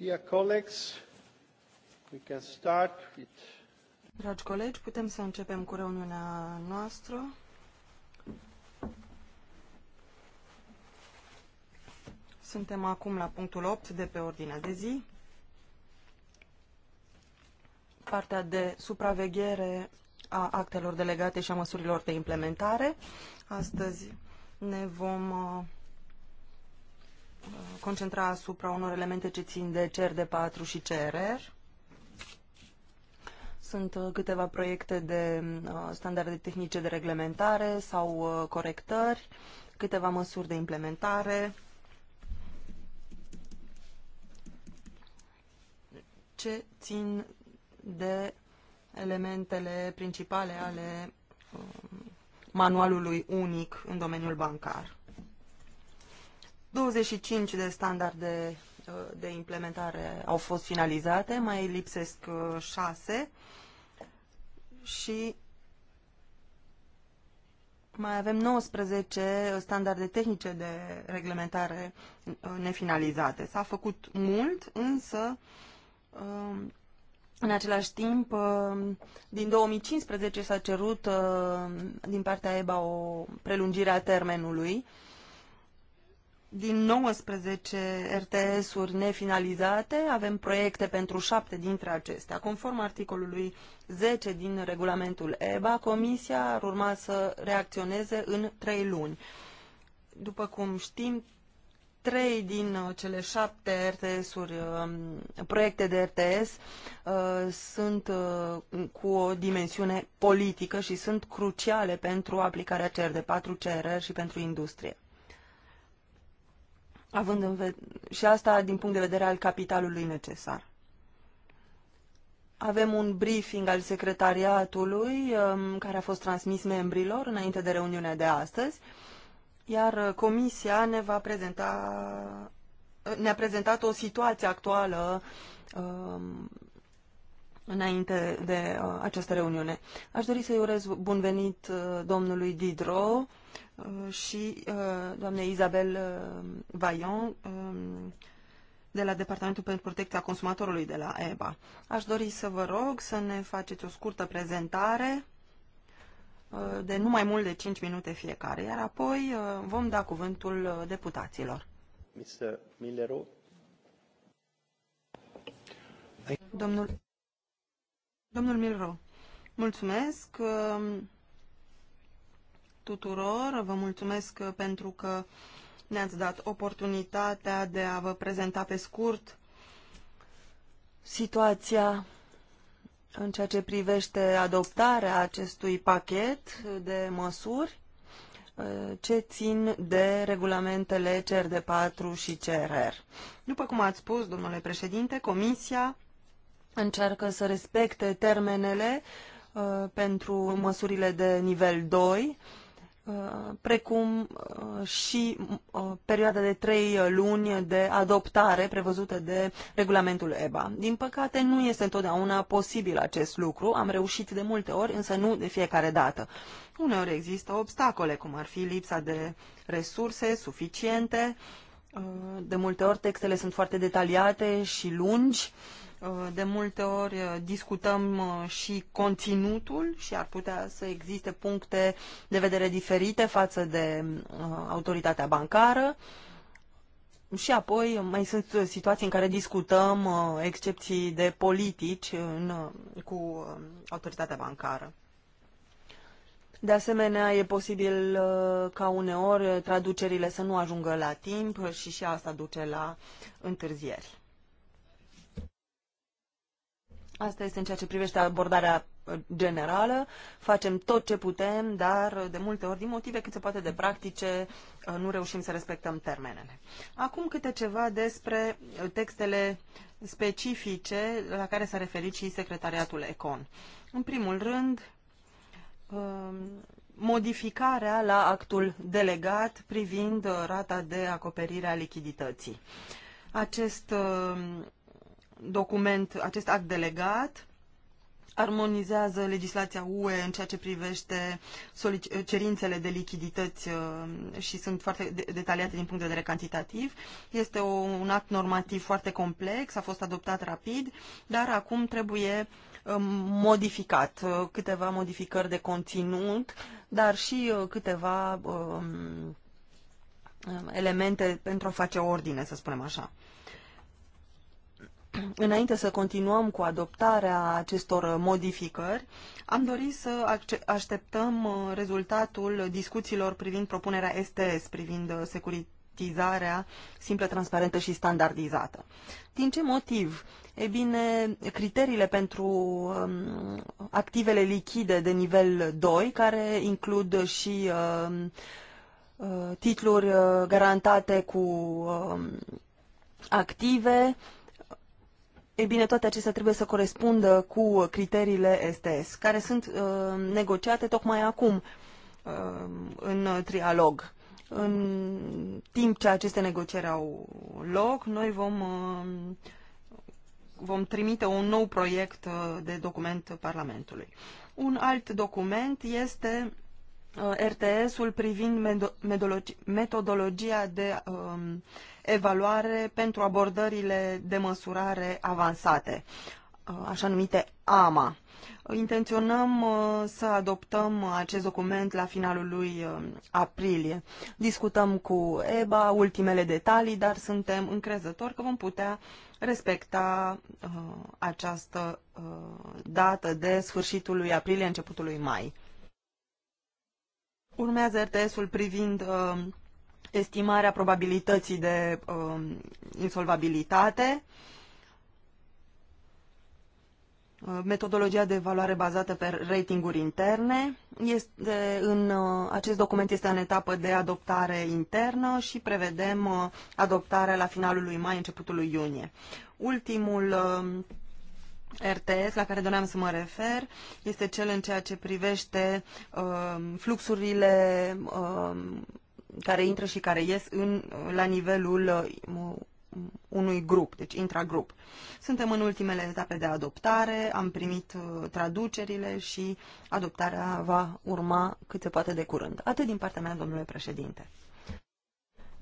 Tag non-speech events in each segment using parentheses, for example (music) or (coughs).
Dear colleagues, we can start with... Dragi colegi, putem să începem cu reuniunea noastră. Suntem acum la punctul 8 de pe ordinea de zi. Partea de supraveghere a actelor delegate și a măsurilor de implementare. Astăzi ne vom uh, concentra asupra unor elemente ce țin de de 4 și CRR. Sunt uh, câteva proiecte de uh, standarde tehnice de reglementare sau uh, corectări, câteva măsuri de implementare, ce țin de elementele principale ale um, manualului unic în domeniul bancar. 25 de standarde uh, de implementare au fost finalizate, mai lipsesc 6 uh, și mai avem 19 standarde tehnice de reglementare uh, nefinalizate. S-a făcut mult, însă în același timp, din 2015 s-a cerut din partea EBA o prelungire a termenului din 19 RTS-uri nefinalizate, avem proiecte pentru șapte dintre acestea. Conform articolului 10 din regulamentul EBA, Comisia ar urma să reacționeze în trei luni. După cum știm, trei din uh, cele șapte RTS-uri, um, proiecte de RTS, uh, sunt uh, cu o dimensiune politică și sunt cruciale pentru aplicarea CR de 4 CRR și pentru industrie având în ved- și asta din punct de vedere al capitalului necesar. Avem un briefing al secretariatului um, care a fost transmis membrilor înainte de reuniunea de astăzi, iar uh, comisia ne va prezenta uh, ne-a prezentat o situație actuală um, înainte de uh, această reuniune. Aș dori să-i urez bun venit domnului Didro, Uh, și uh, doamnei Isabel uh, Vaillant um, de la Departamentul pentru Protecția Consumatorului de la EBA. Aș dori să vă rog să ne faceți o scurtă prezentare de nu mai mult de 5 minute fiecare, iar apoi vom da cuvântul deputaților. Mr. Millero. Domnul, domnul Milro, mulțumesc. Um, tuturor, vă mulțumesc pentru că ne-ați dat oportunitatea de a vă prezenta pe scurt situația în ceea ce privește adoptarea acestui pachet de măsuri eh, ce țin de regulamentele cer de 4 și CRR. După cum ați spus, domnule președinte, Comisia încearcă să respecte termenele eh, pentru măsurile de nivel 2 Uh, precum uh, și uh, perioada de trei luni de adoptare prevăzută de regulamentul EBA. Din păcate, nu este întotdeauna posibil acest lucru. Am reușit de multe ori, însă nu de fiecare dată. Uneori există obstacole, cum ar fi lipsa de resurse suficiente. De multe ori textele sunt foarte detaliate și lungi Uh, de multe ori uh, discutăm uh, și conținutul și ar putea să existe puncte de vedere diferite față de autoritatea bancară. Și apoi mai sunt situații în care discutăm excepții de politici în, cu autoritatea bancară. De asemenea, e posibil ca uneori traducerile să nu ajungă la timp și și asta duce la întârzieri. Asta este în ceea ce privește abordarea uh, generală. Facem tot ce putem, dar uh, de multe ori, din motive cât se poate de practice, uh, nu reușim să respectăm termenele. Acum câte ceva despre textele specifice la care s-a referit și secretariatul ECON. În primul rând, um, modificarea la actul delegat privind rata de acoperire a lichidității. Acest um, document, acest act delegat armonizează legislația UE în ceea ce privește cerințele de lichidități uh, și sunt foarte detaliate din punct de vedere cantitativ. Este un act normativ foarte complex, a fost adoptat rapid, dar acum trebuie um, modificat, uh, câteva modificări de conținut, dar și uh, câteva um, um, elemente pentru a face ordine, să spunem așa înainte să continuăm cu adoptarea acestor modificări, am dorit să așteptăm uh, rezultatul discuțiilor privind propunerea STS, privind uh, securitizarea simplă, transparentă și standardizată. Din ce motiv? E bine, criteriile pentru um, activele lichide de nivel 2, care includ și um, uh, titluri garantate cu um, active, ei bine, toate acestea trebuie să corespundă cu criteriile STS, care sunt uh, negociate tocmai acum uh, în trialog. În timp ce aceste negocieri au loc, noi vom, uh, vom trimite un nou proiect uh, de document Parlamentului. Un alt document este Uh, RTS-ul privind metodologia de um, evaluare pentru abordările de măsurare avansate, uh, așa numite AMA. Intenționăm uh, să adoptăm acest document la finalul lui um, aprilie. Discutăm cu EBA ultimele detalii, dar suntem încrezători că vom putea respecta această dată de sfârșitul lui aprilie, începutul lui mai. Urmează RTS-ul privind uh, estimarea probabilității de um, uh, insolvabilitate, metodologia de evaluare bazată pe ratinguri interne. Este în, uh, acest document este în etapă de adoptare internă și prevedem uh, adoptarea la finalul lui mai, începutul lui iunie. Ultimul uh, RTS la care doream să mă refer este cel în ceea ce privește uh, fluxurile uh, care intră și care ies în, la nivelul uh, unui grup, deci intragrup. Suntem în ultimele etape de adoptare, am primit uh, traducerile și adoptarea va urma cât se poate de curând. Atât din partea mea, domnule președinte.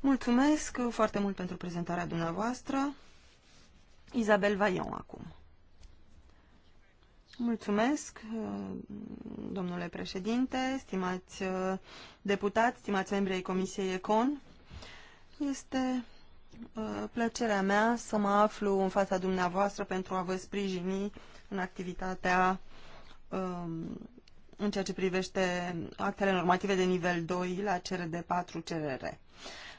Mulțumesc foarte mult pentru prezentarea dumneavoastră. Isabel Vaion acum. Mulțumesc, uh, domnule președinte, stimați uh, deputați, stimați membri ai Comisiei Econ. Este uh, plăcerea mea să mă aflu în fața dumneavoastră pentru a vă sprijini în activitatea um, în ceea ce privește actele normative de nivel 2 la CRD 4 CRR.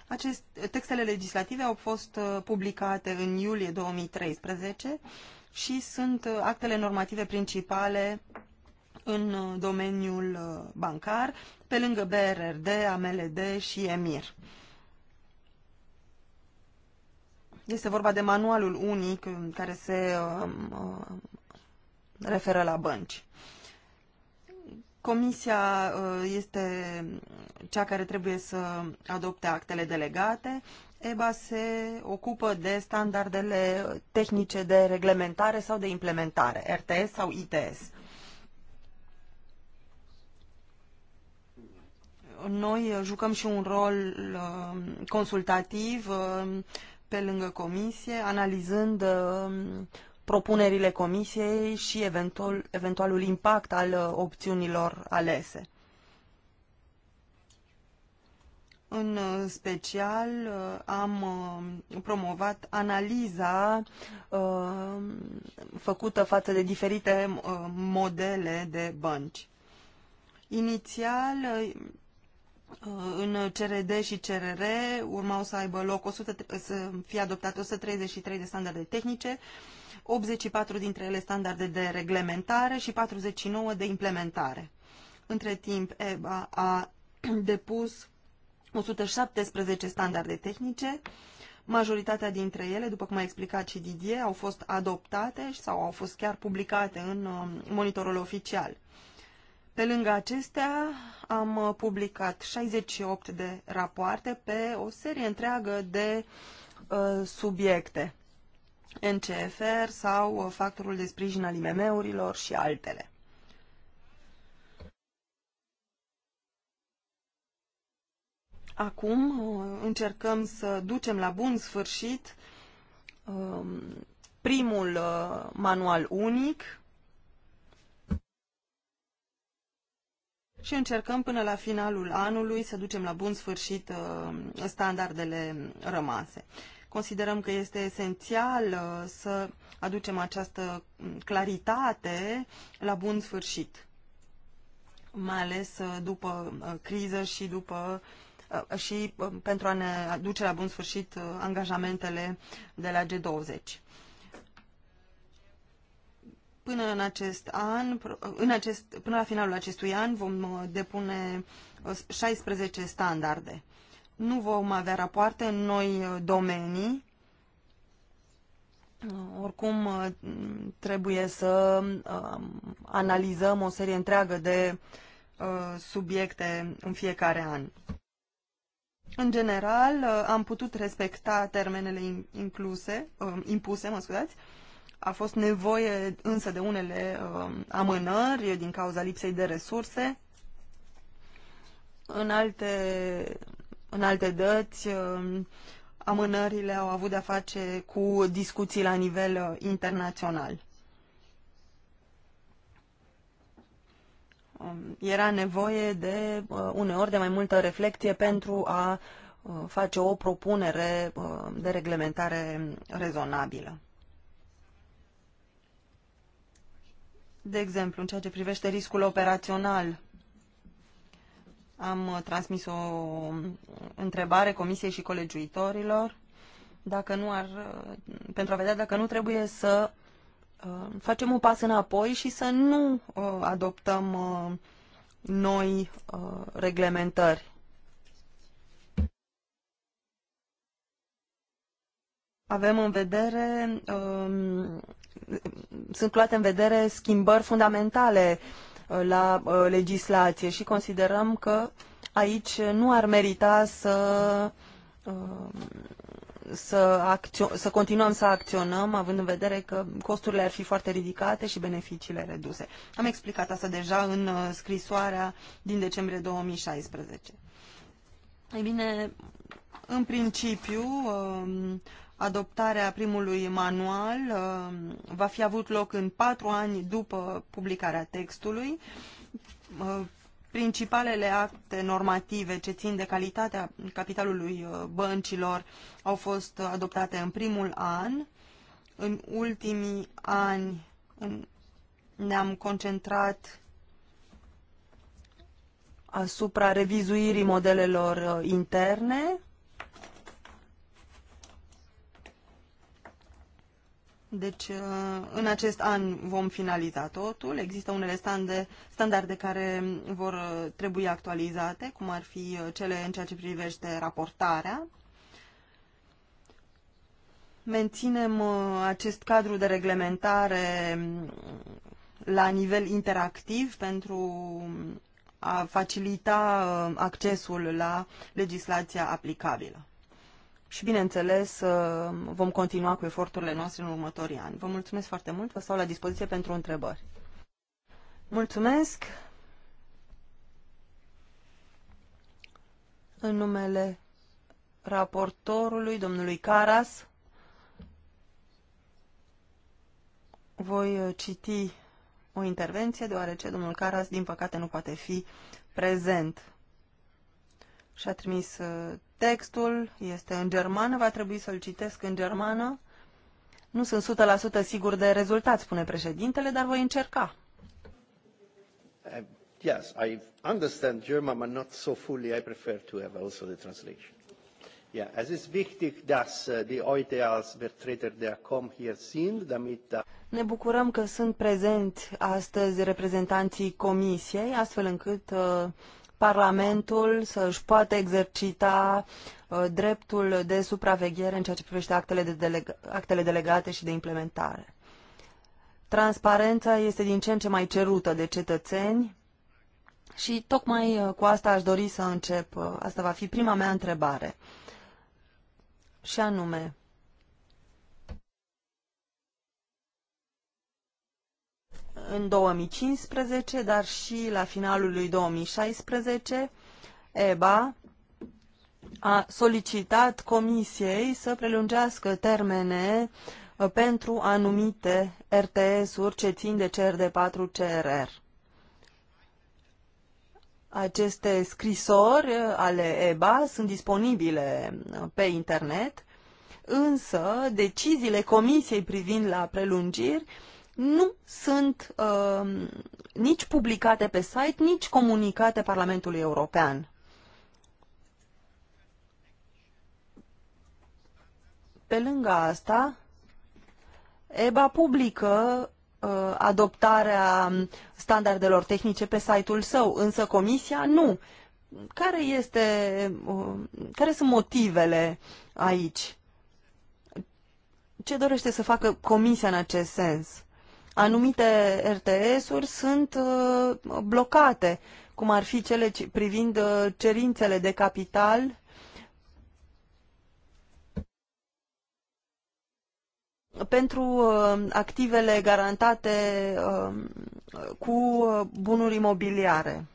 Aceste textele legislative au fost publicate în iulie 2013 și sunt uh, actele normative principale în uh, domeniul uh, bancar, pe lângă BRRD, AMLD și EMIR. Este vorba de manualul unic care se um, referă la bănci. Comisia este cea care trebuie să adopte actele delegate EBA se ocupă de standardele tehnice de reglementare sau de implementare, RTS sau ITS. Noi uh, jucăm și un rol uh, consultativ uh, pe lângă comisie, analizând propunerile comisiei și eventual, eventualul impact al opțiunilor alese. În uh, special uh, am uh, promovat analiza făcută față de diferite modele de bănci. Inițial, în CRD și CRR urmau să aibă loc 100, să fie adoptate 133 de standarde tehnice, 84 dintre ele standarde de reglementare și 49 de implementare. Între timp, EBA a (coughs) depus 117 standarde tehnice, majoritatea dintre ele, după cum a explicat și Didier, au fost adoptate sau au fost chiar publicate în uh, monitorul oficial. Pe lângă acestea, am uh, publicat 68 de rapoarte pe o serie întreagă de uh, subiecte. NCFR sau uh, factorul de sprijin al IMM-urilor și altele. Acum uh, încercăm să ducem la bun sfârșit um, primul uh, manual unic și încercăm până la finalul anului să ducem la bun sfârșit uh, standardele rămase. Considerăm că este esențial să aducem această um, claritate la bun sfârșit, mai ales după criză și după uh, Uh, și um, pentru a ne aduce la bun sfârșit uh, angajamentele de la G20. Până în acest an, uh, în acest, până la finalul acestui an vom depune 16 standarde. Nu vom avea rapoarte în noi domenii, oricum, trebuie să um, analizăm o serie întreagă de subiecte în fiecare an. În general, uh, am putut respecta termenele incluse, um, impuse, mă scuzați. A fost nevoie însă de unele um, amânări din cauza lipsei de resurse. În alte, în alte dăți, um, amânările au avut de-a face cu discuții la nivel uh, internațional. Um, era nevoie de uh, uneori de mai multă reflecție pentru a uh, face o propunere uh, de reglementare rezonabilă. De exemplu, în ceea ce privește riscul operațional, am transmis o um, întrebare Comisiei și colegiuitorilor dacă nu ar, pentru a vedea dacă nu trebuie să Uh, facem un pas înapoi și să nu uh, adoptăm uh, noi reglementări. Avem în vedere, um, sunt luate în vedere schimbări fundamentale la legislație și considerăm că aici nu ar merita să să, acțio- să continuăm să acționăm, având în vedere că costurile ar fi foarte ridicate și beneficiile reduse. Am explicat asta deja în uh, scrisoarea din decembrie 2016. Ei bine, în principiu, um, adoptarea primului manual um, va fi avut loc în patru ani după publicarea textului uh, Principalele acte normative ce țin de calitatea capitalului uh, băncilor au fost adoptate în primul an. În ultimii ani ne-am concentrat asupra revizuirii modelelor uh, interne Deci, uh, în acest an vom finaliza totul. Există unele stande, standarde care vor uh, trebui actualizate, cum ar fi uh, cele în ceea ce privește raportarea. Menținem acest cadru de reglementare mm, la nivel interactiv pentru a facilita accesul la legislația aplicabilă și, bineînțeles, uh, vom continua cu eforturile noastre în următorii ani. Vă mulțumesc foarte mult, vă stau la dispoziție pentru întrebări. Mulțumesc! În numele raportorului, domnului Caras, voi uh, citi o intervenție, deoarece domnul Caras, din păcate, nu poate fi prezent și a trimis uh, Textul este în germană, va trebui să-l citesc în germană. Nu sunt 100% sigur de rezultat, spune președintele, dar voi încerca. Uh, yes, I understand German, but not so fully. I prefer to have also the translation. Yeah, es ist wichtig, dass uh, die heute als Vertreter der COM hier sind, damit da ne bucurăm că sunt prezenți astăzi reprezentanții Comisiei, astfel încât uh, Parlamentul să își poată exercita uh, dreptul de supraveghere în ceea ce privește actele, de deleg- actele delegate și de implementare. Transparența este din ce în ce mai cerută de cetățeni și tocmai uh, cu asta aș dori să încep. Uh, asta va fi prima mea întrebare. Și anume, în 2015, dar și la finalul lui 2016, EBA a solicitat Comisiei să prelungească termene uh, pentru anumite RTS-uri ce țin de cer de 4 crr Aceste scrisori uh, ale EBA sunt disponibile uh, pe internet, însă deciziile Comisiei privind la prelungiri nu sunt uh, nici publicate pe site, nici comunicate Parlamentului European. Pe lângă asta, EBA publică uh, adoptarea standardelor tehnice pe site-ul său, însă Comisia nu. Care, este, uh, care sunt motivele aici? Ce dorește să facă Comisia în acest sens? anumite RTS-uri sunt uh, blocate, cum ar fi cele privind uh, cerințele de capital pentru uh, activele garantate uh, cu uh, bunuri imobiliare.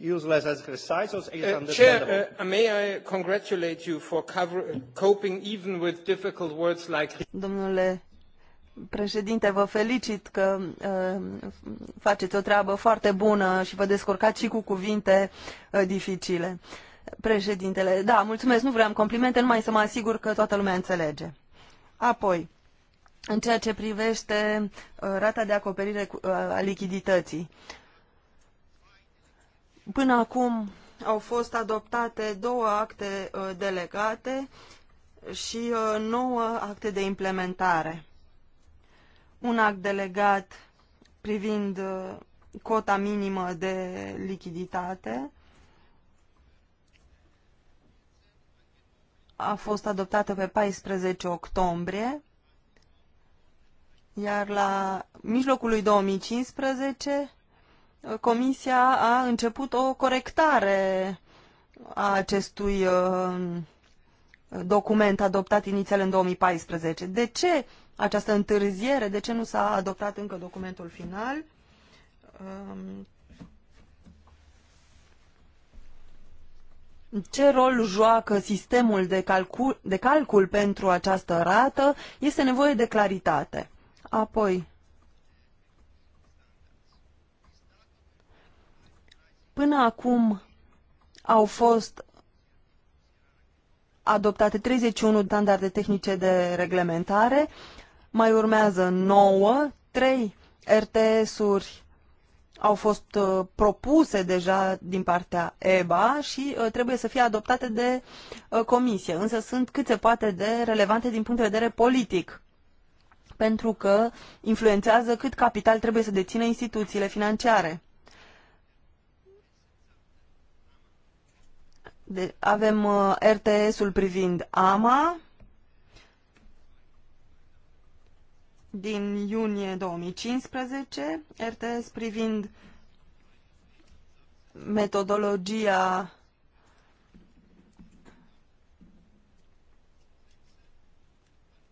useless as recitals. Uh, Chair, uh, may I congratulate you for cover, coping even with difficult words like... Domnule președinte, vă felicit că uh, faceți o treabă foarte bună și vă descurcați și cu cuvinte uh, dificile. Președintele, da, mulțumesc, nu vreau complimente, numai să mă asigur că toată lumea înțelege. Apoi, în ceea ce privește uh, rata de acoperire cu, uh, a lichidității. Uh, Până acum au fost adoptate două acte uh, delegate și uh, nouă acte de implementare. Un act delegat privind uh, cota minimă de lichiditate a fost adoptată pe 14 octombrie, iar la mijlocul lui 2015 Comisia a început o corectare a acestui uh, document adoptat inițial în 2014. De ce această întârziere? De ce nu s-a adoptat încă documentul final? Um, ce rol joacă sistemul de calcul, de calcul pentru această rată, este nevoie de claritate. Apoi, Până acum au fost adoptate 31 standarde tehnice de reglementare, mai urmează 9, 3 RTS-uri au fost uh, propuse deja din partea EBA și uh, trebuie să fie adoptate de uh, comisie, însă sunt cât se poate de relevante din punct de vedere politic pentru că influențează cât capital trebuie să dețină instituțiile financiare. De, avem uh, RTS-ul privind AMA din iunie 2015, RTS privind metodologia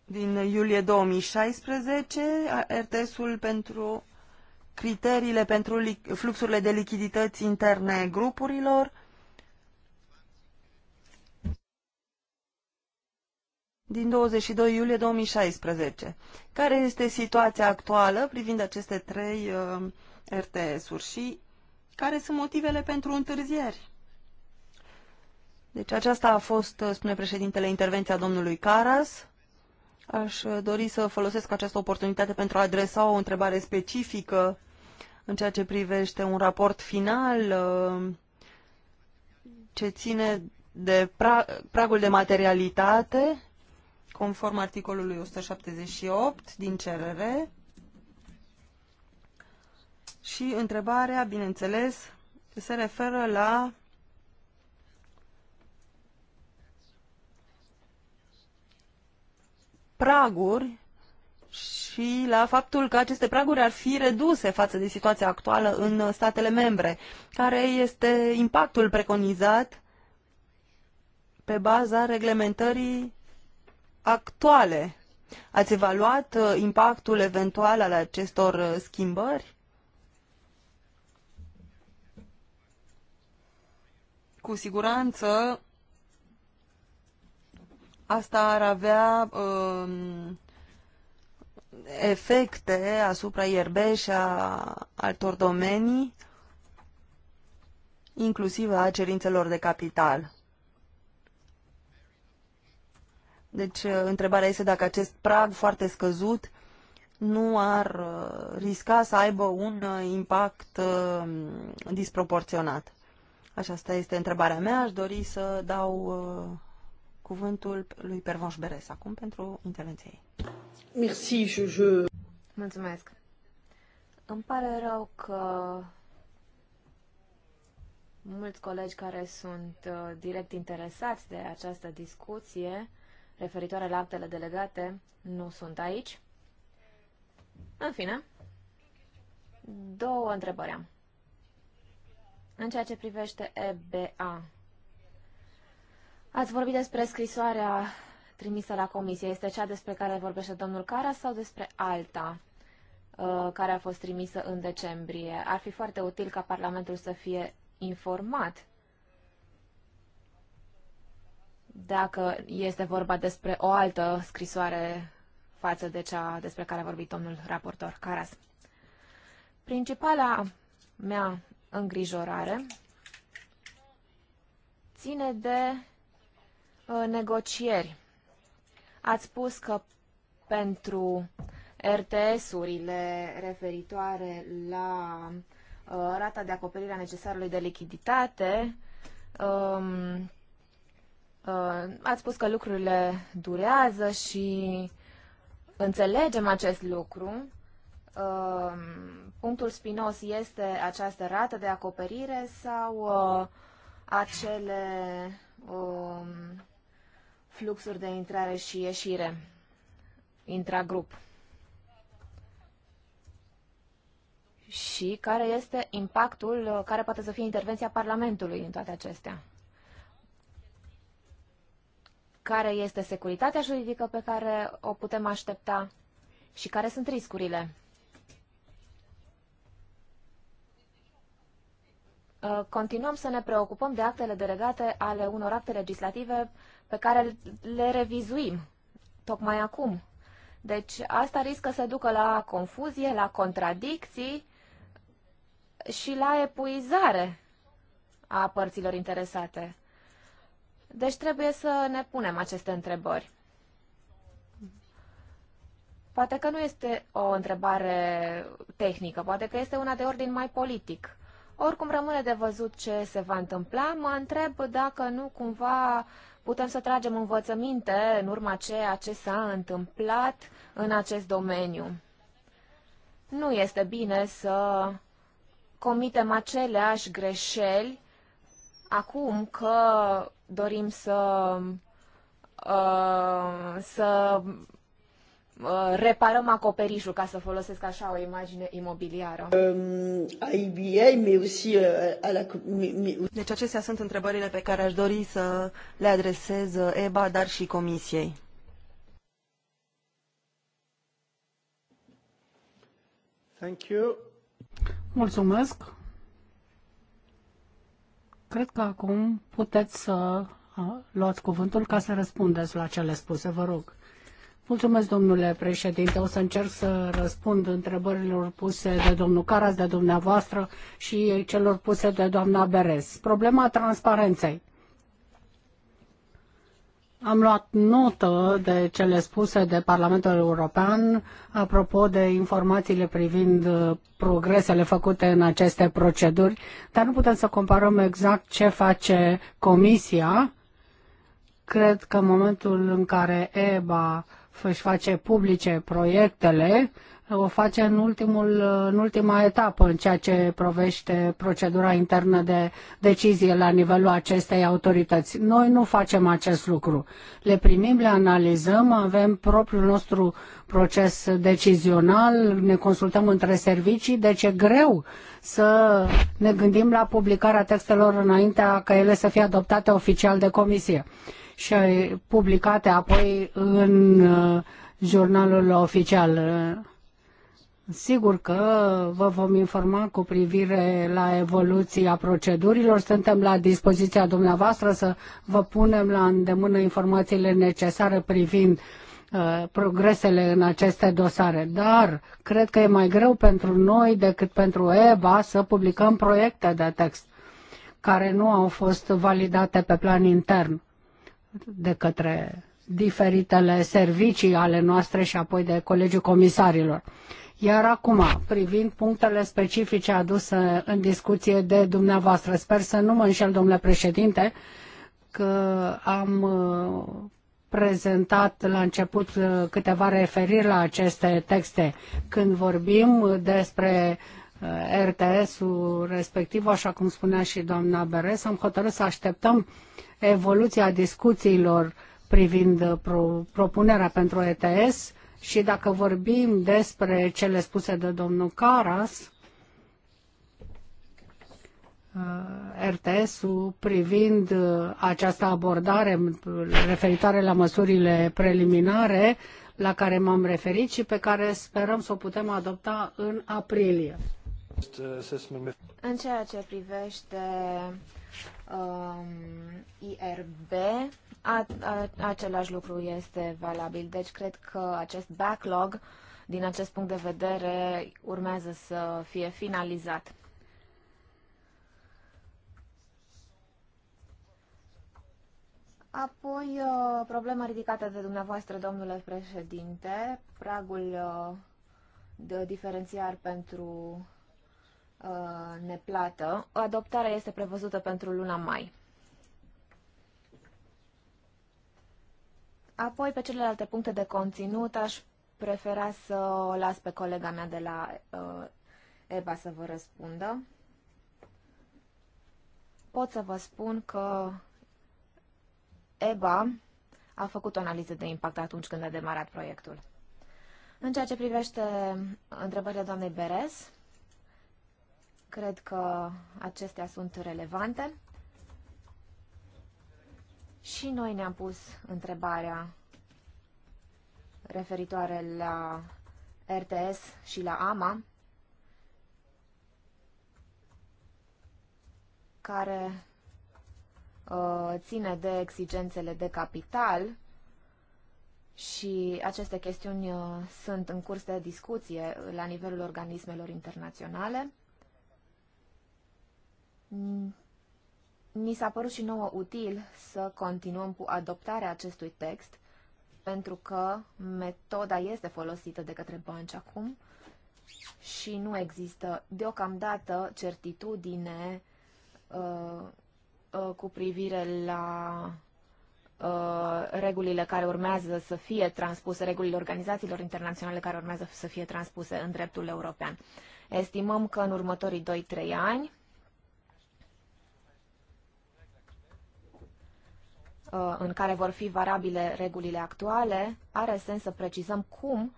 din iulie 2016, RTS-ul pentru criteriile pentru fluxurile de lichidități interne grupurilor, din 22 iulie 2016. Care este situația actuală privind aceste trei uh, RTS-uri și care sunt motivele pentru întârzieri? Deci aceasta a fost, uh, spune președintele, intervenția domnului Caras. Aș uh, dori să folosesc această oportunitate pentru a adresa o întrebare specifică în ceea ce privește un raport final uh, ce ține de pragul de materialitate conform articolului 178 din CRR. Și întrebarea, bineînțeles, se referă la praguri și la faptul că aceste praguri ar fi reduse față de situația actuală în statele membre. Care este impactul preconizat pe baza reglementării actuale. Ați evaluat uh, impactul eventual al acestor uh, schimbări? Cu siguranță asta ar avea um, efecte asupra ierbei și a altor domenii, inclusiv a cerințelor de capital. Deci, uh, întrebarea este dacă acest prag foarte scăzut nu ar uh, risca să aibă un uh, impact disproporționat. Așa asta este întrebarea mea. Aș dori să dau cuvântul lui Pervanș Beres acum pentru intervenția ei. Merci, je, je... Mulțumesc. Îmi pare rău că mulți colegi care sunt direct interesați de această discuție referitoare la actele delegate nu sunt aici. În fine, două întrebări am. În ceea ce privește EBA, ați vorbit despre scrisoarea trimisă la comisie. Este cea despre care vorbește domnul Cara sau despre alta uh, care a fost trimisă în decembrie? Ar fi foarte util ca Parlamentul să fie informat dacă este vorba despre o altă scrisoare față de cea despre care a vorbit domnul raportor Caras. Principala mea îngrijorare ține de uh, negocieri. Ați spus că pentru RTS-urile referitoare la uh, rata de acoperire a necesarului de lichiditate, um, Uh, ați spus că lucrurile durează și înțelegem acest lucru. Uh, punctul spinos este această rată de acoperire sau uh, acele um, fluxuri de intrare și ieșire intragrup. Și care este impactul, care poate să fie intervenția Parlamentului în toate acestea? care este securitatea juridică pe care o putem aștepta și care sunt riscurile. Uh, continuăm să ne preocupăm de actele delegate ale unor acte legislative pe care le revizuim tocmai acum. Deci asta riscă să ducă la confuzie, la contradicții și la epuizare a părților interesate. Deci trebuie să ne punem aceste întrebări. Poate că nu este o întrebare tehnică, poate că este una de ordin mai politic. Oricum rămâne de văzut ce se va întâmpla. Mă întreb dacă nu cumva putem să tragem învățăminte în urma ceea ce s-a întâmplat în acest domeniu. Nu este bine să comitem aceleași greșeli acum că dorim să uh, să uh, reparăm acoperișul, ca să folosesc așa o imagine imobiliară. Um, uh, deci acestea sunt întrebările pe care aș dori să le adresez EBA, dar și Comisiei. Thank you. Mulțumesc. Cred că acum puteți să luați cuvântul ca să răspundeți la cele spuse, vă rog. Mulțumesc, domnule președinte. O să încerc să răspund întrebărilor puse de domnul Caras, de dumneavoastră și celor puse de doamna Beres. Problema transparenței. Am luat notă de cele spuse de Parlamentul European apropo de informațiile privind uh, progresele făcute în aceste proceduri, dar nu putem să comparăm exact ce face Comisia. Cred că în momentul în care EBA își face publice proiectele, o face în, ultimul, în ultima etapă în ceea ce provește procedura internă de decizie la nivelul acestei autorități. Noi nu facem acest lucru. Le primim, le analizăm, avem propriul nostru proces decizional, ne consultăm între servicii, deci e greu să ne gândim la publicarea textelor înaintea ca ele să fie adoptate oficial de comisie și publicate apoi în uh, jurnalul oficial Sigur că vă vom informa cu privire la evoluția procedurilor. Suntem la dispoziția dumneavoastră să vă punem la îndemână informațiile necesare privind uh, progresele în aceste dosare, dar cred că e mai greu pentru noi decât pentru EBA să publicăm proiecte de text care nu au fost validate pe plan intern de către diferitele servicii ale noastre și apoi de colegii comisarilor. Iar acum, privind punctele specifice aduse în discuție de dumneavoastră, sper să nu mă înșel, domnule președinte, că am uh, prezentat la început uh, câteva referiri la aceste texte când vorbim despre uh, RTS-ul respectiv, așa cum spunea și doamna Beres, am hotărât să așteptăm evoluția discuțiilor privind pro, propunerea pentru ETS și dacă vorbim despre cele spuse de domnul Caras, uh, RTS-ul privind uh, această abordare referitoare la măsurile preliminare la care m-am referit și pe care sperăm să o putem adopta în aprilie. În ceea ce privește um, IRB, a, a, același lucru este valabil. Deci cred că acest backlog, din acest punct de vedere, urmează să fie finalizat. Apoi, uh, problema ridicată de dumneavoastră, domnule președinte, pragul uh, de diferențiar pentru uh, neplată. Adoptarea este prevăzută pentru luna mai. Apoi, pe celelalte puncte de conținut, aș prefera să o las pe colega mea de la uh, EBA să vă răspundă. Pot să vă spun că EBA a făcut o analiză de impact atunci când a demarat proiectul. În ceea ce privește întrebările doamnei Beres, cred că acestea sunt relevante. Și noi ne-am pus întrebarea referitoare la RTS și la AMA, care uh, ține de exigențele de capital și aceste chestiuni uh, sunt în curs de discuție la nivelul organismelor internaționale. Mm mi s-a părut și nouă util să continuăm cu adoptarea acestui text, pentru că metoda este folosită de către bănci acum și nu există deocamdată certitudine uh, uh, cu privire la uh, regulile care urmează să fie transpuse, regulile organizațiilor internaționale care urmează să fie transpuse în dreptul european. Estimăm că în următorii 2-3 ani Uh, în care vor fi variabile regulile actuale, are sens să precizăm cum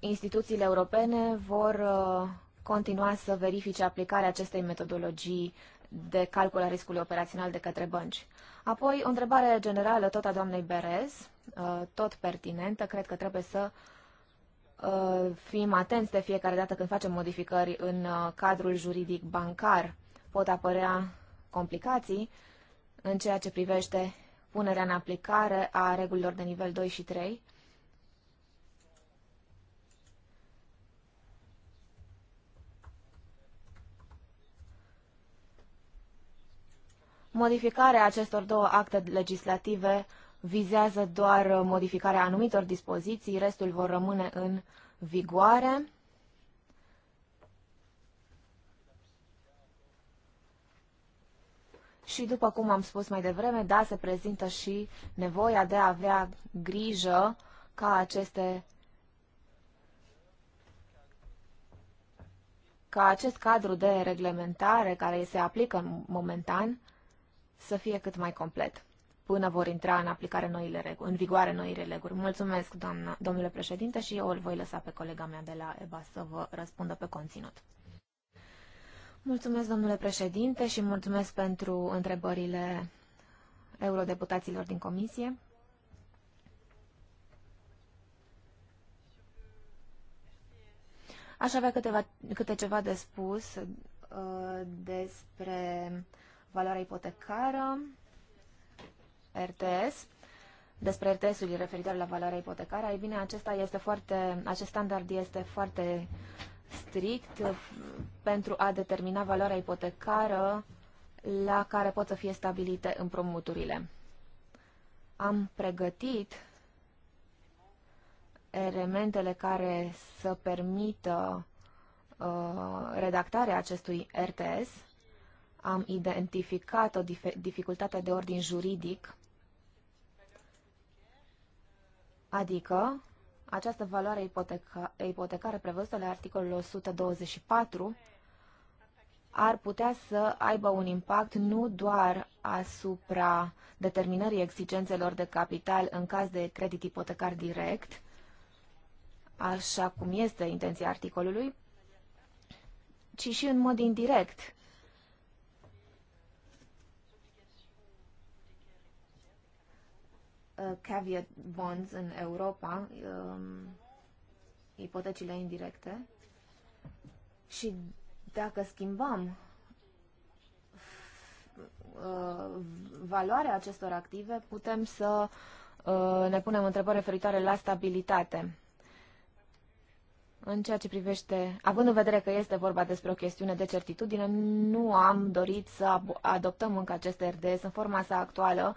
instituțiile europene vor uh, continua să verifice aplicarea acestei metodologii de calcul a riscului operațional de către bănci. Apoi, o întrebare generală tot a doamnei Berez, uh, tot pertinentă, cred că trebuie să fim atenți de fiecare dată când facem modificări în cadrul juridic bancar. Pot apărea complicații în ceea ce privește punerea în aplicare a regulilor de nivel 2 și 3. Modificarea acestor două acte legislative vizează doar modificarea anumitor dispoziții, restul vor rămâne în vigoare. și, după cum am spus mai devreme, da, se prezintă și nevoia de a avea grijă ca aceste ca acest cadru de reglementare care se aplică momentan să fie cât mai complet până vor intra în aplicare noile reguli, în vigoare noile reguli. Mulțumesc, doamna, domnule președinte, și eu îl voi lăsa pe colega mea de la EBA să vă răspundă pe conținut. Mulțumesc, domnule președinte, și mulțumesc pentru întrebările eurodeputaților din comisie. Aș avea câteva, câte ceva de spus uh, despre valoarea ipotecară, RTS, despre RTS-ul referitor la valoarea ipotecară. Ei bine, acesta este foarte, acest standard este foarte strict uh, pentru a determina valoarea ipotecară la care pot să fie stabilite împrumuturile. Am pregătit elementele care să permită uh, redactarea acestui RTS. Am identificat o dif dificultate de ordin juridic, adică această valoare ipoteca, ipotecară prevăzută la articolul 124 ar putea să aibă un impact nu doar asupra determinării exigențelor de capital în caz de credit ipotecar direct, așa cum este intenția articolului, ci și în mod indirect, uh, caveat bonds în Europa, uh, ipotecile indirecte, și dacă schimbăm uh, valoarea acestor active, putem să uh, ne punem întrebări referitoare la stabilitate. În ceea ce privește, având în vedere că este vorba despre o chestiune de certitudine, nu am dorit să adoptăm încă acest RDS în forma sa actuală, uh,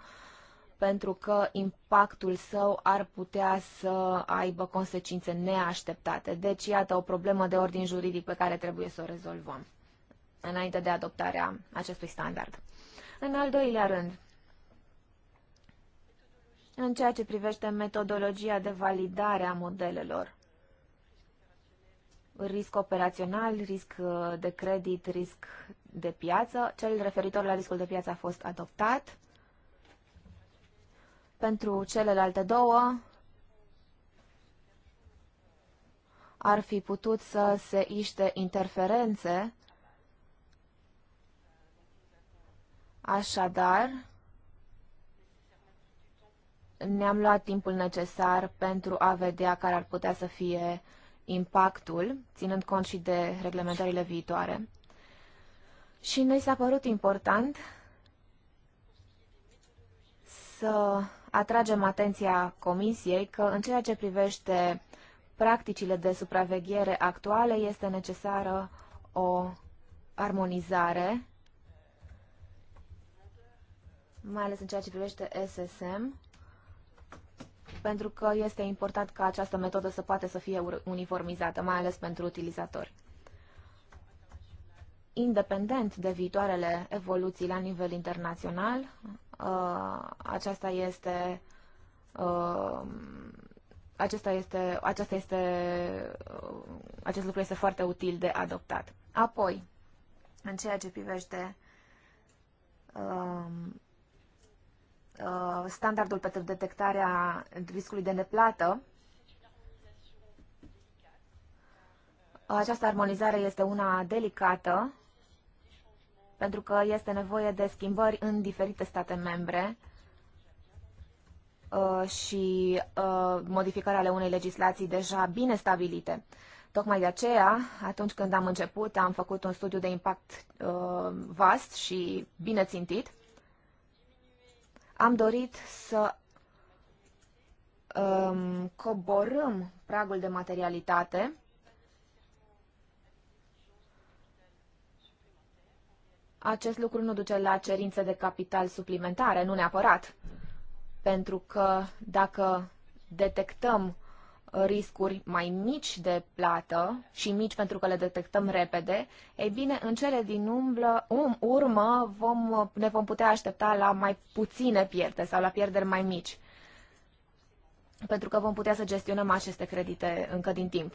pentru că impactul său ar putea să aibă consecințe neașteptate. Deci, iată o problemă de ordin juridic pe care trebuie să o rezolvăm înainte de adoptarea acestui standard. În al doilea rând, în ceea ce privește metodologia de validare a modelelor, risc operațional, risc uh, de credit, risc de piață, cel referitor la riscul de piață a fost adoptat. Pentru celelalte două ar fi putut să se iște interferențe. Așadar, ne-am luat timpul necesar pentru a vedea care ar putea să fie impactul, ținând cont și de reglementările viitoare. Și noi s-a părut important să atragem atenția Comisiei că în ceea ce privește practicile de supraveghere actuale este necesară o armonizare, mai ales în ceea ce privește SSM, pentru că este important ca această metodă să poată să fie uniformizată, mai ales pentru utilizatori. Independent de viitoarele evoluții la nivel internațional, Uh, aceasta este aceasta uh, acesta este, aceasta este, uh, acest lucru este foarte util de adoptat. Apoi, în ceea ce privește um, standardul pentru detectarea riscului de neplată, această armonizare este una delicată pentru că este nevoie de schimbări în diferite state membre uh, și uh, modificarea ale unei legislații deja bine stabilite. Tocmai de aceea, atunci când am început, am făcut un studiu de impact uh, vast și bine țintit. Am dorit să um, coborâm pragul de materialitate acest lucru nu duce la cerințe de capital suplimentare, nu neapărat, pentru că dacă detectăm riscuri mai mici de plată și mici pentru că le detectăm repede, ei bine, în cele din umblă, um, urmă vom, ne vom putea aștepta la mai puține pierde sau la pierderi mai mici, pentru că vom putea să gestionăm aceste credite încă din timp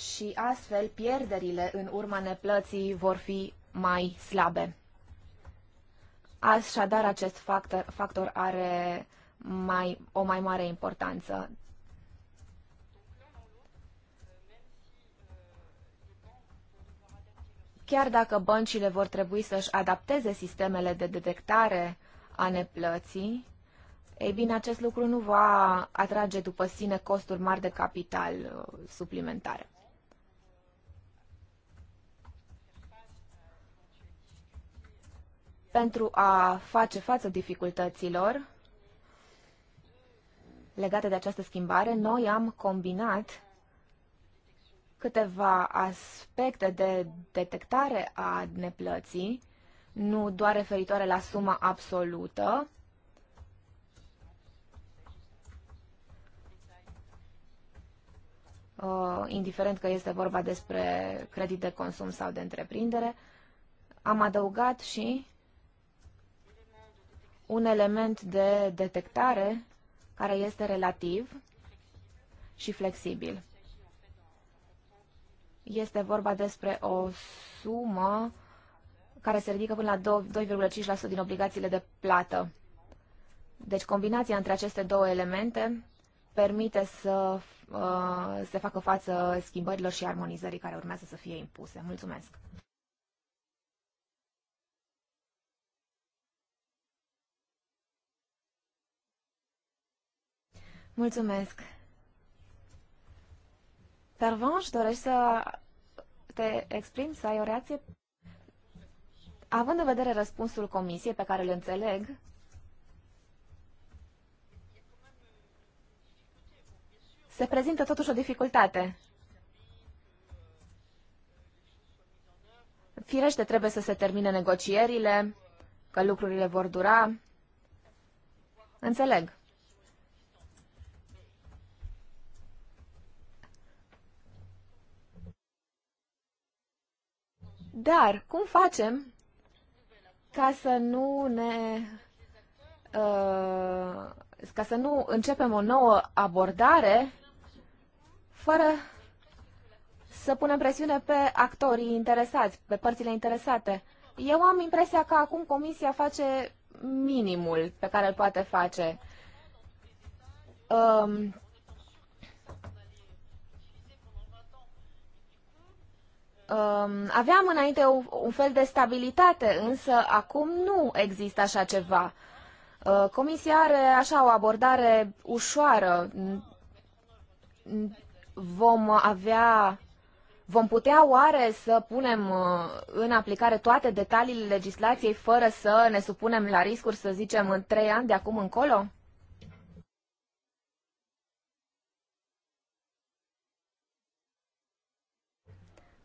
și astfel pierderile în urma neplății vor fi mai slabe. Așadar, acest factor, factor are mai, o mai mare importanță. Chiar dacă băncile vor trebui să-și adapteze sistemele de detectare a neplății, ei bine, acest lucru nu va atrage după sine costuri mari de capital uh, suplimentare. pentru a face față dificultăților legate de această schimbare, noi am combinat câteva aspecte de detectare a neplății, nu doar referitoare la suma absolută, uh, indiferent că este vorba despre credit de consum sau de întreprindere. Am adăugat și un element de detectare care este relativ și flexibil. Este vorba despre o sumă care se ridică până la 2,5% din obligațiile de plată. Deci combinația între aceste două elemente permite să uh, se facă față schimbărilor și armonizării care urmează să fie impuse. Mulțumesc! Mulțumesc. Pervanș, dorești să te exprimi, să ai o reacție? Având în vedere răspunsul comisiei pe care îl înțeleg, se prezintă totuși o dificultate. Firește, trebuie să se termine negocierile, că lucrurile vor dura. Înțeleg. Dar cum facem ca să nu ne uh, ca să nu începem o nouă abordare fără să punem presiune pe actorii interesați, pe părțile interesate. Eu am impresia că acum Comisia face minimul pe care îl poate face. Um, Um, aveam înainte un, fel de stabilitate, însă acum nu există așa ceva. Uh, comisia are așa o abordare ușoară. Vom avea Vom putea oare să punem uh, în aplicare toate detaliile legislației fără să ne supunem la riscuri, să zicem, în trei ani de acum încolo?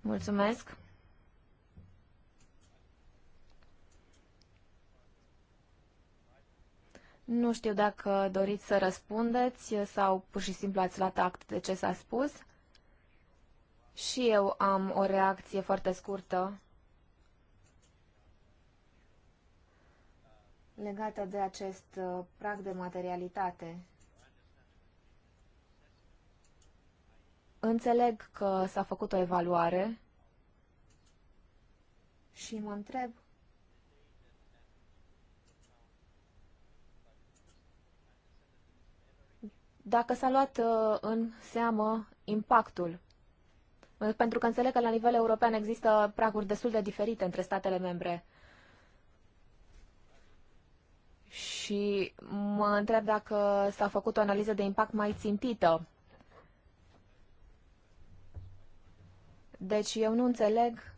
Mulțumesc. Nu știu dacă doriți să răspundeți sau pur și simplu ați luat act de ce s-a spus. Și eu am o reacție foarte scurtă legată de acest uh, prag de materialitate. Înțeleg că s-a făcut o evaluare și mă întreb dacă s-a luat uh, în seamă impactul. Uh, pentru că înțeleg că la nivel european există praguri destul de diferite între statele membre. Și mă întreb dacă s-a făcut o analiză de impact mai țintită Deci eu nu înțeleg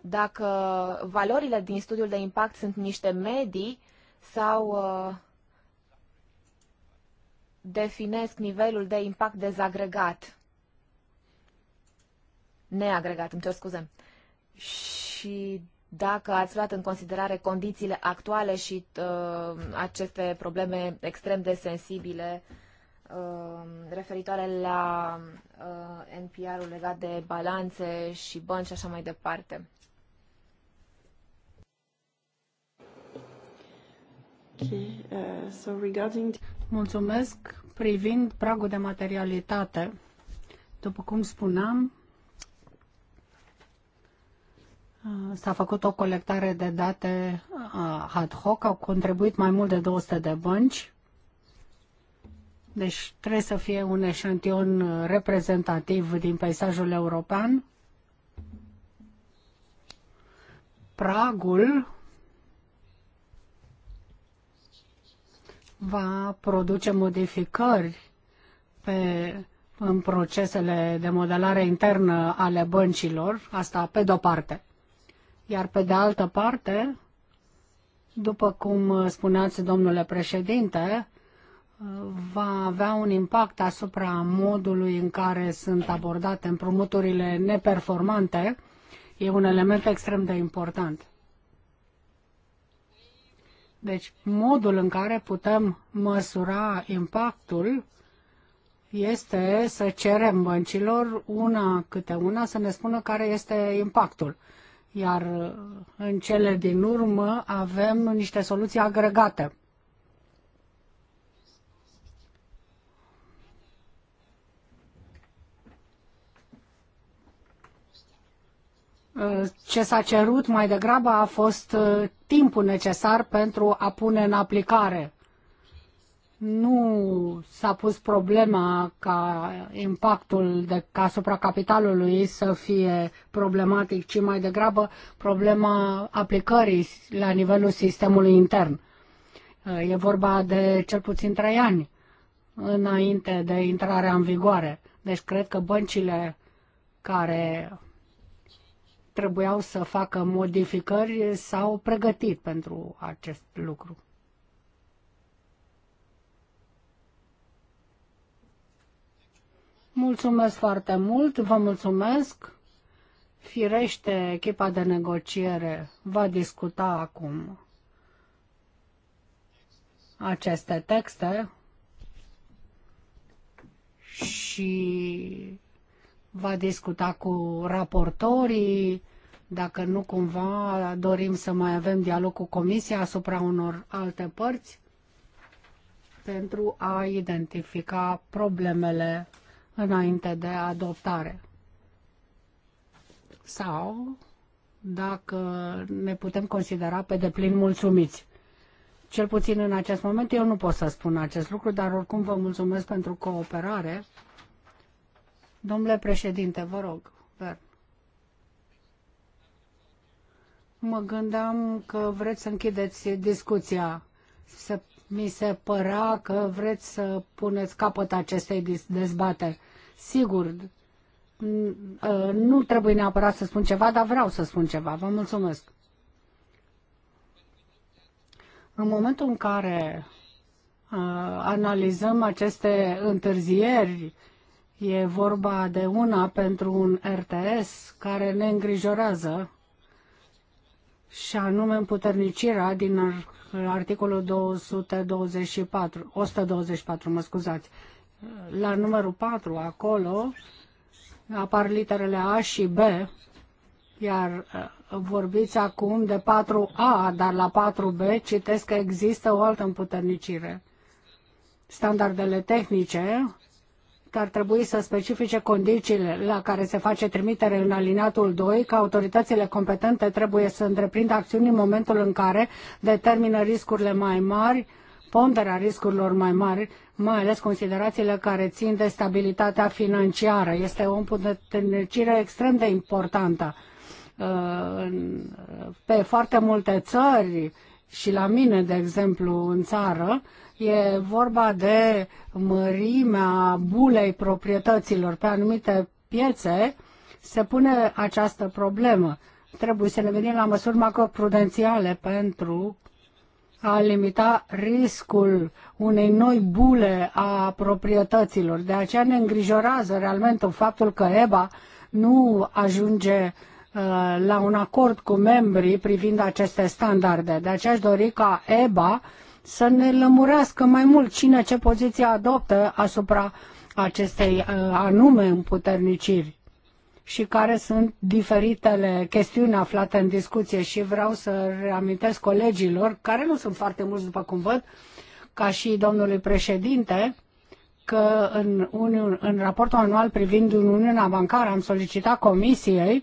dacă valorile din studiul de impact sunt niște medii sau uh, definesc nivelul de impact dezagregat. Neagregat, îmi cer scuze. Și dacă ați luat în considerare condițiile actuale și uh, aceste probleme extrem de sensibile uh, Uh, referitoare la uh, NPR-ul legat de balanțe și bănci și așa mai departe. Okay. Uh, so regarding... Mulțumesc. Privind pragul de materialitate, după cum spuneam, uh, S-a făcut o colectare de date ad hoc, au contribuit mai mult de 200 de bănci deci trebuie să fie un eșantion reprezentativ din peisajul european. Pragul va produce modificări pe, în procesele de modelare internă ale băncilor, asta pe de-o parte. Iar pe de altă parte, după cum spuneați, domnule președinte, va avea un impact asupra modului în care sunt abordate împrumuturile neperformante, e un element extrem de important. Deci, modul în care putem măsura impactul este să cerem băncilor una câte una să ne spună care este impactul. Iar în cele din urmă avem niște soluții agregate Ce s-a cerut mai degrabă a fost uh, timpul necesar pentru a pune în aplicare. Nu s-a pus problema ca impactul de, ca asupra capitalului să fie problematic, ci mai degrabă problema aplicării la nivelul sistemului intern. Uh, e vorba de cel puțin trei ani înainte de intrarea în vigoare. Deci cred că băncile care trebuiau să facă modificări s-au pregătit pentru acest lucru. Mulțumesc foarte mult, vă mulțumesc. Firește, echipa de negociere va discuta acum aceste texte și va discuta cu raportorii, dacă nu cumva dorim să mai avem dialog cu Comisia asupra unor alte părți pentru a identifica problemele înainte de adoptare. Sau dacă ne putem considera pe deplin mulțumiți. Cel puțin în acest moment eu nu pot să spun acest lucru, dar oricum vă mulțumesc pentru cooperare Domnule președinte, vă rog, Vern. Mă gândeam că vreți să închideți discuția. să mi se părea că vreți să puneți capăt acestei dezbateri. Sigur, uh, nu trebuie neapărat să spun ceva, dar vreau să spun ceva. Vă mulțumesc. În momentul în care uh, analizăm aceste întârzieri E vorba de una pentru un RTS care ne îngrijorează și anume împuternicirea din articolul 224, 124, mă scuzați. La numărul 4, acolo, apar literele A și B, iar uh, vorbiți acum de 4A, dar la 4B citesc că există o altă împuternicire. Standardele tehnice ar trebui să specifice condițiile la care se face trimitere în alineatul 2, că autoritățile competente trebuie să întreprindă acțiuni în momentul în care determină riscurile mai mari, ponderea riscurilor mai mari, mai ales considerațiile care țin de stabilitatea financiară. Este o împuternicire extrem de importantă uh, pe foarte multe țări și la mine, de exemplu, în țară, E vorba de mărimea bulei proprietăților pe anumite piețe, se pune această problemă. Trebuie să ne venim la măsuri macroprudențiale pentru a limita riscul unei noi bule a proprietăților. De aceea ne îngrijorează realmente faptul că EBA nu ajunge uh, la un acord cu membrii privind aceste standarde. De aceea aș dori ca EBA să ne lămurească mai mult cine ce poziție adoptă asupra acestei uh, anume împuterniciri și care sunt diferitele chestiuni aflate în discuție și vreau să reamintesc colegilor, care nu sunt foarte mulți după cum văd, ca și domnului președinte, că în, Uniun, în raportul anual privind Uniunea Bancară am solicitat Comisiei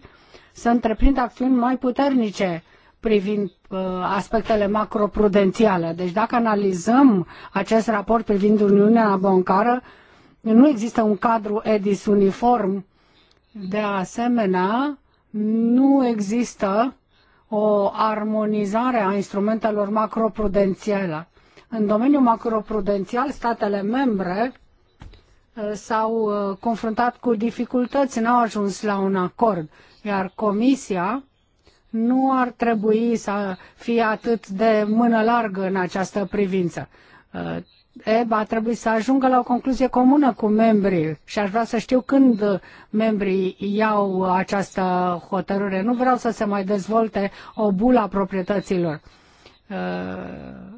să întreprindă acțiuni mai puternice privind uh, aspectele macroprudențiale. Deci dacă analizăm acest raport privind Uniunea Bancară, nu există un cadru EDIS uniform. De asemenea, nu există o armonizare a instrumentelor macroprudențiale. În domeniul macroprudențial, statele membre uh, s-au uh, confruntat cu dificultăți, n-au ajuns la un acord, iar Comisia nu ar trebui să fie atât de mână largă în această privință. Uh, EBA trebuie să ajungă la o concluzie comună cu membrii și aș vrea să știu când membrii iau această hotărâre. Nu vreau să se mai dezvolte o bulă a proprietăților. Uh,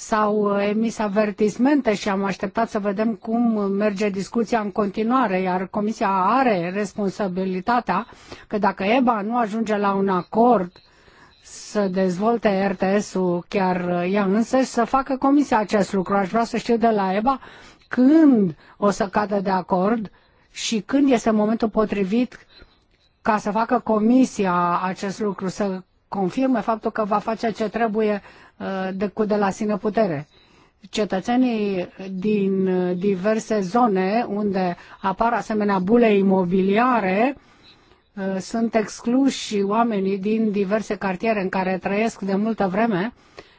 s-au emis avertismente și am așteptat să vedem cum merge discuția în continuare, iar Comisia are responsabilitatea că dacă EBA nu ajunge la un acord să dezvolte RTS-ul chiar ea și să facă Comisia acest lucru. Aș vrea să știu de la EBA când o să cadă de acord și când este momentul potrivit ca să facă Comisia acest lucru, să confirme faptul că va face ce trebuie Uh, de, de la sine putere. Cetățenii din uh, diverse zone unde apar asemenea bule imobiliare uh, sunt excluși oamenii din diverse cartiere în care trăiesc de multă vreme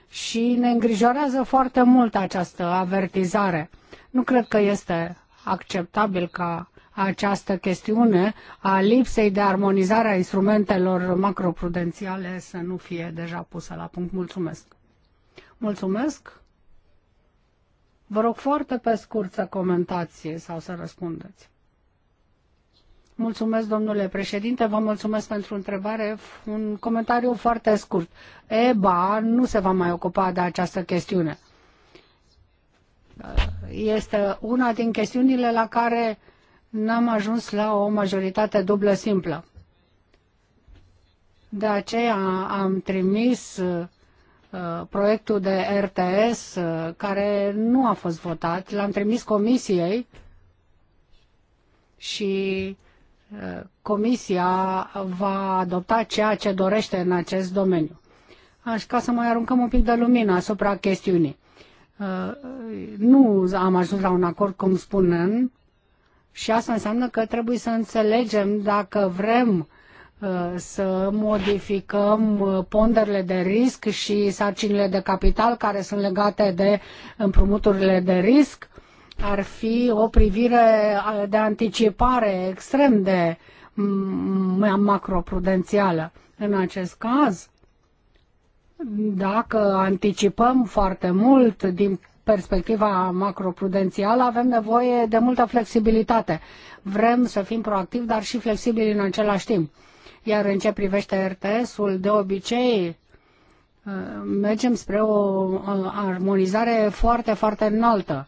și ne îngrijorează foarte mult această avertizare. Nu cred că este acceptabil ca această chestiune a lipsei de armonizare a instrumentelor macroprudențiale să nu fie deja pusă la punct. Mulțumesc! Mulțumesc. Vă rog foarte pe scurt să comentați sau să răspundeți. Mulțumesc, domnule președinte, vă mulțumesc pentru întrebare. Un comentariu foarte scurt. EBA nu se va mai ocupa de această chestiune. Este una din chestiunile la care n-am ajuns la o majoritate dublă simplă. De aceea am trimis Uh, proiectul de RTS uh, care nu a fost votat. L-am trimis comisiei și uh, comisia va adopta ceea ce dorește în acest domeniu. Aș ca să mai aruncăm un pic de lumină asupra chestiunii. Nu am ajuns la un acord, cum spunem, și asta înseamnă că trebuie să înțelegem dacă vrem să modificăm uh, ponderile de risc și sarcinile de capital care sunt legate de împrumuturile de risc ar fi o privire uh, de anticipare extrem de mm, mm, macroprudențială. În acest caz, dacă anticipăm foarte mult din perspectiva macroprudențială, avem nevoie de multă flexibilitate. Vrem să fim proactivi, dar și flexibili în același timp. Iar în ce privește RTS-ul, de obicei uh, mergem spre o armonizare foarte, foarte înaltă.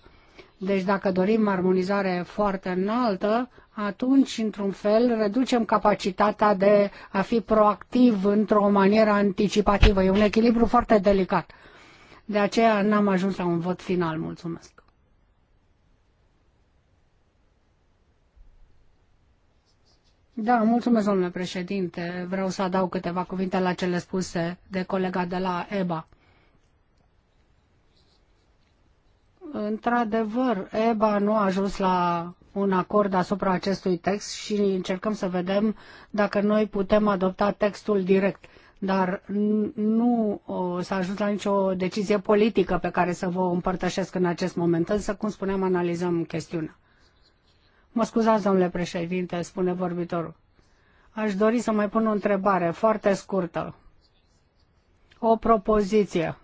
Deci dacă dorim armonizare foarte înaltă, atunci, într-un fel, reducem capacitatea de a fi proactiv într-o manieră anticipativă. E un echilibru foarte delicat. De aceea n-am ajuns la un vot final. Mulțumesc. Da, mulțumesc, domnule președinte. Vreau să adaug câteva cuvinte la cele spuse de colega de la EBA. Într-adevăr, EBA nu a ajuns la un acord asupra acestui text și încercăm să vedem dacă noi putem adopta textul direct. Dar nu s-a ajuns la nicio decizie politică pe care să vă o împărtășesc în acest moment, însă, cum spuneam, analizăm chestiunea. Mă scuzați, domnule președinte, spune vorbitorul. Aș dori să mai pun o întrebare foarte scurtă. O propoziție.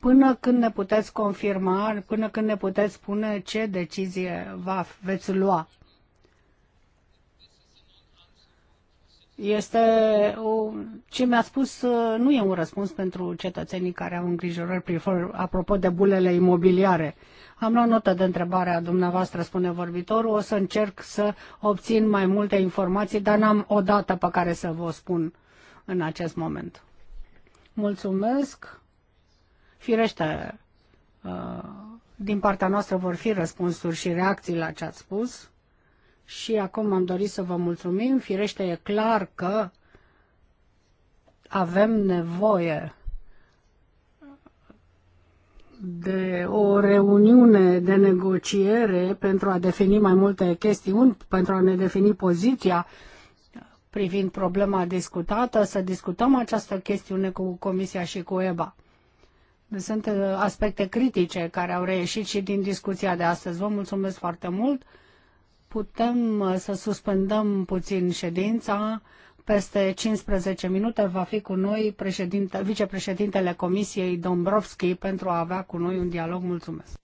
Până când ne puteți confirma, până când ne puteți spune ce decizie va, veți lua? Este o, ce mi-a spus nu e un răspuns pentru cetățenii care au îngrijorări prifor, apropo de bulele imobiliare. Am luat notă de întrebarea dumneavoastră, spune vorbitorul. O să încerc să obțin mai multe informații, dar n-am o dată pe care să vă spun în acest moment. Mulțumesc. Firește, uh, din partea noastră vor fi răspunsuri și reacții la ce ați spus. Și acum am dorit să vă mulțumim. Firește, e clar că avem nevoie de o reuniune de negociere pentru a defini mai multe chestiuni, pentru a ne defini poziția privind problema discutată, să discutăm această chestiune cu Comisia și cu EBA. Sunt uh, aspecte critice care au reieșit și din discuția de astăzi. Vă mulțumesc foarte mult. Putem uh, să suspendăm puțin ședința peste 15 minute va fi cu noi vicepreședintele Comisiei Dombrovski pentru a avea cu noi un dialog. Mulțumesc!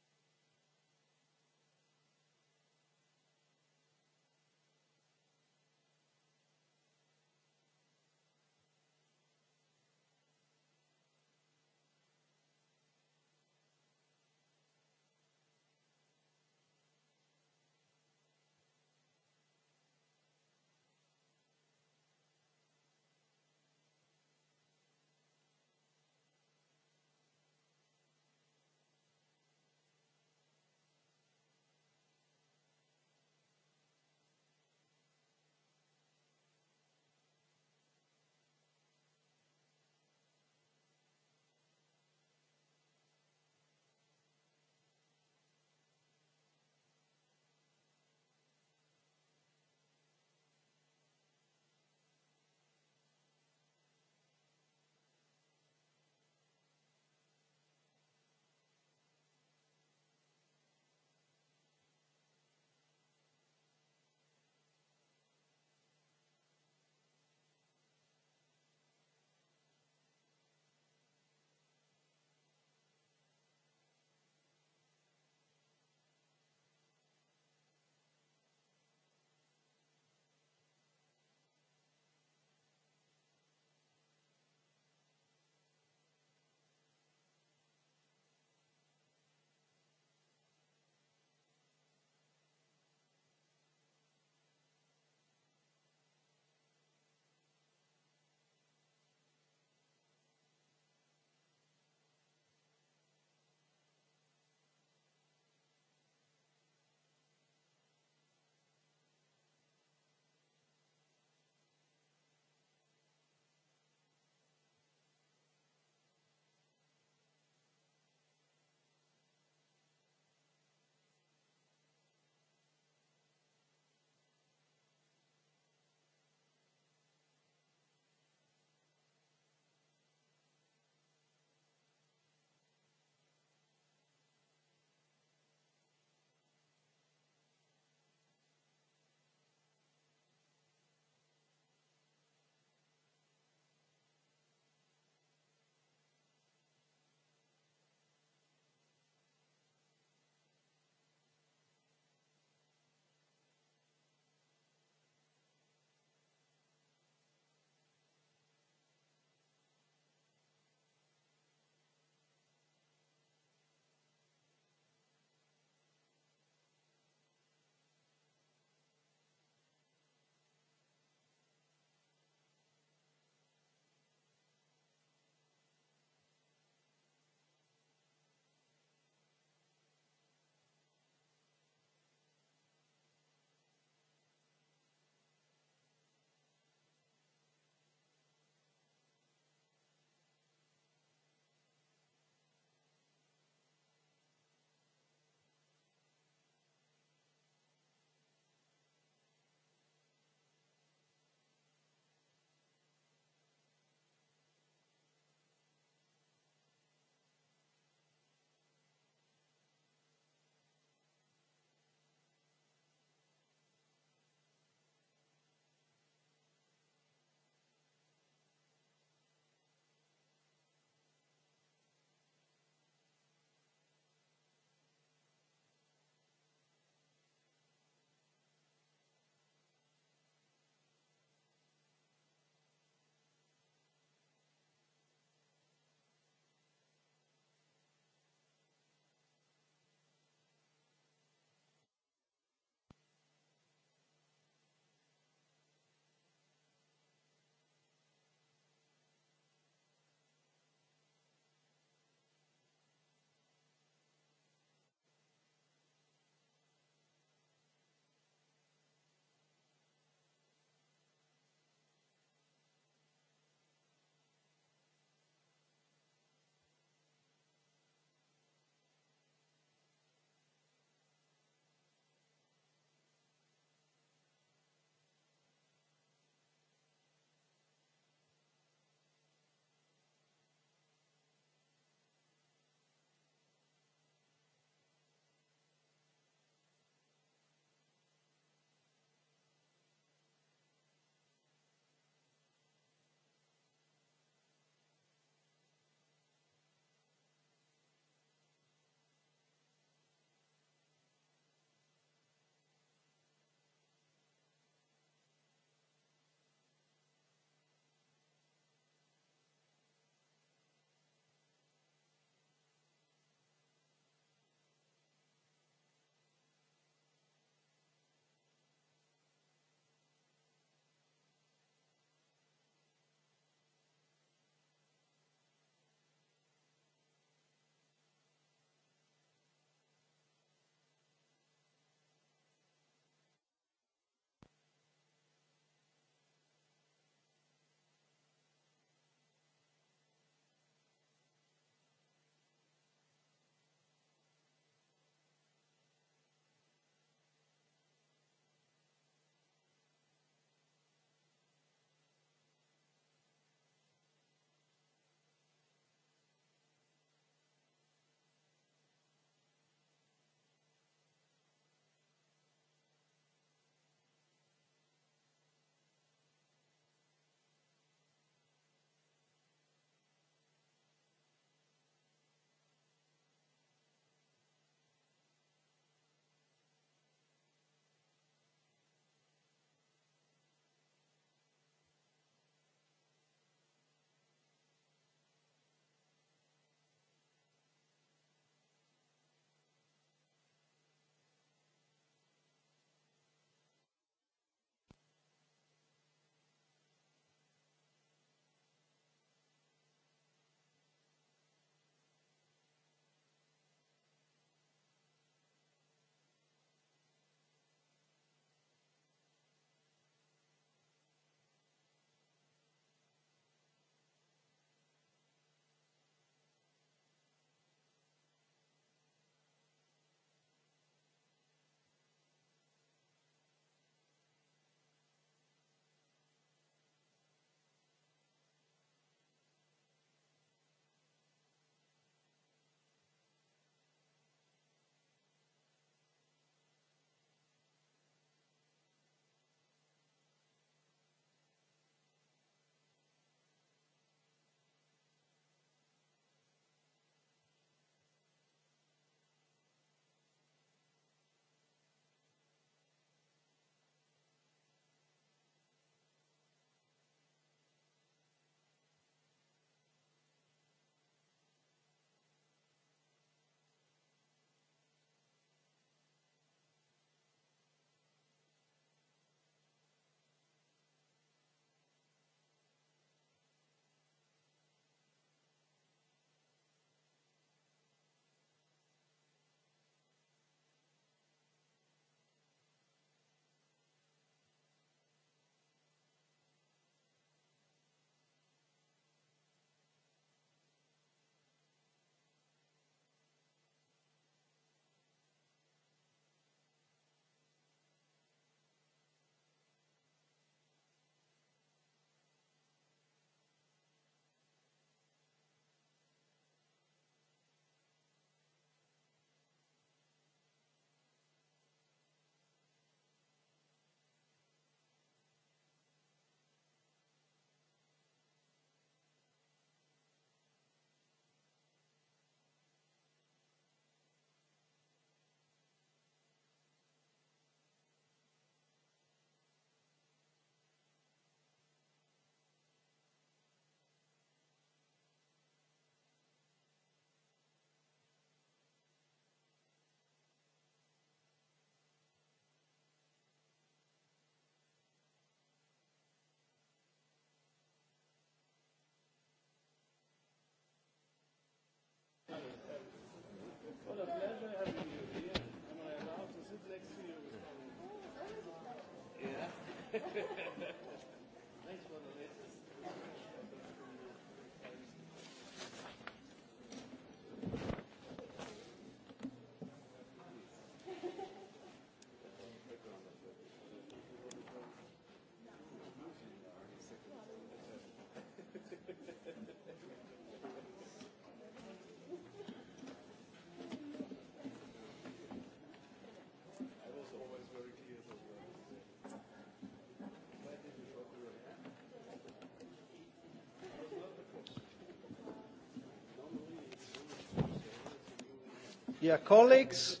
Dear colleagues,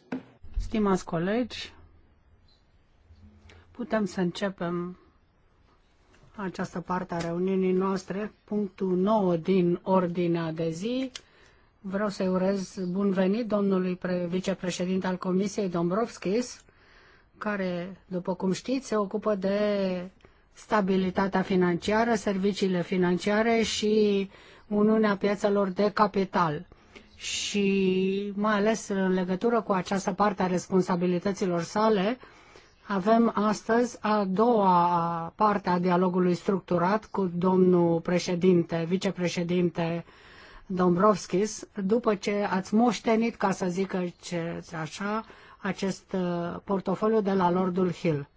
Stimați colegi, putem să începem această parte a reuniunii noastre, punctul 9 din ordinea de zi. Vreau să-i urez bun venit domnului vicepreședinte al Comisiei, Dombrovskis, care, după cum știți, se ocupă de stabilitatea financiară, serviciile financiare și Uniunea Piețelor de Capital și mai ales în legătură cu această parte a responsabilităților sale, avem astăzi a doua parte a dialogului structurat cu domnul președinte, vicepreședinte Dombrovskis, după ce ați moștenit, ca să zic ce, așa, acest uh, portofoliu de la Lordul Hill.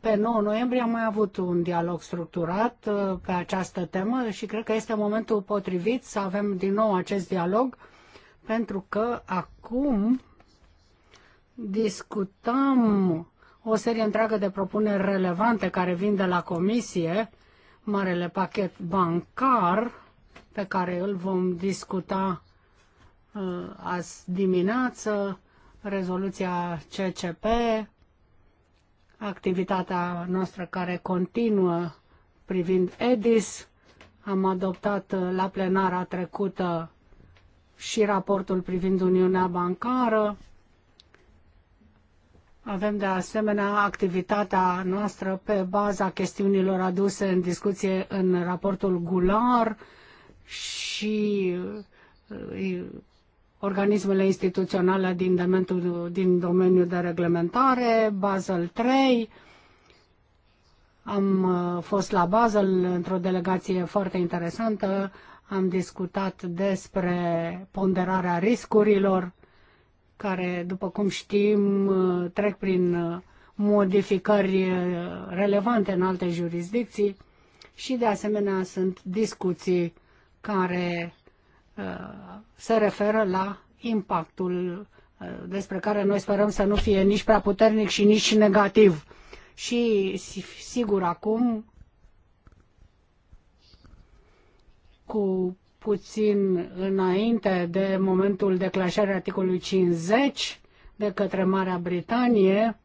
Pe 9 noiembrie am mai avut un dialog structurat uh, pe această temă și cred că este momentul potrivit să avem din nou acest dialog, pentru că acum discutăm o serie întreagă de propuneri relevante care vin de la Comisie, marele pachet bancar pe care îl vom discuta uh, azi dimineață, rezoluția CCP, activitatea noastră care continuă privind EDIS. Am adoptat uh, la plenara trecută și raportul privind Uniunea Bancară. Avem de asemenea activitatea noastră pe baza chestiunilor aduse în discuție în raportul Gular și uh, organismele instituționale din, dementul, din domeniul de reglementare, Basel 3. Am uh, fost la Basel într-o delegație foarte interesantă, am discutat despre ponderarea riscurilor, care, după cum știm, uh, trec prin uh, modificări relevante în alte jurisdicții și, de asemenea, sunt discuții care Uh, se referă la impactul uh, despre care noi sperăm să nu fie nici prea puternic și nici negativ. Și sigur acum cu puțin înainte de momentul declanșării articolului 50 de către Marea Britanie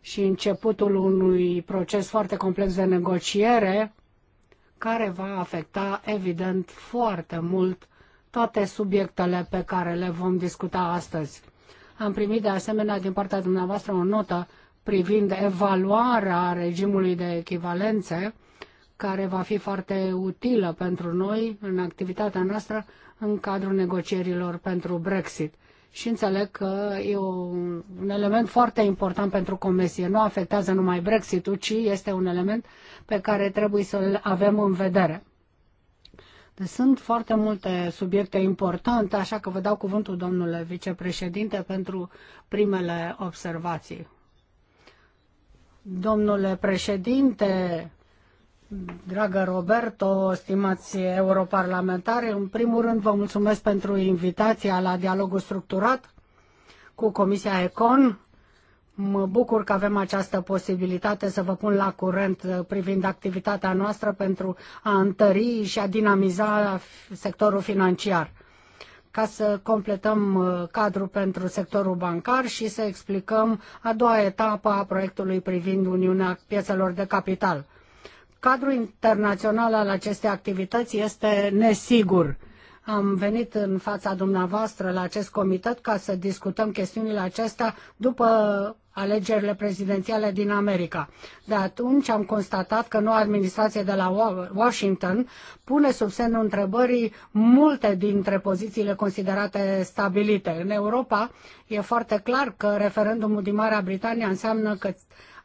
și începutul unui proces foarte complex de negociere care va afecta evident foarte mult toate subiectele pe care le vom discuta astăzi. Am primit de asemenea din partea dumneavoastră o notă privind evaluarea regimului de echivalențe, care va fi foarte utilă pentru noi în activitatea noastră în cadrul negocierilor pentru Brexit. Și înțeleg că e o, un element foarte important pentru Comisie. Nu afectează numai Brexit-ul, ci este un element pe care trebuie să-l avem în vedere sunt foarte multe subiecte importante, așa că vă dau cuvântul, domnule vicepreședinte, pentru primele observații. Domnule președinte, dragă Roberto, stimați europarlamentari, în primul rând vă mulțumesc pentru invitația la dialogul structurat cu Comisia Econ Mă bucur că avem această posibilitate să vă pun la curent uh, privind activitatea noastră pentru a întări și a dinamiza sectorul financiar ca să completăm uh, cadrul pentru sectorul bancar și să explicăm a doua etapă a proiectului privind Uniunea Piețelor de Capital. Cadrul internațional al acestei activități este nesigur am venit în fața dumneavoastră la acest comitet ca să discutăm chestiunile acestea după alegerile prezidențiale din America. De atunci am constatat că noua administrație de la Washington pune sub semnul întrebării multe dintre pozițiile considerate stabilite. În Europa e foarte clar că referendumul din Marea Britanie înseamnă că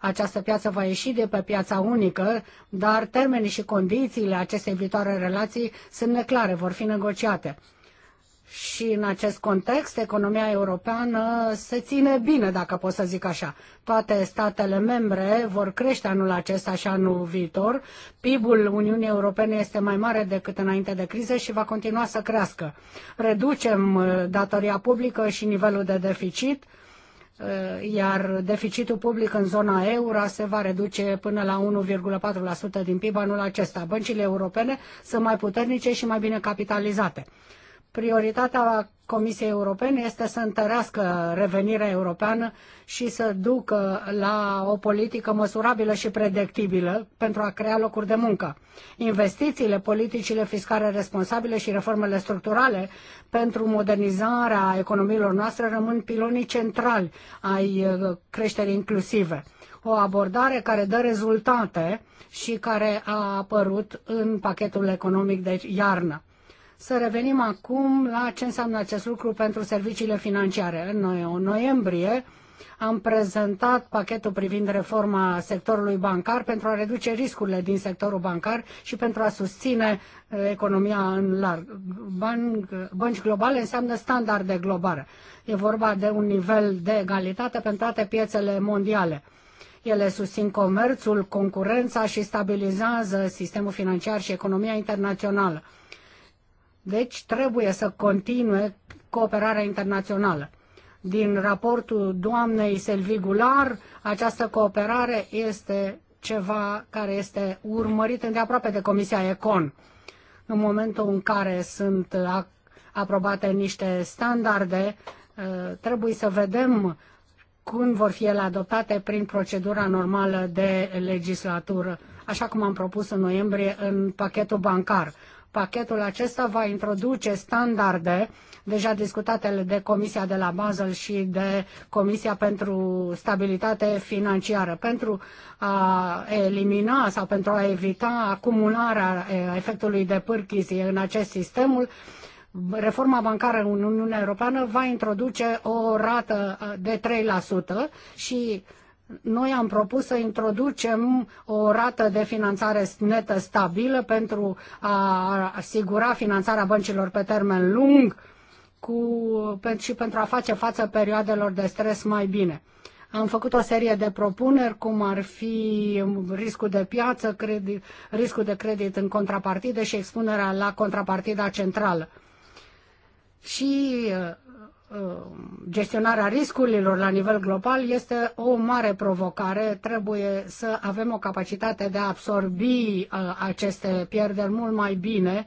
această piață va ieși de pe piața unică, dar termenii și condițiile acestei viitoare relații sunt neclare, vor fi negociate. Și în acest context, economia europeană se ține bine, dacă pot să zic așa. Toate statele membre vor crește anul acesta și anul viitor. PIB-ul Uniunii Europene este mai mare decât înainte de criză și va continua să crească. Reducem uh, datoria publică și nivelul de deficit Uh, iar deficitul public în zona euro se va reduce până la 1,4% din PIB anul acesta. Băncile europene sunt mai puternice și mai bine capitalizate. Prioritatea Comisiei Europene este să întărească revenirea europeană și să ducă la o politică măsurabilă și predictibilă pentru a crea locuri de muncă. Investițiile, politicile fiscale responsabile și reformele structurale pentru modernizarea economiilor noastre rămân pilonii centrali ai uh, creșterii inclusive. O abordare care dă rezultate și care a apărut în pachetul economic de iarnă să revenim acum la ce înseamnă acest lucru pentru serviciile financiare. În noiembrie am prezentat pachetul privind reforma sectorului bancar pentru a reduce riscurile din sectorul bancar și pentru a susține uh, economia în larg. Bănci, globale înseamnă standarde globale. E vorba de un nivel de egalitate pentru toate piețele mondiale. Ele susțin comerțul, concurența și stabilizează sistemul financiar și economia internațională deci trebuie să continue cooperarea internațională. Din raportul doamnei Selvigular, această cooperare este ceva care este urmărit îndeaproape de Comisia Econ. În momentul în care sunt aprobate niște standarde, ă, trebuie să vedem cum vor fi ele adoptate prin procedura normală de legislatură, așa cum am propus în noiembrie în pachetul bancar. Pachetul acesta va introduce standarde deja discutatele de Comisia de la Basel și de Comisia pentru Stabilitate Financiară, pentru a elimina sau pentru a evita acumularea efectului de pârchizie în acest sistemul, reforma bancară în Uniunea Europeană va introduce o rată de 3% și noi am propus să introducem o rată de finanțare netă stabilă pentru a asigura finanțarea băncilor pe termen lung cu, și pentru a face față perioadelor de stres mai bine. Am făcut o serie de propuneri, cum ar fi riscul de piață, credit, riscul de credit în contrapartidă și expunerea la contrapartida centrală. Și Uh, gestionarea riscurilor la nivel global este o mare provocare. Trebuie să avem o capacitate de a absorbi uh, aceste pierderi mult mai bine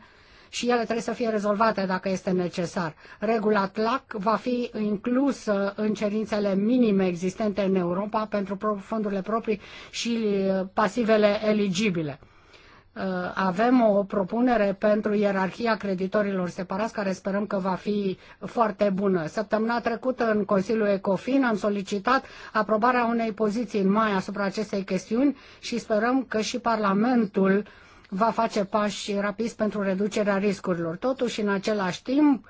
și ele trebuie să fie rezolvate dacă este necesar. Regula TLAC va fi inclusă în cerințele minime existente în Europa pentru fondurile proprii și uh, pasivele eligibile. Uh, avem o propunere pentru ierarhia creditorilor separați, care sperăm că va fi foarte bună. Săptămâna trecută, în Consiliul Ecofin, am solicitat aprobarea unei poziții în mai asupra acestei chestiuni și sperăm că și Parlamentul va face pași rapizi pentru reducerea riscurilor. Totuși, în același timp,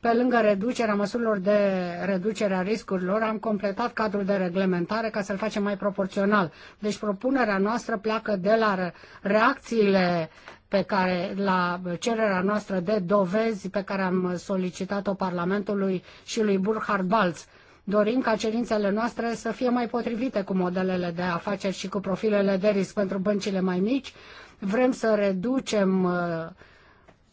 pe lângă reducerea măsurilor de reducere a riscurilor, am completat cadrul de reglementare ca să-l facem mai proporțional. Deci propunerea noastră pleacă de la reacțiile pe care, la cererea noastră de dovezi pe care am solicitat-o Parlamentului și lui Burhard Balz. Dorim ca cerințele noastre să fie mai potrivite cu modelele de afaceri și cu profilele de risc pentru băncile mai mici. Vrem să reducem uh,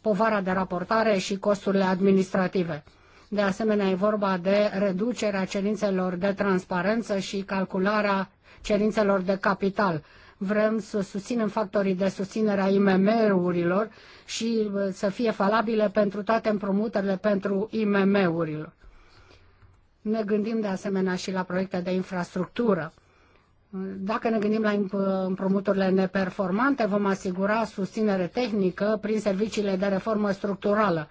povara de raportare și costurile administrative. De asemenea, e vorba de reducerea cerințelor de transparență și calcularea cerințelor de capital. Vrem să susținem factorii de susținere a IMM-urilor și să fie falabile pentru toate împrumuturile pentru IMM-urilor. Ne gândim de asemenea și la proiecte de infrastructură dacă ne gândim la împrumuturile neperformante, vom asigura susținere tehnică prin serviciile de reformă structurală.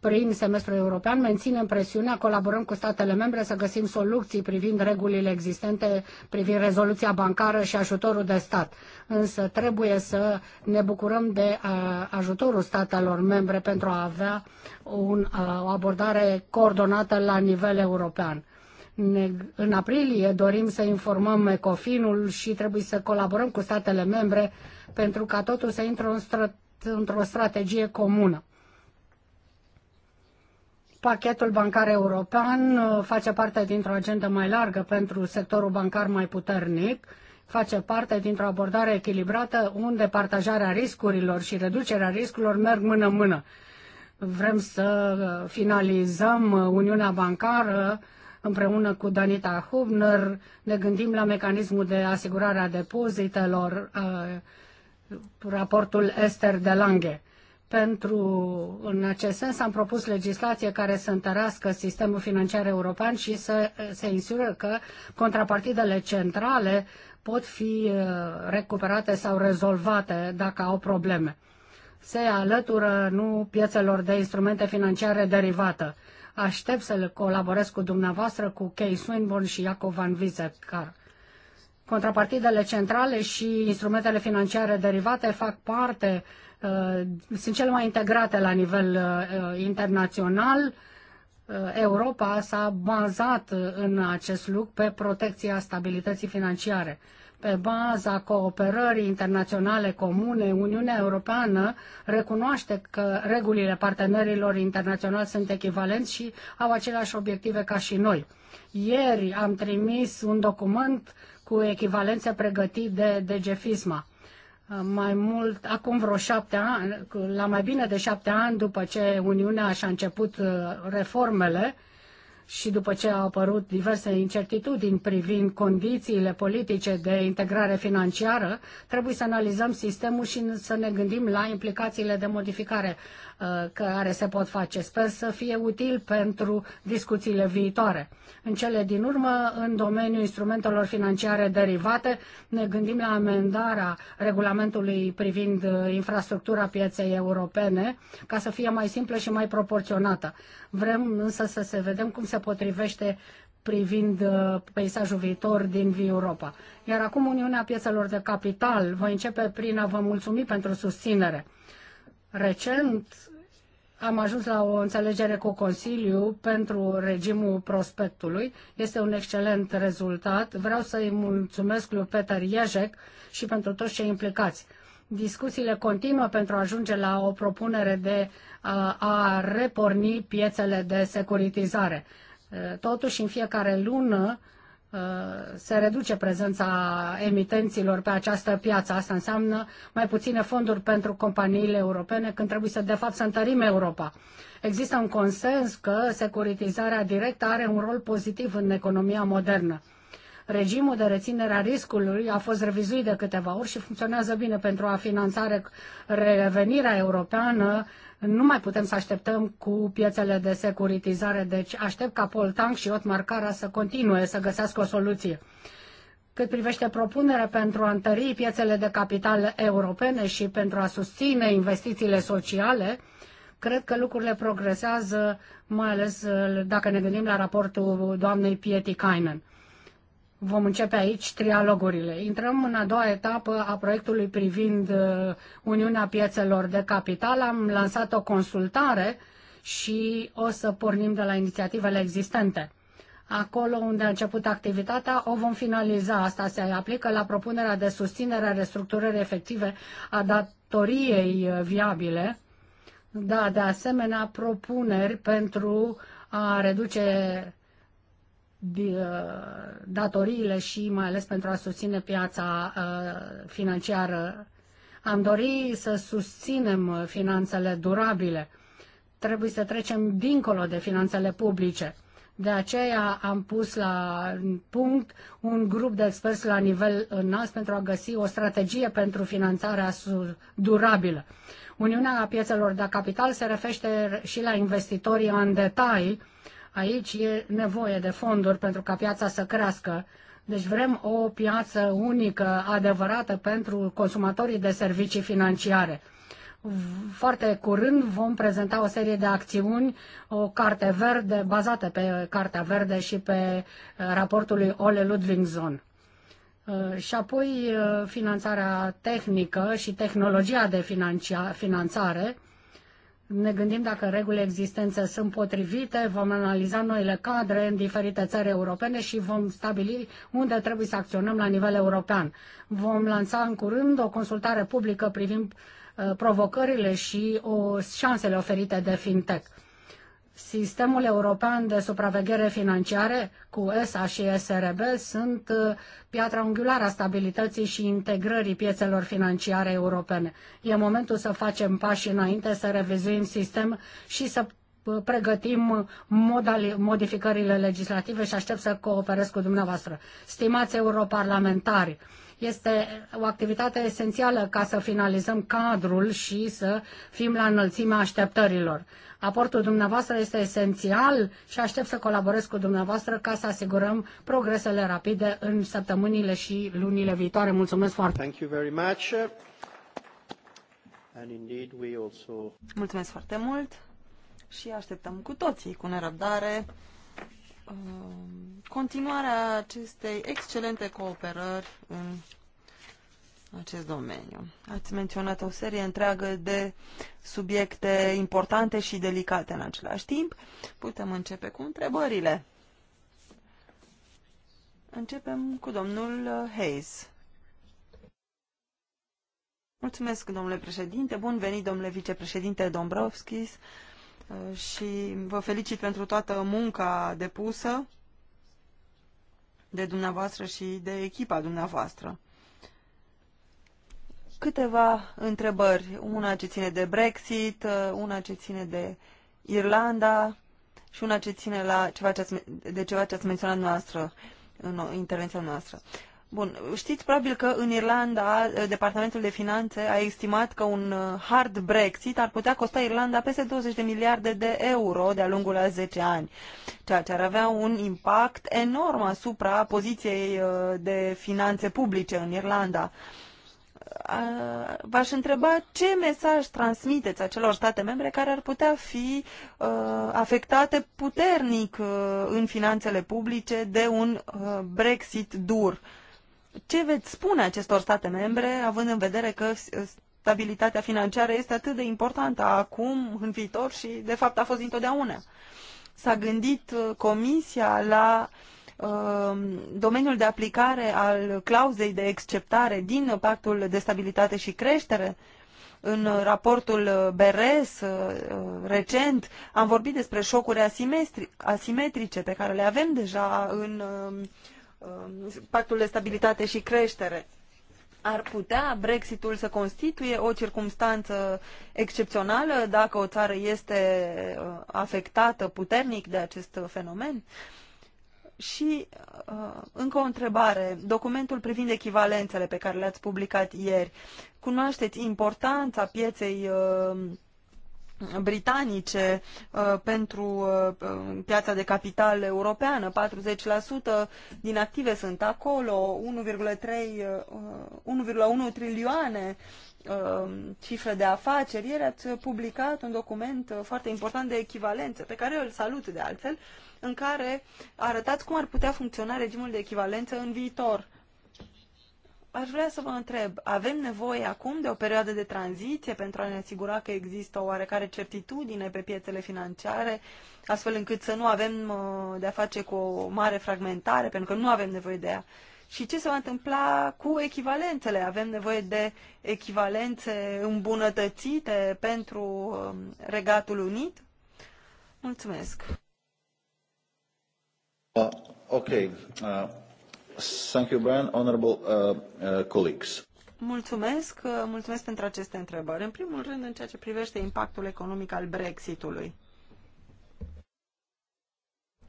Prin semestrul european menținem presiunea, colaborăm cu statele membre să găsim soluții privind regulile existente, privind rezoluția bancară și ajutorul de stat. Însă trebuie să ne bucurăm de ajutorul statelor membre pentru a avea un, o abordare coordonată la nivel european ne, în aprilie dorim să informăm Ecofinul și trebuie să colaborăm cu statele membre pentru ca totul să intre în strat, într-o strategie comună. Pachetul bancar european uh, face parte dintr-o agendă mai largă pentru sectorul bancar mai puternic, face parte dintr-o abordare echilibrată unde partajarea riscurilor și reducerea riscurilor merg mână-mână. Vrem să uh, finalizăm uh, Uniunea Bancară împreună cu Danita Hubner ne gândim la mecanismul de asigurare a depozitelor, uh, raportul Ester de Lange. Pentru, în acest sens, am propus legislație care să întărească sistemul financiar european și să se insură că contrapartidele centrale pot fi uh, recuperate sau rezolvate dacă au probleme. Se alătură nu piețelor de instrumente financiare derivate Aștept să colaborez cu dumneavoastră, cu Kay Swinburne și Iacov Van Wiesekar. Contrapartidele centrale și instrumentele financiare derivate fac parte, uh, sunt cele mai integrate la nivel uh, internațional. Uh, Europa s-a bazat în acest lucru pe protecția stabilității financiare pe baza cooperării internaționale comune, Uniunea Europeană recunoaște că regulile partenerilor internaționali sunt echivalenți și au aceleași obiective ca și noi. Ieri am trimis un document cu echivalențe pregătit de DGFISMA. Mai mult, acum vreo șapte ani, la mai bine de șapte ani după ce Uniunea și-a început uh, reformele, și după ce au apărut diverse incertitudini privind condițiile politice de integrare financiară, trebuie să analizăm sistemul și să ne gândim la implicațiile de modificare Uh, care se pot face. Sper să fie util pentru discuțiile viitoare. În cele din urmă, în domeniul instrumentelor financiare derivate, ne gândim la amendarea regulamentului privind uh, infrastructura pieței europene ca să fie mai simplă și mai proporționată. Vrem însă să se vedem cum se potrivește privind uh, peisajul viitor din Europa. Iar acum Uniunea Piețelor de Capital, va începe prin a vă mulțumi pentru susținere. Recent am ajuns la o înțelegere cu Consiliu pentru regimul prospectului. Este un excelent rezultat. Vreau să-i mulțumesc lui Peter Iejec și pentru toți cei implicați. Discuțiile continuă pentru a ajunge la o propunere de a, a reporni piețele de securitizare. Totuși, în fiecare lună, Uh, se reduce prezența emitenților pe această piață. Asta înseamnă mai puține fonduri pentru companiile europene când trebuie să, de fapt, să întărim Europa. Există un consens că securitizarea directă are un rol pozitiv în economia modernă. Regimul de reținere a riscului a fost revizuit de câteva ori și funcționează bine pentru a finanța revenirea europeană nu mai putem să așteptăm cu piețele de securitizare, deci aștept ca Paul Tank și Otmar Cara să continue să găsească o soluție. Cât privește propunerea pentru a întări piețele de capital europene și pentru a susține investițiile sociale, cred că lucrurile progresează, mai ales uh, dacă ne gândim la raportul doamnei Pieti Kainen vom începe aici trialogurile. Intrăm în a doua etapă a proiectului privind uh, Uniunea Piețelor de Capital. Am lansat o consultare și o să pornim de la inițiativele existente. Acolo unde a început activitatea, o vom finaliza. Asta se aplică la propunerea de susținere a restructurării efective a datoriei uh, viabile. Da, de asemenea, propuneri pentru a reduce Uh, datoriile și mai ales pentru a susține piața uh, financiară. Am dorit să susținem uh, finanțele durabile. Trebuie să trecem dincolo de finanțele publice. De aceea am pus la punct un grup de experți la nivel înalt pentru a găsi o strategie pentru finanțarea durabilă. Uniunea Piețelor de Capital se referește și la investitorii în detalii, Aici e nevoie de fonduri pentru ca piața să crească. Deci vrem o piață unică, adevărată pentru consumatorii de servicii financiare. Foarte curând vom prezenta o serie de acțiuni, o carte verde, bazată pe Cartea Verde și pe uh, raportul lui Ole Ludwigson. Uh, și apoi uh, finanțarea tehnică și tehnologia de finanțare ne gândim dacă regulile existente sunt potrivite, vom analiza noile cadre în diferite țări europene și vom stabili unde trebuie să acționăm la nivel european. Vom lansa în curând o consultare publică privind uh, provocările și o, șansele oferite de fintech. Sistemul European de Supraveghere Financiare cu ESA și SRB sunt uh, piatra unghiulară a stabilității și integrării piețelor financiare europene. E momentul să facem pași înainte, să revizuim sistem și să uh, pregătim modali, modificările legislative și aștept să cooperez cu dumneavoastră. Stimați europarlamentari, este o activitate esențială ca să finalizăm cadrul și să fim la înălțimea așteptărilor. Aportul dumneavoastră este esențial și aștept să colaborez cu dumneavoastră ca să asigurăm progresele rapide în săptămânile și lunile viitoare. Mulțumesc foarte Thank you very much. And indeed we also... Mulțumesc foarte mult și așteptăm cu toții cu nerăbdare Um, continuarea acestei excelente cooperări în acest domeniu. Ați menționat o serie întreagă de subiecte importante și delicate în același timp. Putem începe cu întrebările. Începem cu domnul Hayes. Mulțumesc, domnule președinte. Bun venit, domnule vicepreședinte Dombrovskis. Uh, Uh, și vă felicit pentru toată munca depusă de dumneavoastră și de echipa dumneavoastră. Câteva întrebări, una ce ține de Brexit, uh, una ce ține de Irlanda și una ce ține la ceva ce ați, de ceva ce ați menționat noastră în intervenția noastră. Bun, știți probabil că în Irlanda eh, Departamentul de Finanțe a estimat că un eh, hard Brexit ar putea costa Irlanda peste 20 de miliarde de euro de-a lungul a 10 ani, ceea ce ar avea un impact enorm asupra poziției eh, de finanțe publice în Irlanda. V-aș întreba ce mesaj transmiteți acelor state membre care ar putea fi uh, afectate puternic uh, în finanțele publice de un uh, Brexit dur. Uh, ce veți spune acestor state membre, având în vedere că stabilitatea financiară este atât de importantă acum, în viitor și, de fapt, a fost întotdeauna? S-a gândit uh, Comisia la uh, domeniul de aplicare al clauzei de exceptare din Pactul de Stabilitate și Creștere? În uh, raportul BRS recent am vorbit despre șocuri asimetrice pe care le avem deja în uh, Um, pactul de stabilitate și creștere. Ar putea Brexitul să constituie o circumstanță excepțională dacă o țară este uh, afectată puternic de acest fenomen? Și uh, încă o întrebare. Documentul privind echivalențele pe care le-ați publicat ieri, cunoașteți importanța pieței uh, britanice uh, pentru uh, piața de capital europeană. 40% din active sunt acolo, 1,3 1,1 uh, trilioane cifre de afaceri. Ieri ați publicat un document foarte important de echivalență, pe care eu îl salut de altfel, în care arătați cum ar putea funcționa regimul de echivalență în viitor. Aș vrea să vă întreb, avem nevoie acum de o perioadă de tranziție pentru a ne asigura că există o oarecare certitudine pe piețele financiare, astfel încât să nu avem uh, de-a face cu o mare fragmentare, pentru că nu avem nevoie de ea. Și ce se va întâmpla cu echivalențele? Avem nevoie de echivalențe îmbunătățite pentru um, Regatul Unit? Mulțumesc! Uh, ok. Uh... Thank you, Brian. Honorable uh, uh, colleagues. Mulțumesc, uh, mulțumesc pentru aceste întrebări. În primul rând, în ceea ce privește impactul economic al Brexitului.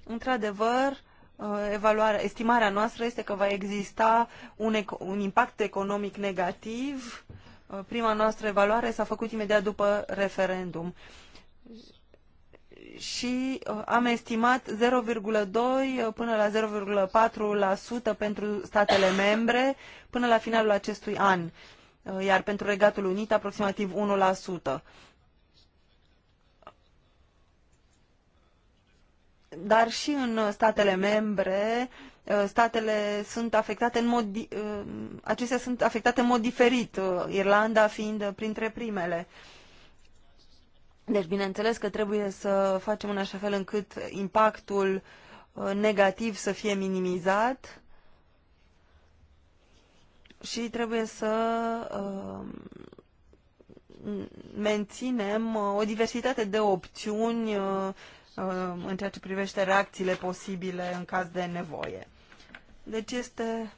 Într-adevăr, uh, evaluarea, estimarea noastră este că va exista un, un impact economic negativ. Uh, prima noastră evaluare s-a făcut imediat după referendum și uh, am estimat 0,2 până la 0,4% pentru statele membre până la finalul acestui an, uh, iar pentru Regatul Unit aproximativ 1%. Dar și în statele membre, uh, statele sunt afectate în mod, acestea sunt afectate în mod diferit, Irlanda fiind printre primele. Deci, bineînțeles că trebuie să facem în așa fel încât impactul uh, negativ să fie minimizat și trebuie să uh, menținem uh, o diversitate de opțiuni în ceea ce privește reacțiile posibile în caz de nevoie. Deci este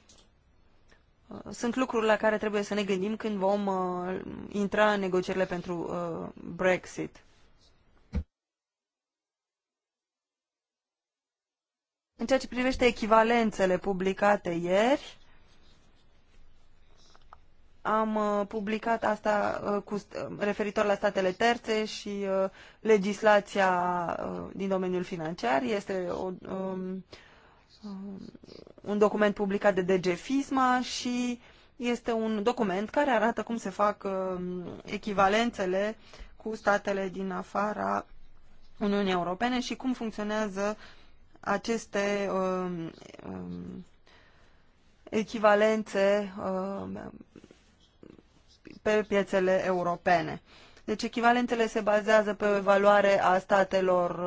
Uh, sunt lucruri la care trebuie să ne gândim când vom uh, intra în negocierile pentru uh, Brexit. În ceea ce privește echivalențele publicate ieri, am uh, publicat asta uh, cu, uh, referitor la statele terțe și uh, legislația uh, din domeniul financiar. Este o um, Um, un document publicat de DG FISMA și este un document care arată cum se fac um, echivalențele cu statele din afara Uniunii Europene și cum funcționează aceste um, echivalențe pe piețele europene. Deci echivalentele se bazează pe o evaluare a statelor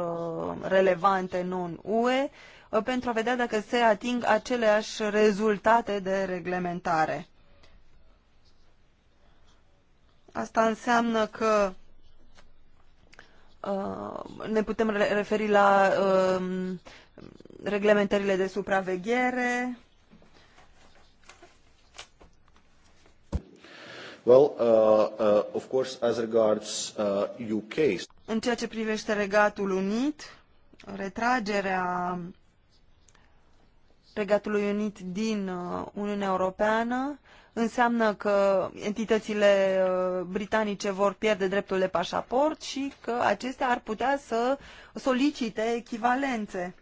uh, relevante non-UE Uh, pentru a vedea dacă se ating aceleași rezultate de reglementare. Asta înseamnă că uh, ne putem referi la uh, reglementările de supraveghere. Well, uh, uh, of course, as regards uh, UK. În ceea ce privește Regatul Unit, retragerea Regatului Unit din uh, Uniunea Europeană înseamnă că entitățile uh, britanice vor pierde dreptul de pașaport și că acestea ar putea să solicite echivalențe.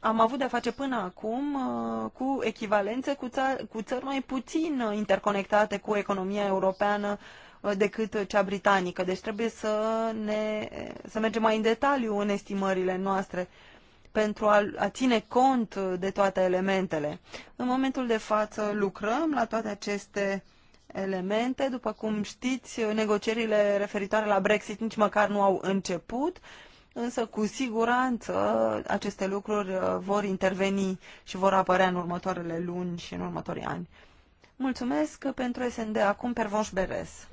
Am avut de-a face până acum uh, cu echivalențe cu, țar- cu țări mai puțin interconectate cu economia europeană decât cea britanică. Deci trebuie să, ne, să mergem mai în detaliu în estimările noastre pentru a, a ține cont de toate elementele. În momentul de față lucrăm la toate aceste elemente. După cum știți, negocierile referitoare la Brexit nici măcar nu au început, însă cu siguranță aceste lucruri uh, vor interveni și vor apărea în următoarele luni și în următorii ani. Mulțumesc pentru SND. Acum Pervonș Beres.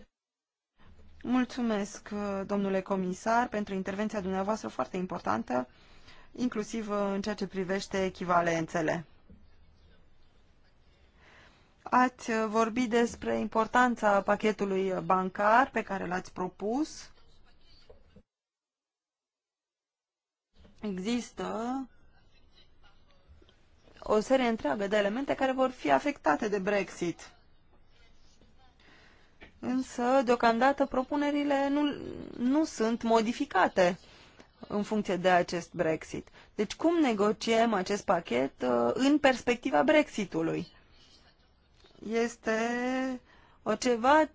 Mulțumesc, uh, domnule comisar, pentru intervenția dumneavoastră foarte importantă inclusiv în ceea ce privește echivalențele. Ați vorbit despre importanța pachetului bancar pe care l-ați propus. Există o serie întreagă de elemente care vor fi afectate de Brexit. Însă, deocamdată, propunerile nu, nu sunt modificate în funcție de acest Brexit. Deci cum negociem acest pachet uh, în perspectiva Brexitului? Este o ceva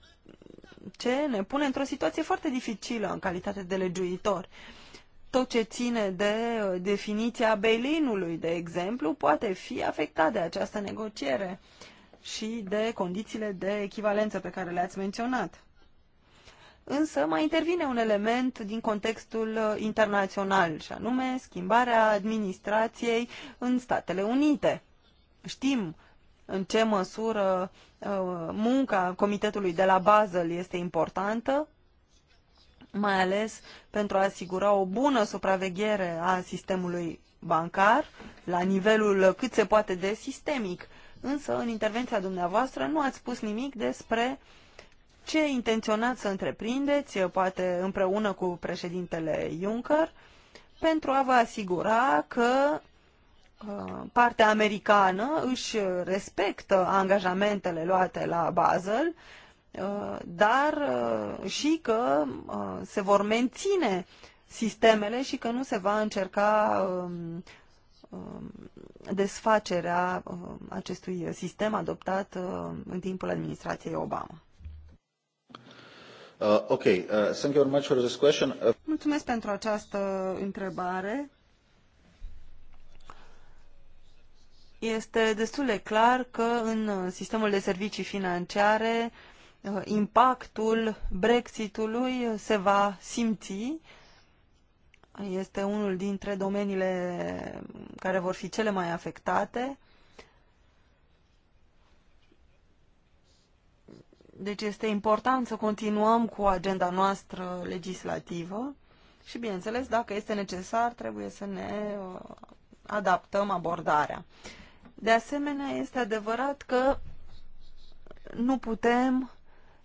ce ne pune într-o situație foarte dificilă în calitate de legiuitor. Tot ce ține de uh, definiția beilinului, de exemplu, poate fi afectat de această negociere și de condițiile de echivalență pe care le-ați menționat. Însă mai intervine un element din contextul uh, internațional, și anume schimbarea administrației în Statele Unite. Știm în ce măsură uh, munca comitetului de la Basel este importantă, mai ales pentru a asigura o bună supraveghere a sistemului bancar, la nivelul cât se poate de sistemic. Însă, în intervenția dumneavoastră, nu ați spus nimic despre uh, ce intenționați să întreprindeți, eh, poate împreună cu președintele Juncker, pentru a vă asigura că eh, partea americană își respectă angajamentele luate la Basel, eh, dar și că se vor menține sistemele și că nu se va încerca ehm, ehm, desfacerea ehm, acestui sistem adoptat în timpul administrației Obama. Uh, okay, uh, thank you very much for this question. Uh... Mulțumesc pentru această întrebare. Este destul de clar că în sistemul de servicii financiare uh, impactul Brexitului se va simți. Este unul dintre domeniile care vor fi cele mai afectate. Deci este important să continuăm cu agenda noastră legislativă și, bineînțeles, dacă este necesar, trebuie să ne uh, adaptăm abordarea. De asemenea, este adevărat că nu putem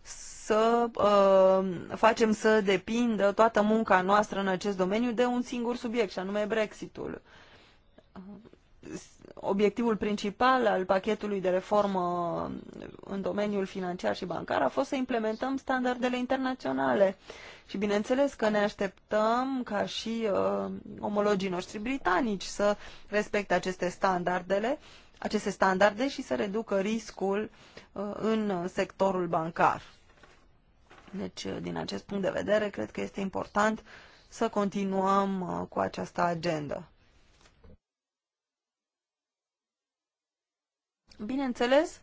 să uh, facem să depindă toată munca noastră în acest domeniu de un singur subiect, și anume Brexitul obiectivul principal al pachetului de reformă în domeniul financiar și bancar a fost să implementăm standardele internaționale. Și bineînțeles că ne așteptăm ca și uh, omologii noștri britanici să respecte aceste standardele, aceste standarde și să reducă riscul uh, în sectorul bancar. Deci, uh, din acest punct de vedere, cred că este important să continuăm uh, cu această agendă. Bineînțeles,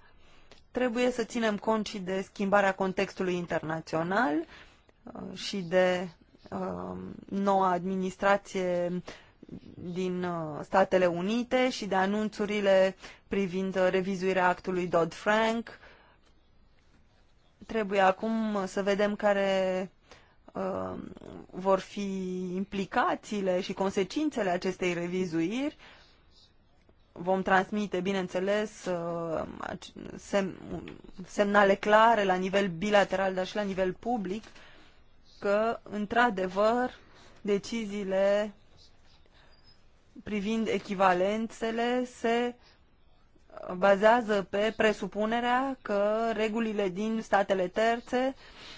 trebuie să ținem cont și de schimbarea contextului internațional uh, și de uh, noua administrație din uh, Statele Unite și de anunțurile privind revizuirea actului Dodd-Frank. Trebuie acum să vedem care vor fi implicațiile și consecințele acestei revizuiri vom transmite, bineînțeles, uh, semnale clare la nivel bilateral, dar și la nivel public, că, într-adevăr, deciziile privind echivalențele se bazează pe presupunerea că regulile din statele terțe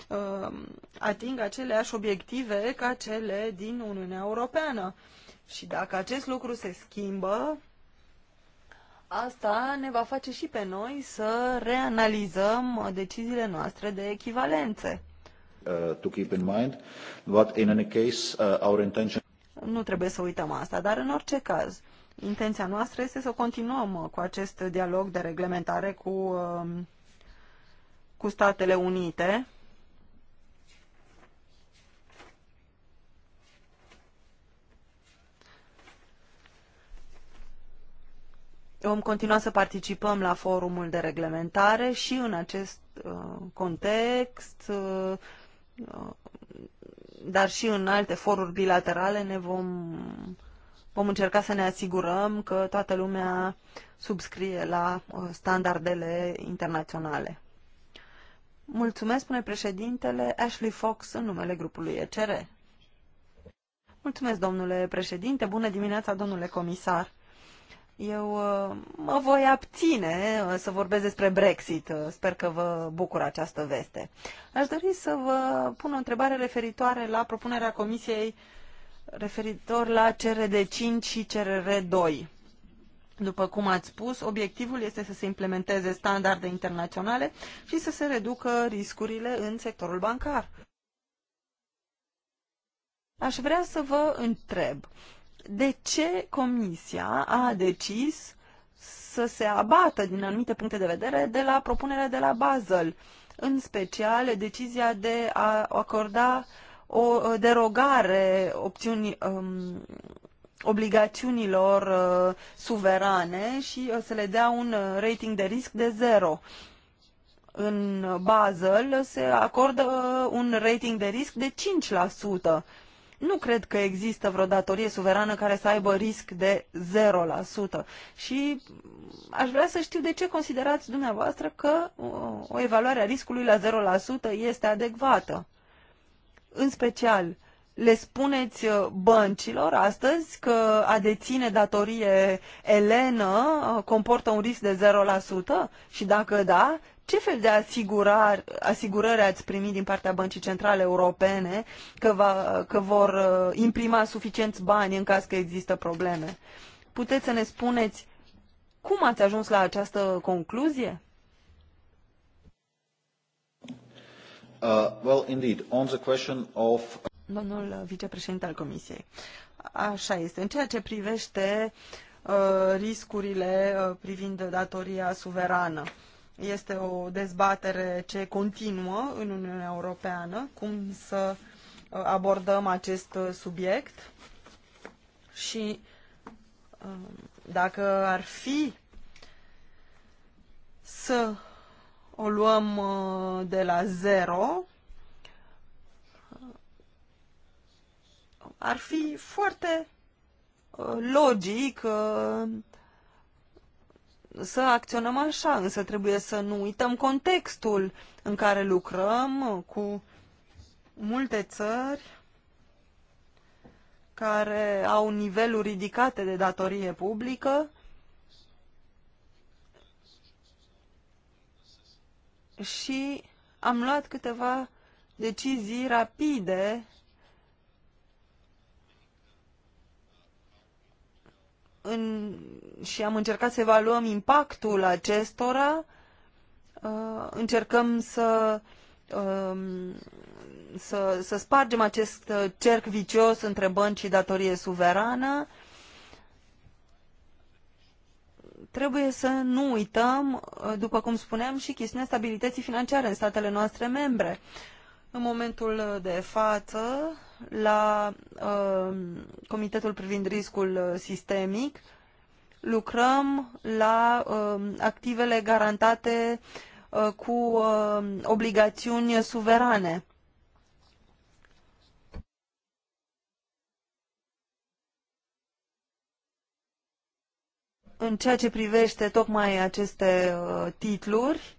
uh, ating aceleași obiective ca cele din Uniunea Europeană. Și dacă acest lucru se schimbă, asta ne va face și pe noi să reanalizăm deciziile noastre de echivalențe. Uh, to keep in mind, but in any case, uh, our intention... Nu trebuie să uităm asta, dar în orice caz, intenția noastră este să continuăm uh, cu acest dialog de reglementare cu, uh, cu Statele Unite Vom continua să participăm la forumul de reglementare și în acest uh, context, uh, uh, dar și în alte foruri bilaterale ne vom, vom încerca să ne asigurăm că toată lumea subscrie la uh, standardele internaționale. Mulțumesc, spune președintele Ashley Fox în numele grupului ECR. Mulțumesc, domnule președinte. Bună dimineața, domnule comisar. Eu uh, mă voi abține uh, să vorbesc despre Brexit. Uh, sper că vă bucur această veste. Aș dori să vă pun o întrebare referitoare la propunerea Comisiei referitor la CRD5 și CRR2. După cum ați spus, obiectivul este să se implementeze standarde internaționale și să se reducă riscurile în sectorul bancar. Aș vrea să vă întreb de ce Comisia a decis să se abată din anumite puncte de vedere de la propunerea de la Basel, în special decizia de a acorda o derogare opțiunii, um, obligațiunilor uh, suverane și uh, să le dea un uh, rating de risc de zero. În Basel se acordă uh, un rating de risc de 5% nu cred că există vreo datorie suverană care să aibă risc de 0%. Și aș vrea să știu de ce considerați dumneavoastră că uh, o evaluare a riscului la 0% este adecvată. În special, le spuneți uh, băncilor astăzi că a deține datorie elenă uh, comportă un risc de 0% și dacă da, ce fel de asigurări, asigurări ați primit din partea Băncii Centrale Europene că, va, că vor uh, imprima suficienți bani în caz că există probleme? Puteți să ne spuneți cum ați ajuns la această concluzie? Uh, well, indeed, on the question of... Domnul vicepreședinte al Comisiei. Așa este. În ceea ce privește uh, riscurile uh, privind datoria suverană. Este o dezbatere ce continuă în Uniunea Europeană, cum să uh, abordăm acest uh, subiect și um, dacă ar fi să o luăm uh, de la zero, ar fi foarte logic să acționăm așa, însă trebuie să nu uităm contextul în care lucrăm cu multe țări care au niveluri ridicate de datorie publică și am luat câteva decizii rapide în, și am încercat să evaluăm impactul acestora. Uh, încercăm să, um, să, să spargem acest uh, cerc vicios între bănci și datorie suverană. Trebuie să nu uităm, uh, după cum spuneam, și chestiunea stabilității financiare în statele noastre membre. În momentul de față, la uh, Comitetul privind riscul uh, sistemic, lucrăm la uh, activele garantate uh, cu uh, obligațiuni suverane. În ceea ce privește tocmai aceste uh, titluri,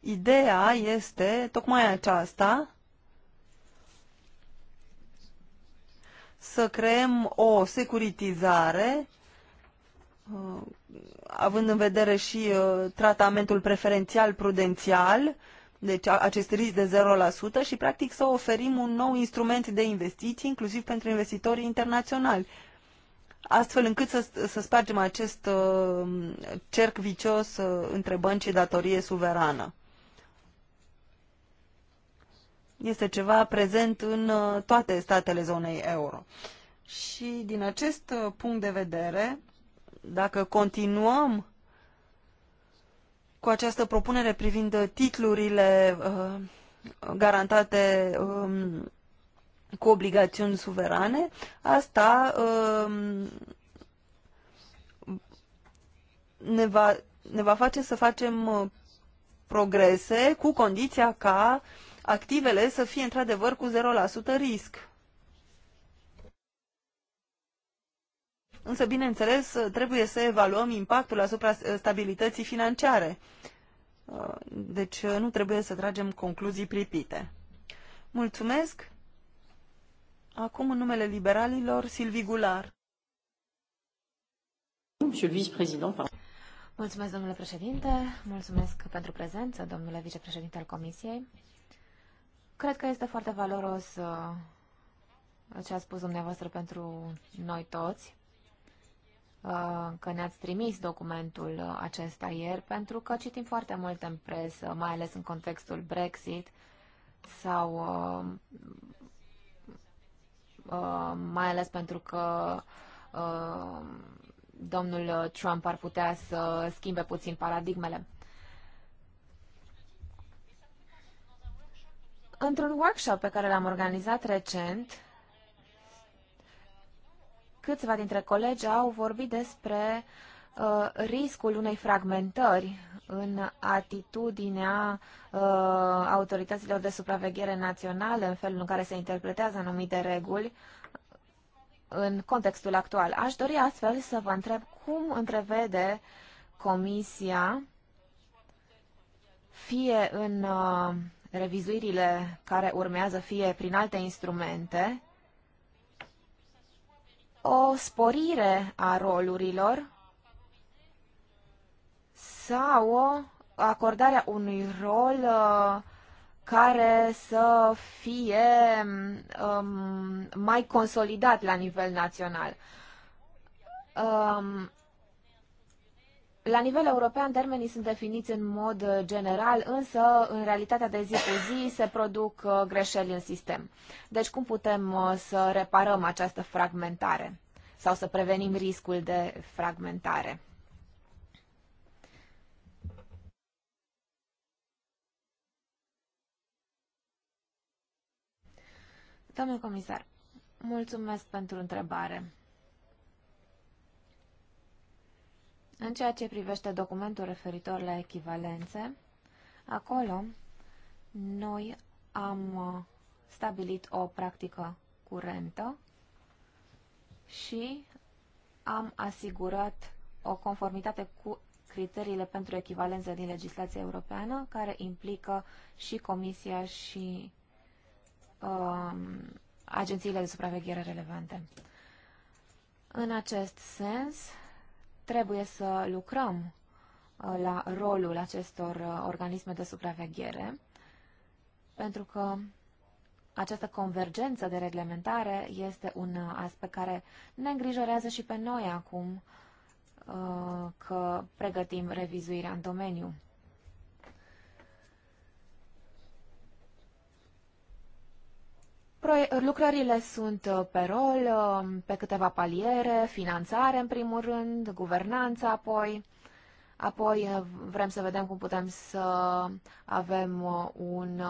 ideea este tocmai aceasta să creăm o securitizare, uh, având în vedere și uh, tratamentul preferențial prudențial, deci acest risc de 0% și practic să oferim un nou instrument de investiții, inclusiv pentru investitorii internaționali, astfel încât să, să spargem acest uh, cerc vicios între bănci și datorie suverană este ceva prezent în uh, toate statele zonei euro. Și din acest uh, punct de vedere, dacă continuăm cu această propunere privind uh, titlurile garantate um, cu obligațiuni suverane, asta um, ne, va, ne va face să facem progrese cu condiția ca uh, activele să fie într-adevăr cu 0% risc. Însă, bineînțeles, trebuie să evaluăm impactul asupra stabilității financiare. Deci nu trebuie să tragem concluzii pripite. Mulțumesc! Acum, în numele liberalilor, Silvi Gular. Mulțumesc, domnule președinte, mulțumesc pentru prezență, domnule vicepreședinte al Comisiei. Cred că este foarte valoros uh, ce a spus dumneavoastră pentru noi toți, uh, că ne-ați trimis documentul acesta ieri, pentru că citim foarte mult în presă, mai ales în contextul Brexit sau uh, mai ales pentru că domnul Trump ar putea să schimbe puțin paradigmele. Într-un workshop pe care l-am organizat recent, câțiva dintre colegi au vorbit despre uh, riscul unei fragmentări în atitudinea uh, autorităților de supraveghere națională, în felul în care se interpretează anumite reguli în contextul actual. Aș dori astfel să vă întreb cum întrevede Comisia, fie în uh, revizuirile care urmează, fie prin alte instrumente, o sporire a rolurilor sau o acordare unui rol uh, care să fie um, mai consolidat la nivel național. Um, la nivel european, termenii sunt definiți în mod uh, general, însă, în realitatea de zi cu zi, se produc uh, greșeli în sistem. Deci, cum putem uh, să reparăm această fragmentare sau să prevenim riscul de fragmentare? Domnul comisar, mulțumesc pentru întrebare. În ceea ce privește documentul referitor la echivalențe, acolo noi am uh, stabilit o practică curentă și am asigurat o conformitate cu criteriile pentru echivalență din legislația europeană, care implică și Comisia și um, agențiile de supraveghere relevante. În acest sens, trebuie să lucrăm uh, la rolul acestor uh, organisme de supraveghere, pentru că această convergență de reglementare este un uh, aspect care ne îngrijorează și pe noi acum că pregătim revizuirea în domeniu. Lucrările sunt uh, pe rol, um, pe câteva paliere, finanțare în primul rând, guvernanța apoi, apoi uh, vrem să vedem cum putem să avem uh, un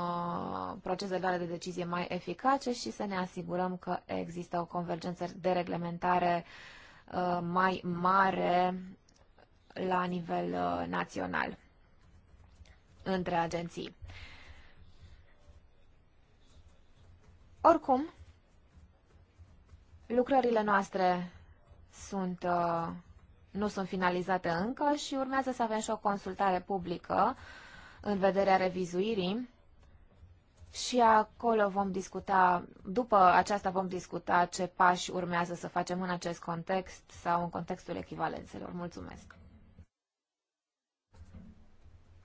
proces de luare de decizie mai eficace și să ne asigurăm că există o convergență de reglementare mai mare la nivel național între agenții. Oricum, lucrările noastre sunt, uh, nu sunt finalizate încă și urmează să avem și o consultare publică în vederea revizuirii și acolo vom discuta, după aceasta vom discuta ce pași urmează să facem în acest context sau în contextul echivalențelor. Mulțumesc!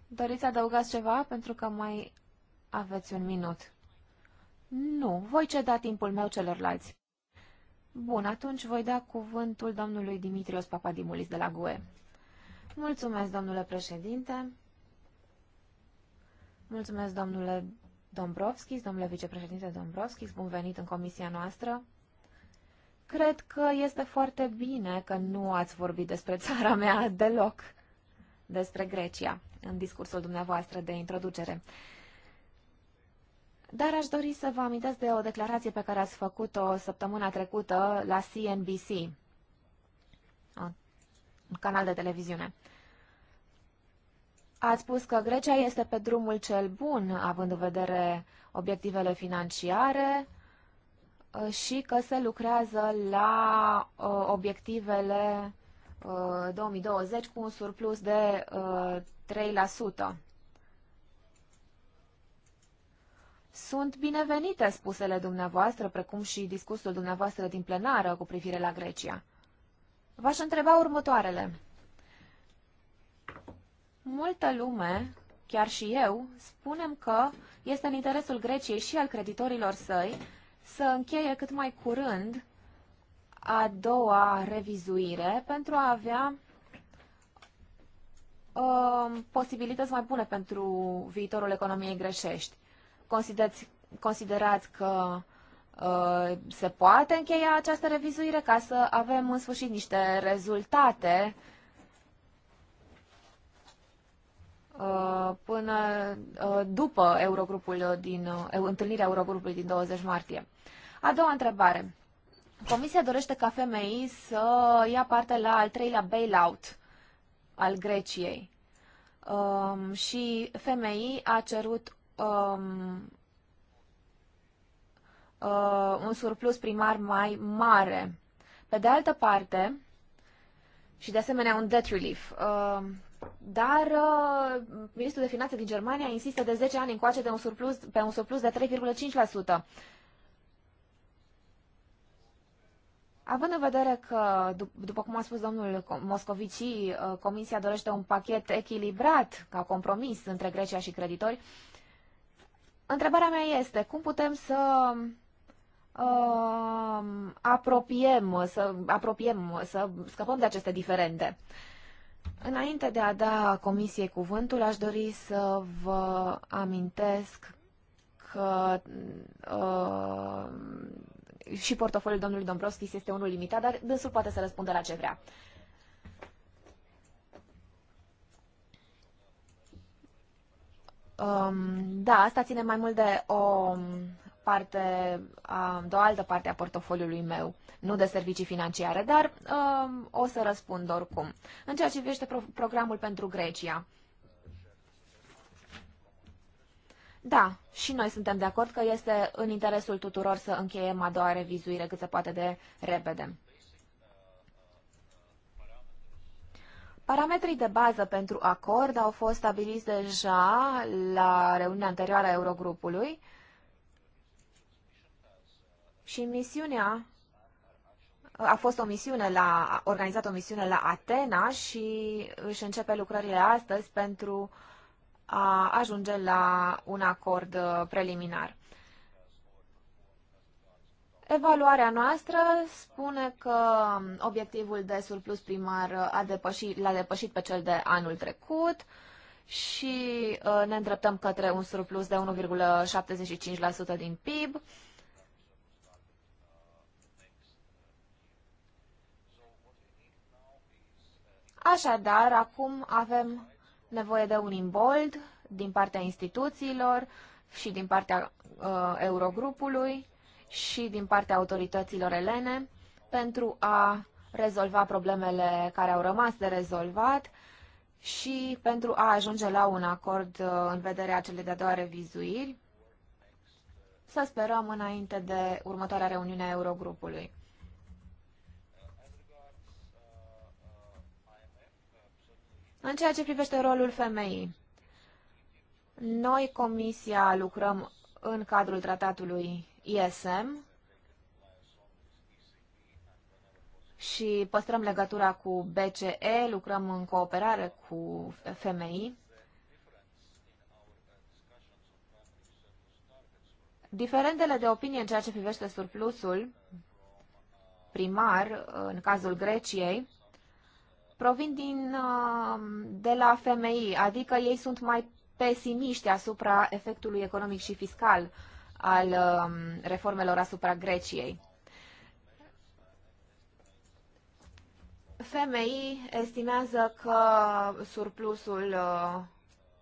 Doriți adăugați ceva pentru că mai aveți un minut. Nu, voi ceda timpul meu celorlalți. Bun, atunci voi da cuvântul domnului Dimitrios Papadimulis de la GUE. Mulțumesc, domnule președinte. Mulțumesc, domnule Dombrovskis, domnule vicepreședinte Dombrovskis, bun venit în comisia noastră. Cred că este foarte bine că nu ați vorbit despre țara mea deloc, despre Grecia, în discursul dumneavoastră de introducere. Uh, dar aș dori să vă amintesc de o declarație pe care ați făcut-o săptămâna trecută la CNBC, un canal de televiziune. Ați spus că Grecia este pe drumul cel bun, având în vedere obiectivele financiare uh, și că se lucrează la uh, obiectivele 2020 uh, cu un surplus de 3%. Sunt binevenite spusele dumneavoastră, precum și discursul dumneavoastră din plenară cu privire la Grecia. V-aș întreba următoarele. Multă lume, chiar și eu, spunem că este în interesul Greciei și al creditorilor săi să încheie cât mai curând a doua revizuire pentru a avea uh, posibilități mai bune pentru viitorul economiei greșești considerați, considerați că uh, se poate încheia această revizuire ca să avem în sfârșit niște rezultate uh, până uh, după Eurogrupul din, întâlnirea Eurogrupului din 20 martie. A doua întrebare. Comisia dorește ca FMI să ia parte la al treilea bailout al Greciei. Um, și FMI a cerut um, uh, un surplus primar mai mare. Pe de altă parte, și de asemenea un debt relief. Uh, dar uh, ministrul de finanțe din Germania insistă de 10 ani încoace de un surplus, pe un surplus de 3,5%. Având în vedere că, după cum a spus domnul Moscovici, uh, Comisia dorește un pachet echilibrat ca compromis între Grecia și creditori, Întrebarea mea este, cum putem să uh, apropiem, să apropiem, să scăpăm de aceste diferende? Înainte de a da comisiei cuvântul, aș dori să vă amintesc că uh, și portofoliul domnului Dombrovskis este unul limitat, dar dânsul poate să răspundă la ce vrea. Um, da, asta ține mai mult de o parte, de o altă parte a portofoliului meu, nu de servicii financiare, dar um, o să răspund oricum. În ceea ce privește pro- programul pentru Grecia. Da, și noi suntem de acord că este în interesul tuturor să încheiem a doua revizuire cât se poate de repede. Parametrii de bază pentru acord au fost stabiliți deja la reuniunea anterioară a Eurogrupului și misiunea a fost o misiune la, organizat o misiune la Atena și își începe lucrările astăzi pentru a ajunge la un acord preliminar. Evaluarea noastră spune că obiectivul de surplus primar a depășit, l-a depășit pe cel de anul trecut și uh, ne îndreptăm către un surplus de 1,75% din PIB. Așadar, acum avem nevoie de un imbold din partea instituțiilor și din partea uh, Eurogrupului și din partea autorităților elene pentru a rezolva problemele care au rămas de rezolvat și pentru a ajunge la un acord uh, în vederea celei de-a doua revizuiri, să sperăm înainte de următoarea reuniune a Eurogrupului. În ceea ce privește rolul femeii, noi, Comisia, lucrăm în cadrul tratatului ISM și păstrăm legătura cu BCE, lucrăm în cooperare cu FMI. Diferendele de opinie în ceea ce privește surplusul primar, în cazul Greciei, provin din, uh, de la FMI, adică ei sunt mai pesimiști asupra efectului economic și fiscal al um, reformelor asupra Greciei. FMI estimează că surplusul uh,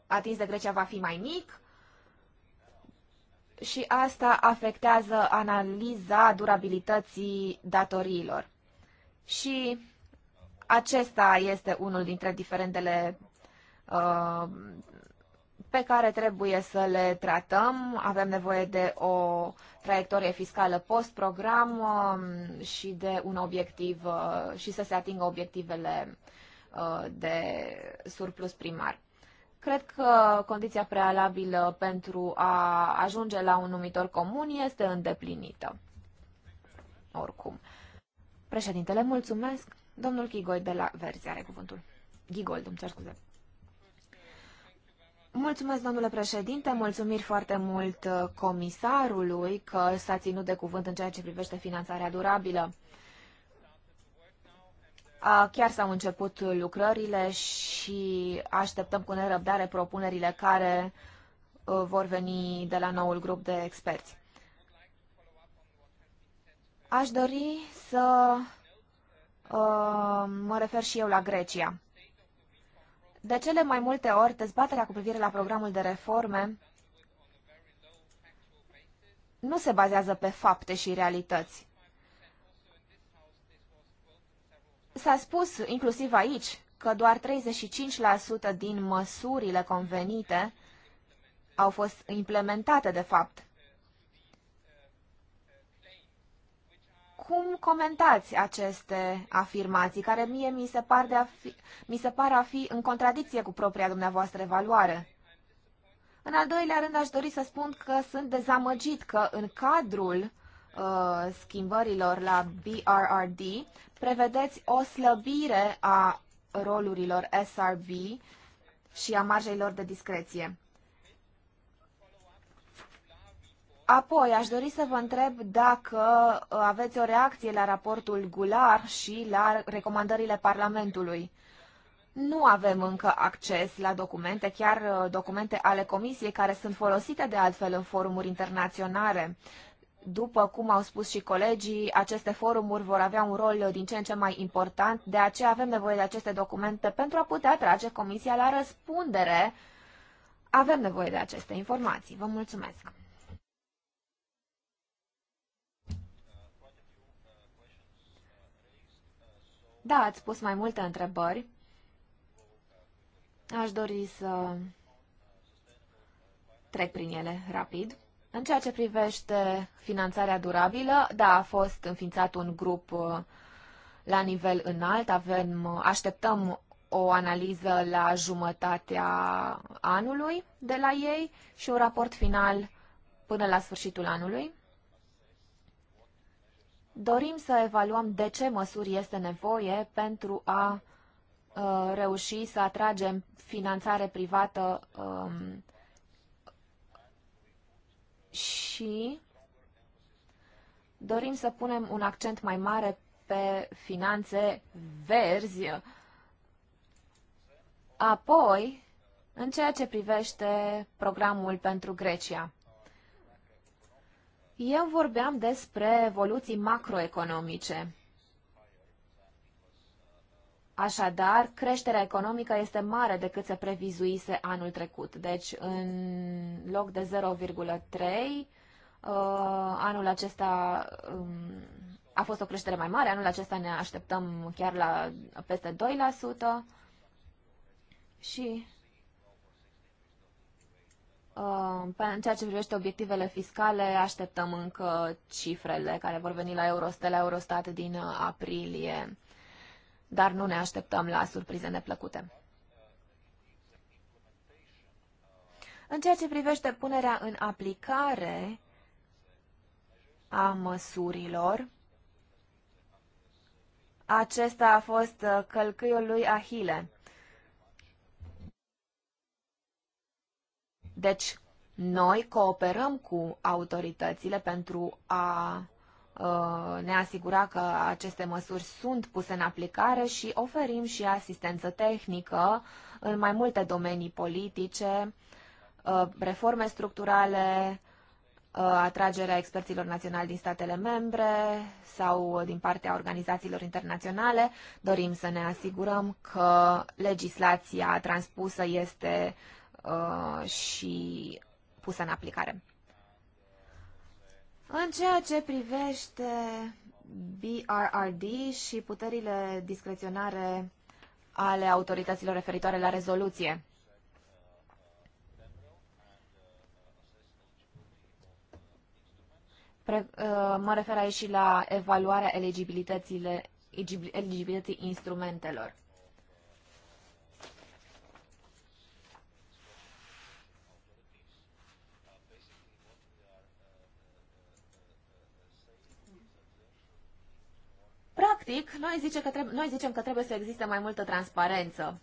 atins de Grecia va fi mai mic și asta afectează analiza durabilității datoriilor. Și acesta este unul dintre diferendele uh, pe care trebuie să le tratăm. Avem nevoie de o traiectorie fiscală post-program um, și de un obiectiv uh, și să se atingă obiectivele uh, de surplus primar. Cred că condiția prealabilă pentru a ajunge la un numitor comun este îndeplinită. Oricum. Președintele, mulțumesc. Domnul Ghigoi de la Verzi are cuvântul. Ghigoi, îmi cer scuze. Mulțumesc, domnule președinte, mulțumiri foarte mult uh, comisarului că s-a ținut de cuvânt în ceea ce privește finanțarea durabilă. Chiar s-au început lucrările și așteptăm cu nerăbdare propunerile care uh, vor veni de la noul grup de experți. Aș dori să uh, mă refer și eu la Grecia. De cele mai multe ori, dezbaterea cu privire la programul de reforme nu se bazează pe fapte și realități. S-a spus, inclusiv aici, că doar 35% din măsurile convenite au fost implementate, de fapt. cum comentați aceste afirmații, care mie mi se, par de a fi, mi se par a fi în contradicție cu propria dumneavoastră evaluare? În al doilea rând, aș dori să spun că sunt dezamăgit că în cadrul uh, schimbărilor la BRRD prevedeți o slăbire a rolurilor SRB și a marjelor de discreție. Apoi, aș dori să vă întreb dacă uh, aveți o reacție la raportul Gular și la recomandările Parlamentului. Nu avem încă acces la documente, chiar uh, documente ale Comisiei, care sunt folosite de altfel în forumuri internaționale. După cum au spus și colegii, aceste forumuri vor avea un rol din ce în ce mai important, de aceea avem nevoie de aceste documente pentru a putea trage Comisia la răspundere. Avem nevoie de aceste informații. Vă mulțumesc! Da, ați pus mai multe întrebări. Aș dori să trec prin ele rapid. În ceea ce privește finanțarea durabilă, da, a fost înființat un grup uh, la nivel înalt. Avem, uh, așteptăm o analiză la jumătatea anului de la ei și un raport final până la sfârșitul anului. Dorim să evaluăm de ce măsuri este nevoie pentru a uh, reuși să atragem finanțare privată um, și dorim să punem un accent mai mare pe finanțe verzi. Apoi, în ceea ce privește programul pentru Grecia. Eu vorbeam despre evoluții macroeconomice. Așadar, creșterea economică este mare decât se previzuise anul trecut. Deci, în loc de 0,3, uh, anul acesta um, a fost o creștere mai mare, anul acesta ne așteptăm chiar la peste 2% și Uh, în ceea ce privește obiectivele fiscale, așteptăm încă cifrele care vor veni la Eurostat, la Eurostat din uh, aprilie, dar nu ne așteptăm la surprize neplăcute. În ceea ce privește punerea în aplicare a măsurilor, acesta a fost uh, călcâiul lui Ahile. Deci, noi cooperăm cu autoritățile pentru a ă, ne asigura că aceste măsuri sunt puse în aplicare și oferim și asistență tehnică în mai multe domenii politice, ă, reforme structurale, ă, atragerea experților naționali din statele membre sau din partea organizațiilor internaționale. Dorim să ne asigurăm că legislația transpusă este Uh, și pusă în aplicare. În ceea ce privește BRRD și puterile discreționare ale autorităților referitoare la rezoluție. Pre, uh, mă refer aici și la evaluarea eligibilității eligibilității instrumentelor. Practic, noi, zice că trebuie, noi zicem că trebuie să existe mai multă transparență.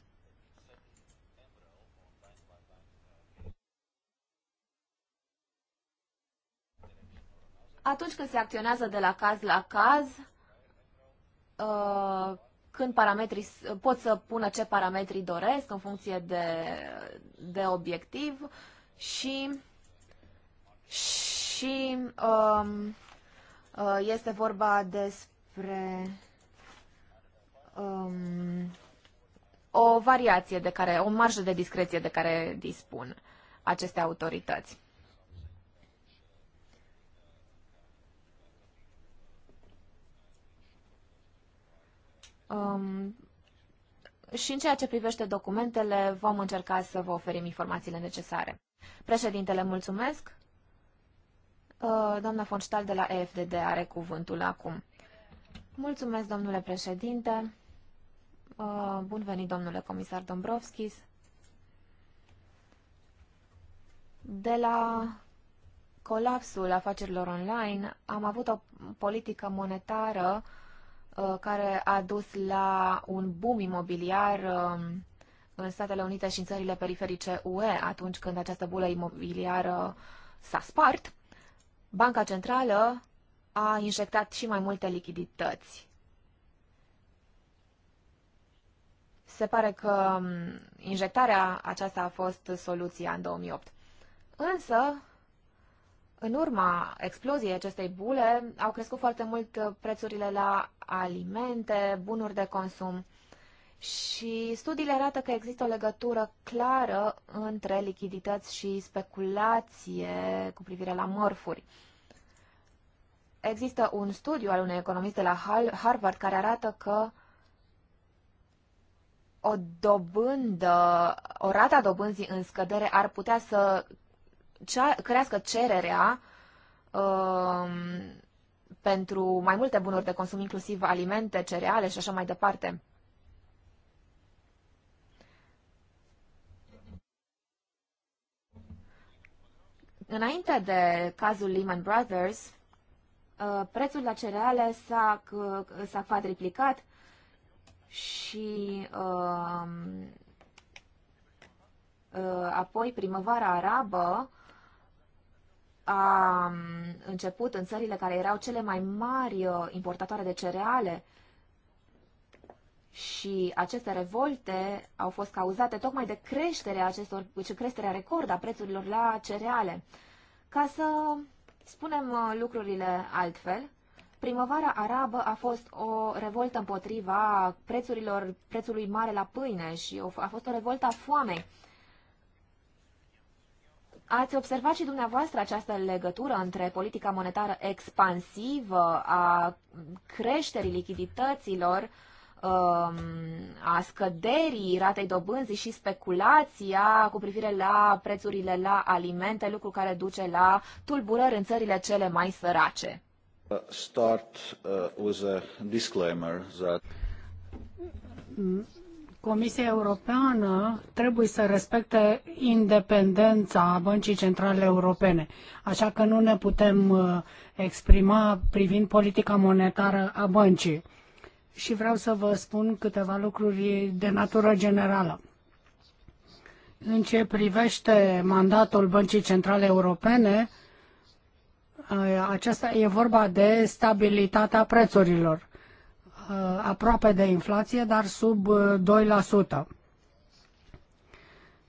Atunci când se acționează de la caz la caz, uh, când parametrii pot să pună ce parametri doresc în funcție de, de obiectiv și, și um, uh, este vorba despre despre um, o variație de care, o marjă de discreție de care dispun aceste autorități. Um, și în ceea ce privește documentele, vom încerca să vă oferim informațiile necesare. Președintele, mulțumesc. Uh, doamna Fonștal de la EFDD are cuvântul acum. Mulțumesc, domnule președinte. Uh, bun venit, domnule comisar Dombrovskis. De la colapsul afacerilor online am avut o politică monetară uh, care a dus la un boom imobiliar um, în Statele Unite și în țările periferice UE atunci când această bulă imobiliară s-a spart. Banca Centrală a injectat și mai multe lichidități. Se pare că mm, injectarea aceasta a fost soluția în 2008. Însă, în urma exploziei acestei bule, au crescut foarte mult prețurile la alimente, bunuri de consum și studiile arată că există o legătură clară între lichidități și speculație cu privire la mărfuri. Există un studiu al unui economist de la Harvard care arată că o dobândă, o rata dobânzii în scădere ar putea să crească cererea um, pentru mai multe bunuri de consum, inclusiv alimente, cereale și așa mai departe. Înainte de cazul Lehman Brothers, Uh, prețul la cereale s-a, uh, s-a quadriplicat și uh, apoi primăvara arabă a um, început în țările care erau cele mai mari importatoare de cereale și aceste revolte au fost cauzate tocmai de creșterea acestor, creșterea record a prețurilor la cereale. Ca să Spunem uh, lucrurile altfel. Primăvara arabă a fost o revoltă împotriva prețurilor, prețului mare la pâine și a fost o revoltă a foamei. Ați observat și dumneavoastră această legătură între politica monetară expansivă a creșterii lichidităților Um, a scăderii ratei dobânzii și speculația cu privire la prețurile la alimente, lucru care duce la tulburări în țările cele mai sărace. Uh, start uh, with a disclaimer that... Comisia Europeană trebuie să respecte independența Băncii Centrale Europene, așa că nu ne putem uh, exprima privind politica monetară a băncii și vreau să vă spun câteva lucruri de natură generală. În ce privește mandatul Băncii Centrale Europene, aceasta e vorba de stabilitatea prețurilor, aproape de inflație, dar sub 2%.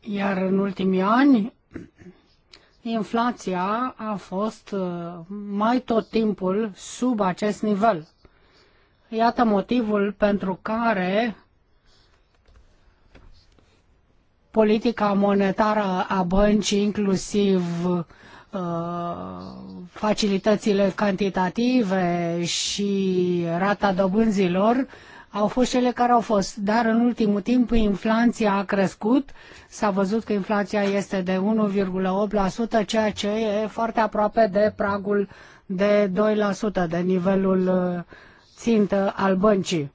Iar în ultimii ani, inflația a fost mai tot timpul sub acest nivel. Iată motivul pentru care politica monetară a băncii, inclusiv uh, facilitățile cantitative și rata dobânzilor au fost cele care au fost. Dar în ultimul timp inflația a crescut, s-a văzut că inflația este de 1,8%, ceea ce e foarte aproape de pragul de 2%, de nivelul uh, țintă al băncii.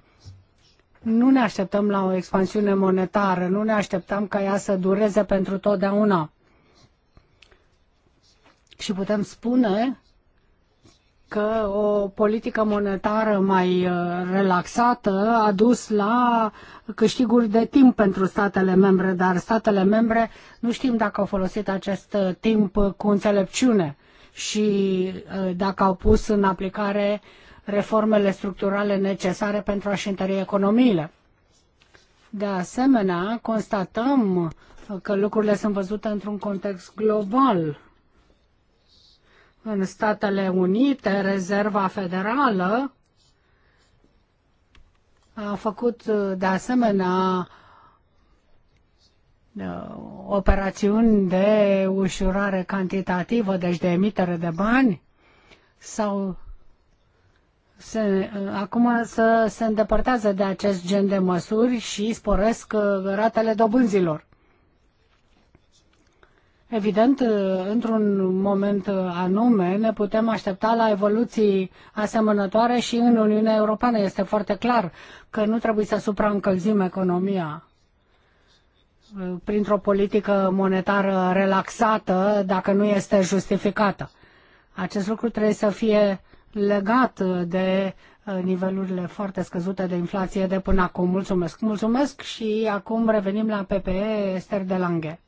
Nu ne așteptăm la o expansiune monetară, nu ne așteptăm ca ea să dureze pentru totdeauna. Și putem spune că o politică monetară mai uh, relaxată a dus la câștiguri de timp pentru statele membre, dar statele membre nu știm dacă au folosit acest uh, timp cu înțelepciune și uh, dacă au pus în aplicare reformele structurale necesare pentru a-și întări economiile. De asemenea, constatăm că lucrurile sunt văzute într-un context global. În Statele Unite, Rezerva Federală a făcut de asemenea operațiuni de ușurare cantitativă, deci de emitere de bani, sau se, acum să se îndepărtează de acest gen de măsuri și sporesc uh, ratele dobânzilor. Evident, uh, într-un moment uh, anume, ne putem aștepta la evoluții asemănătoare și în Uniunea Europeană. Este foarte clar că nu trebuie să supraîncălzim economia printr-o politică monetară relaxată dacă nu este justificată. Acest lucru trebuie să fie legat uh, de uh, nivelurile foarte scăzute de inflație de până acum. Mulțumesc! Mulțumesc și acum revenim la PPE, Ester de Lange.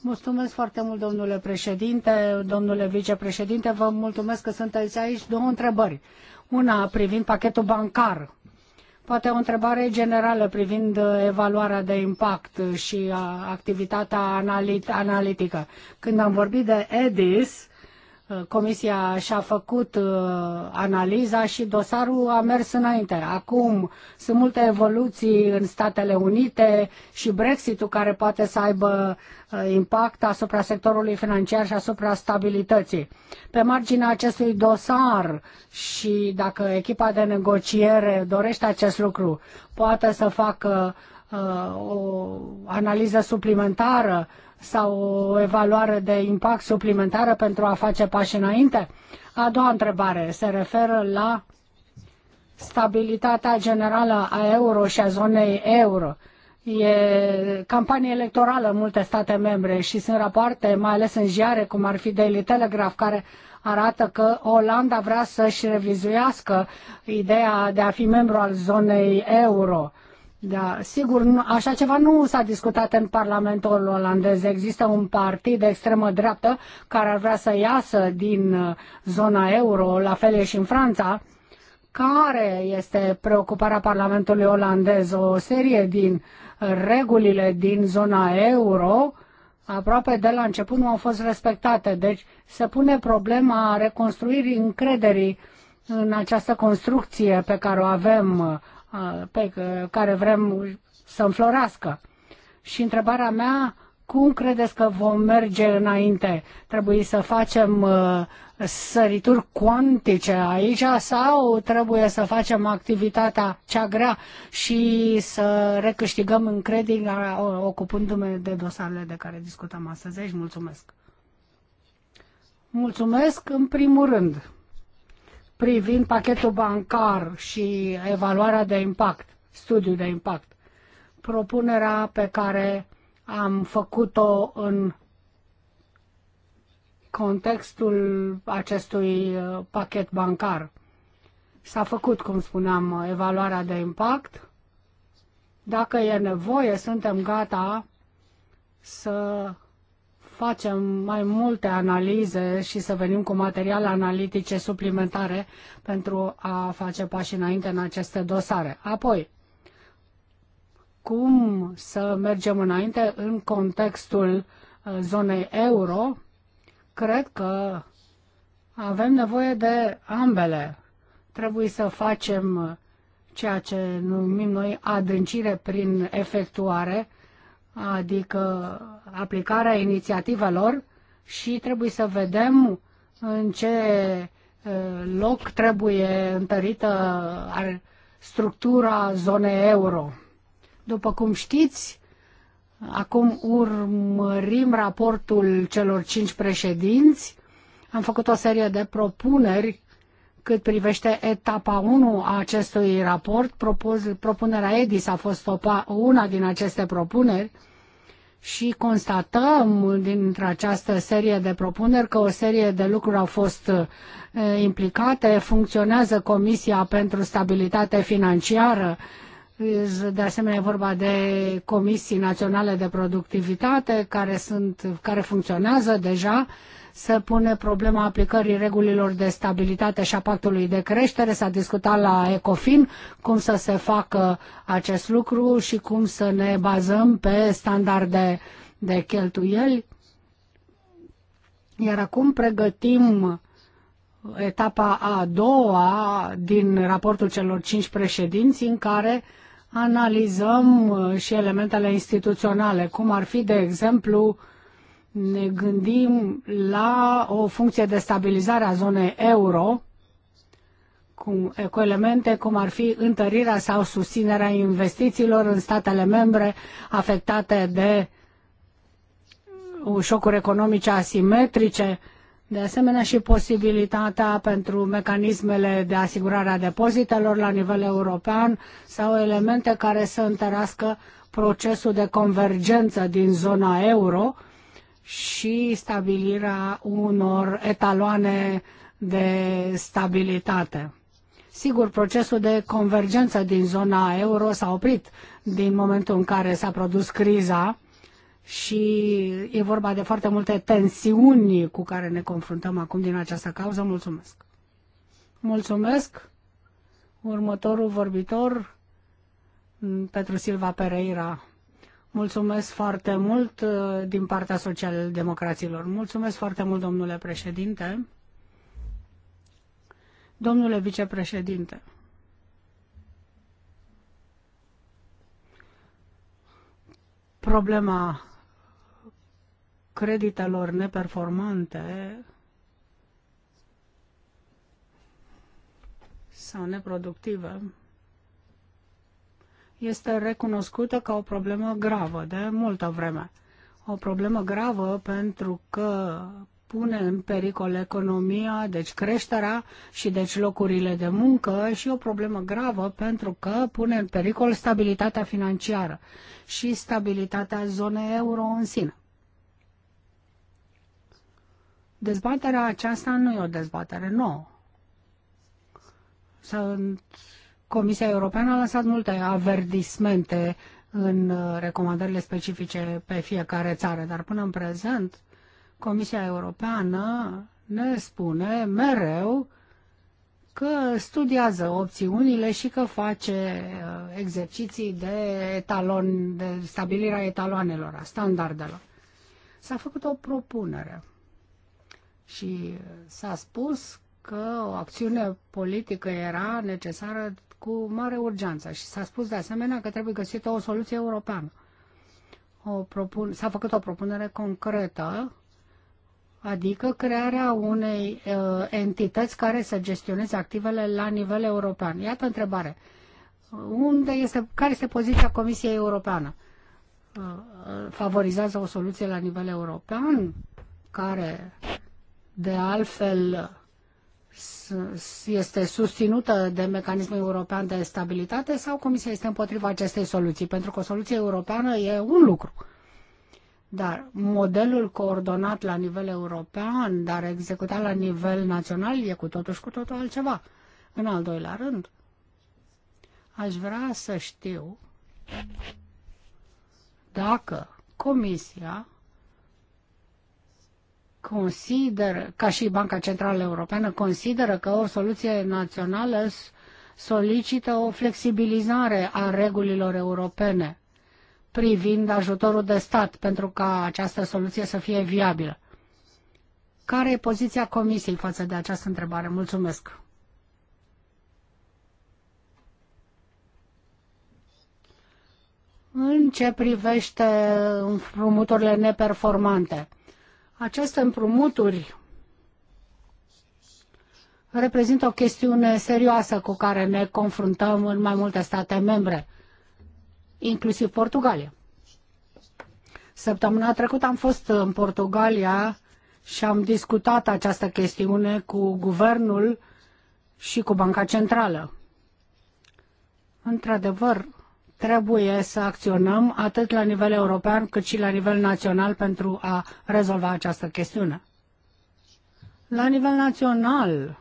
Mulțumesc foarte mult, domnule președinte, domnule vicepreședinte, vă mulțumesc că sunteți aici. Două întrebări. Una privind pachetul bancar. Poate o întrebare generală privind uh, evaluarea de impact și activitatea analitică. Când am vorbit de EDIS, Comisia și-a făcut uh, analiza și dosarul a mers înainte. Acum sunt multe evoluții în Statele Unite și Brexitul care poate să aibă uh, impact asupra sectorului financiar și asupra stabilității. Pe marginea acestui dosar și dacă echipa de negociere dorește acest lucru, poate să facă uh, o analiză suplimentară uh, sau o evaluare de impact suplimentară pentru a face pași înainte? A doua întrebare se referă la stabilitatea generală a euro și a zonei euro. E campanie electorală în multe state membre și sunt rapoarte, mai ales în ziare, cum ar fi Daily Telegraph, care arată că Olanda vrea să-și revizuiască ideea de a fi membru al zonei euro. Uh, da, sigur, așa ceva nu s-a discutat în Parlamentul olandez. Există un partid de extremă dreaptă care ar vrea să iasă din uh, zona euro, la fel e și în Franța. Care este preocuparea Parlamentului olandez? O serie din uh, regulile din zona euro aproape de la început nu au fost respectate. Deci se pune problema reconstruirii încrederii în această construcție pe care o avem uh, pe care vrem să înflorească. Și întrebarea mea, cum credeți că vom merge înainte? Trebuie să facem sărituri cuantice aici sau trebuie să facem activitatea cea grea și să recâștigăm încrederea ocupându-ne de dosarele de care discutăm astăzi? Mulțumesc! Mulțumesc în primul rând privind pachetul bancar și evaluarea de impact, studiul de impact. Propunerea pe care am făcut-o în contextul acestui uh, pachet bancar. S-a făcut, cum spuneam, evaluarea de impact. Dacă e nevoie, suntem gata să facem mai multe analize și să venim cu materiale analitice suplimentare pentru a face pași înainte în aceste dosare. Apoi, cum să mergem înainte în contextul uh, zonei euro, cred că avem nevoie de ambele. Trebuie să facem uh, ceea ce numim noi adâncire prin efectuare, adică aplicarea inițiativelor și trebuie să vedem în ce loc trebuie întărită structura zonei euro. După cum știți, acum urmărim raportul celor cinci președinți. Am făcut o serie de propuneri cât privește etapa 1 a acestui raport. Propunerea EDIS a fost una din aceste propuneri și constatăm dintre această serie de propuneri că o serie de lucruri au fost uh, implicate, funcționează Comisia pentru Stabilitate Financiară, de asemenea vorba de Comisii Naționale de Productivitate care, sunt, care funcționează deja, se pune problema aplicării regulilor de stabilitate și a pactului de creștere. S-a discutat la ECOFIN cum să se facă acest lucru și cum să ne bazăm pe standarde de cheltuieli. Iar acum pregătim etapa a doua din raportul celor cinci președinți în care analizăm și elementele instituționale, cum ar fi, de exemplu, ne gândim la o funcție de stabilizare a zonei euro, cu, cu elemente cum ar fi întărirea sau susținerea investițiilor în statele membre afectate de uh, șocuri economice asimetrice, de asemenea și posibilitatea pentru mecanismele de asigurare a depozitelor la nivel european sau elemente care să întărească procesul de convergență din zona euro, și stabilirea unor etaloane de stabilitate. Sigur, procesul de convergență din zona euro s-a oprit din momentul în care s-a produs criza și e vorba de foarte multe tensiuni cu care ne confruntăm acum din această cauză. Mulțumesc! Mulțumesc! Următorul vorbitor, Petru Silva Pereira Mulțumesc foarte mult uh, din partea social-democraților. Mulțumesc foarte mult, domnule președinte. Domnule vicepreședinte, problema creditelor neperformante sau neproductive este recunoscută ca o problemă gravă de multă vreme. O problemă gravă pentru că pune în pericol economia, deci creșterea și deci locurile de muncă și o problemă gravă pentru că pune în pericol stabilitatea financiară și stabilitatea zonei euro în sine. Dezbaterea aceasta nu e o dezbatere nouă. Sunt Comisia Europeană a lansat multe avertismente în uh, recomandările specifice pe fiecare țară, dar până în prezent Comisia Europeană ne spune mereu că studiază opțiunile și că face uh, exerciții de etalon, de stabilirea etaloanelor, a standardelor. S-a făcut o propunere și s-a spus că o acțiune politică era necesară cu mare urgență și s-a spus de asemenea că trebuie găsită o soluție europeană. O propun... S-a făcut o propunere concretă, adică crearea unei uh, entități care să gestioneze activele la nivel european. Iată întrebare. Unde este, care este poziția Comisiei Europeană? Uh, uh favorizează o soluție la nivel european care de altfel este susținută de mecanismul european de stabilitate sau Comisia este împotriva acestei soluții? Pentru că o soluție europeană e un lucru. Dar modelul coordonat la nivel european, dar executat la nivel național, e cu totul și cu totul altceva. În al doilea rând, aș vrea să știu dacă Comisia consideră, ca și Banca Centrală Europeană, consideră că o soluție națională solicită o flexibilizare a regulilor europene privind ajutorul de stat pentru ca această soluție să fie viabilă. Care e poziția Comisiei față de această întrebare? Mulțumesc! În ce privește împrumuturile neperformante? Aceste împrumuturi reprezintă o chestiune serioasă cu care ne confruntăm în mai multe state membre, inclusiv Portugalia. Săptămâna trecută am fost în Portugalia și am discutat această chestiune cu guvernul și cu Banca Centrală. Într-adevăr, Trebuie să acționăm atât la nivel european cât și la nivel național pentru a rezolva această chestiune. La nivel național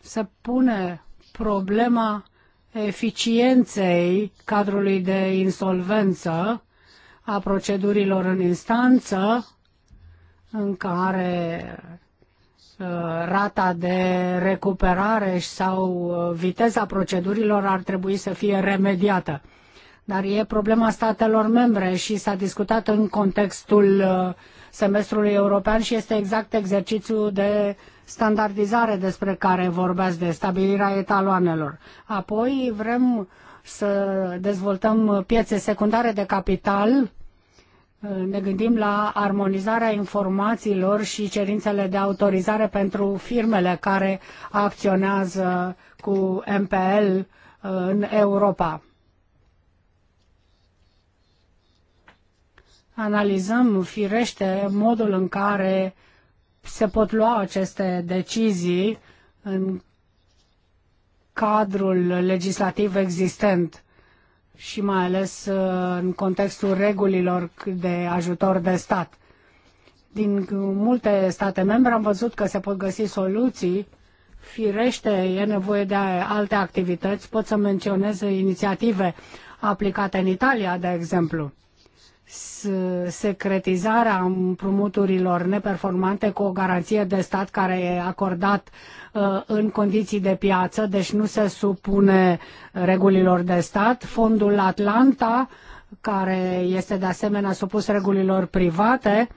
se pune problema eficienței cadrului de insolvență, a procedurilor în instanță, în care Uh, rata de recuperare sau uh, viteza procedurilor ar trebui să fie remediată. Dar e problema statelor membre și s-a discutat în contextul uh, semestrului european și este exact exercițiul de standardizare despre care vorbeați, de stabilirea etaloanelor. Apoi vrem să dezvoltăm piețe secundare de capital ne gândim la armonizarea informațiilor și cerințele de autorizare pentru firmele care acționează cu MPL uh, în Europa. Analizăm firește modul în care se pot lua aceste decizii în cadrul legislativ existent și mai ales uh, în contextul regulilor de ajutor de stat. Din multe state membre am văzut că se pot găsi soluții Firește, e nevoie de alte activități. Pot să menționez inițiative aplicate în Italia, de exemplu secretizarea împrumuturilor neperformante cu o garanție de stat care e acordat uh, în condiții de piață, deci nu se supune regulilor de stat. Fondul Atlanta, care este de asemenea supus regulilor private,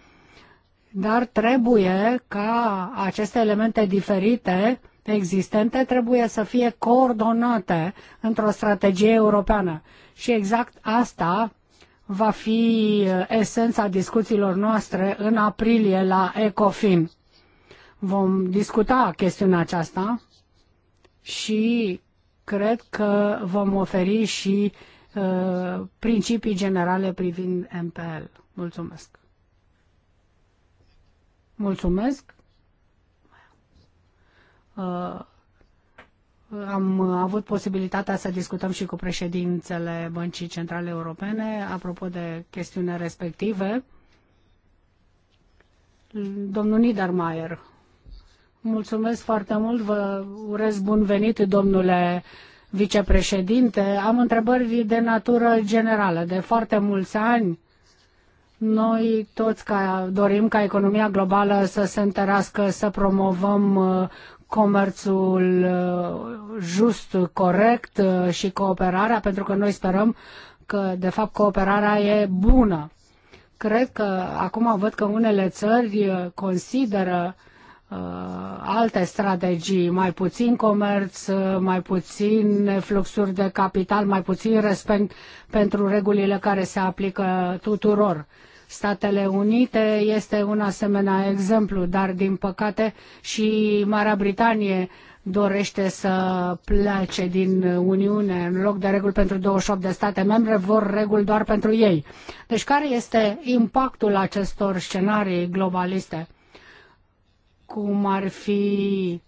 dar trebuie ca aceste elemente diferite existente trebuie să fie coordonate într-o strategie europeană. Și exact asta va fi uh, esența discuțiilor noastre în aprilie la ECOFIN. Vom discuta chestiunea aceasta și cred că vom oferi și uh, principii generale privind MPL. Mulțumesc. Mulțumesc. Uh, am avut posibilitatea să discutăm și cu președințele Băncii Centrale Europene apropo de chestiunile respective. Domnul Niedermayer, mulțumesc foarte mult, vă urez bun venit, domnule vicepreședinte. Am întrebări de natură generală. De foarte mulți ani, noi toți ca, dorim ca economia globală să se întărească, să promovăm uh, comerțul uh, just, corect uh, și cooperarea, pentru că noi sperăm că, de fapt, cooperarea e bună. Cred că acum văd că unele țări uh, consideră alte strategii, mai puțin comerț, mai puțin fluxuri de capital, mai puțin respect pentru regulile care se aplică tuturor. Uh, Statele Unite este un asemenea exemplu, dar din păcate și Marea Britanie dorește să plece din Uniune în loc de reguli pentru 28 de state membre, vor reguli doar pentru ei. Deci care este impactul acestor scenarii globaliste? Cum ar fi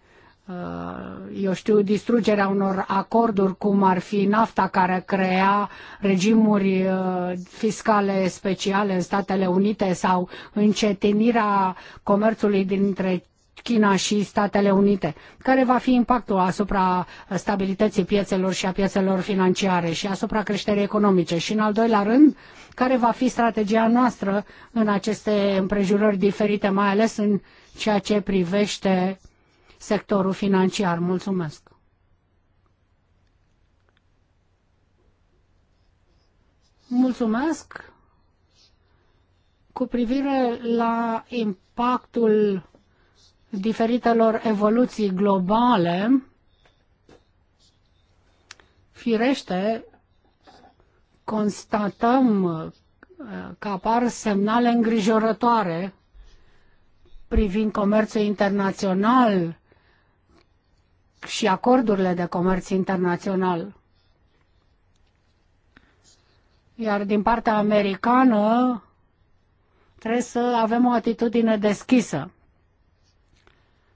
Uh, eu știu, distrugerea unor acorduri, cum ar fi nafta care crea regimuri uh, fiscale speciale în Statele Unite sau încetinirea comerțului dintre China și Statele Unite. Care va fi impactul asupra stabilității piețelor și a piețelor financiare și asupra creșterii economice? Și în al doilea rând, care va fi strategia noastră în aceste împrejurări diferite, mai ales în ceea ce privește sectorul financiar. Mulțumesc! Mulțumesc! Cu privire la impactul diferitelor evoluții globale, firește, constatăm uh, că apar semnale îngrijorătoare privind comerțul internațional și acordurile de comerț internațional. Iar din partea americană trebuie să avem o atitudine deschisă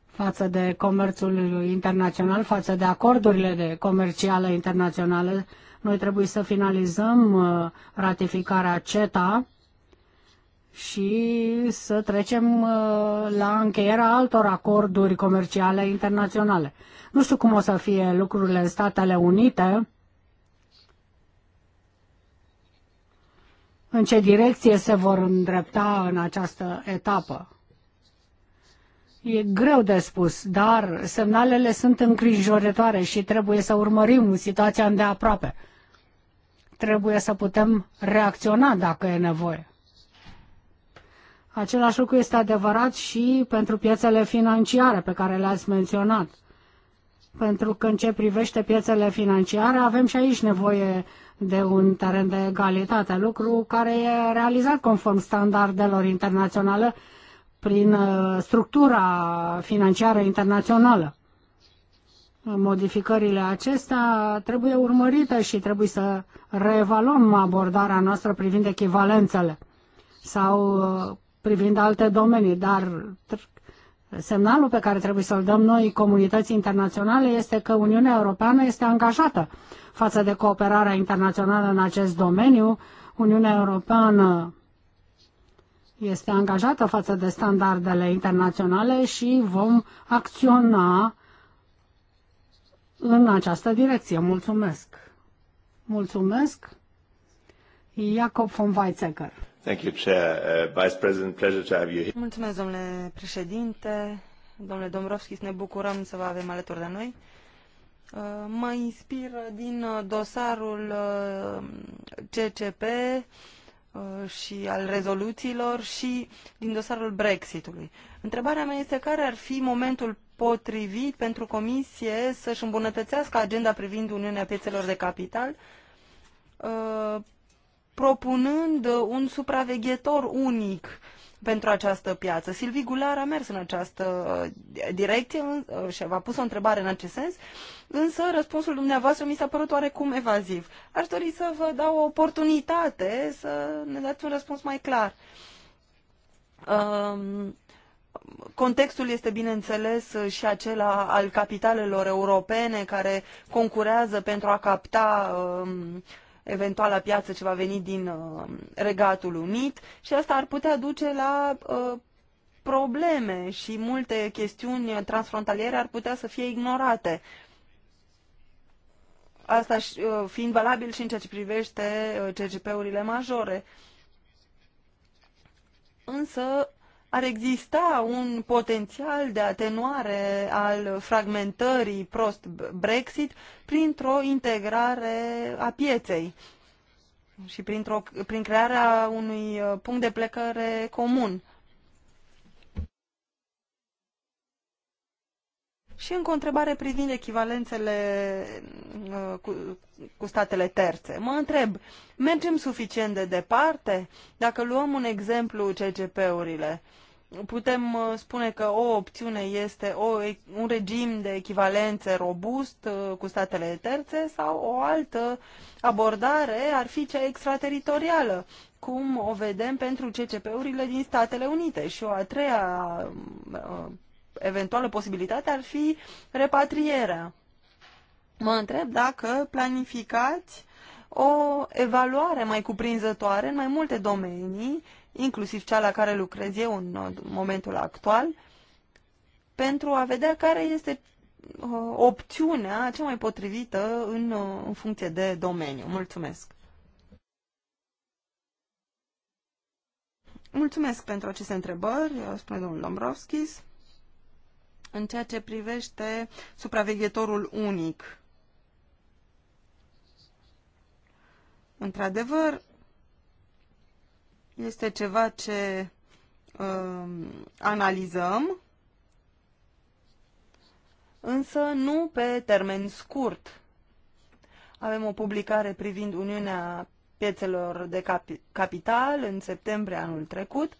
față de comerțul internațional, față de acordurile de comerciale internaționale. Noi trebuie să finalizăm uh, ratificarea CETA și să trecem uh, la încheierea altor acorduri comerciale internaționale. Nu știu cum o să fie lucrurile în Statele Unite, în ce direcție se vor îndrepta în această etapă. E greu de spus, dar semnalele sunt îngrijorătoare și trebuie să urmărim situația îndeaproape. Trebuie să putem reacționa dacă e nevoie. Același lucru este adevărat și pentru piețele financiare pe care le-ați menționat. Pentru că în ce privește piețele financiare avem și aici nevoie de un teren de egalitate, lucru care e realizat conform standardelor internaționale prin uh, structura financiară internațională. Modificările acestea trebuie urmărite și trebuie să reevaluăm abordarea noastră privind echivalențele sau uh, privind alte domenii, dar semnalul pe care trebuie să-l dăm noi comunității internaționale este că Uniunea Europeană este angajată față de cooperarea internațională în acest domeniu. Uniunea Europeană este angajată față de standardele internaționale și vom acționa în această direcție. Mulțumesc! Mulțumesc! Iacob von Weizsäcker. Mulțumesc, domnule președinte. Domnule Dombrovskis, ne bucurăm să vă avem alături de noi. Uh, mă inspiră din uh, dosarul uh, CCP și al rezoluțiilor și din dosarul Brexitului. Întrebarea mea este care ar fi momentul potrivit pentru Comisie să-și îmbunătățească agenda privind Uniunea Piețelor de Capital propunând uh, un supraveghetor unic pentru această piață. Silvi Gular a mers în această uh, direcție uh, și v-a pus o întrebare în acest sens, însă răspunsul dumneavoastră mi s-a părut oarecum evaziv. Aș dori să vă dau o oportunitate să ne dați un răspuns mai clar. Um, contextul este, bineînțeles, și acela al capitalelor europene care concurează pentru a capta um, eventuala piață ce va veni din uh, Regatul Unit și asta ar putea duce la uh, probleme și multe chestiuni transfrontaliere ar putea să fie ignorate. Asta uh, fiind valabil și în ceea ce privește CGP-urile majore. Însă ar exista un potențial de atenuare al fragmentării prost Brexit printr-o integrare a pieței și printr-o, prin crearea unui uh, punct de plecare comun. Și încă o întrebare privind echivalențele uh, cu, cu statele terțe. Mă întreb, mergem suficient de departe? Dacă luăm un exemplu cgp urile putem uh, spune că o opțiune este o, un regim de echivalențe robust uh, cu statele terțe sau o altă abordare ar fi cea extrateritorială, cum o vedem pentru cgp urile din Statele Unite. Și o a treia uh, eventuală posibilitate ar fi repatrierea. Mă întreb dacă planificați o evaluare mai cuprinzătoare în mai multe domenii, inclusiv cea la care lucrez eu în momentul actual, pentru a vedea care este uh, opțiunea cea mai potrivită în, uh, în funcție de domeniu. Mulțumesc! Mulțumesc pentru aceste întrebări, uh, spune domnul Dombrovskis în ceea ce privește supraveghetorul unic. Într-adevăr, este ceva ce uh, analizăm, însă nu pe termen scurt. Avem o publicare privind Uniunea Piețelor de cap Capital în septembrie anul trecut,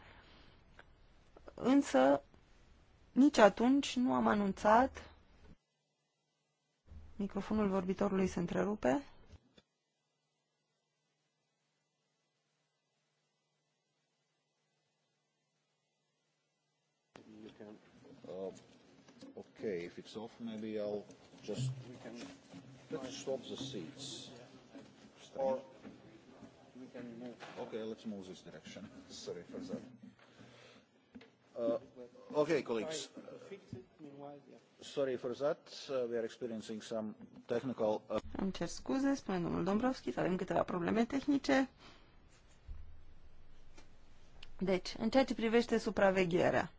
însă nici atunci nu am anunțat. Microfonul vorbitorului se întrerupe. Uh, okay. If it's off, maybe I'll just we can let's swap the seats. Yeah. Or we can move. Okay, let's move this direction. (laughs) Sorry for that. Uh, okay, colleagues. Sorry for that. Uh, we are experiencing some technical... Uh... cer scuze, spune domnul Dombrovski, avem câteva probleme tehnice. Deci, în ceea ce privește supravegherea,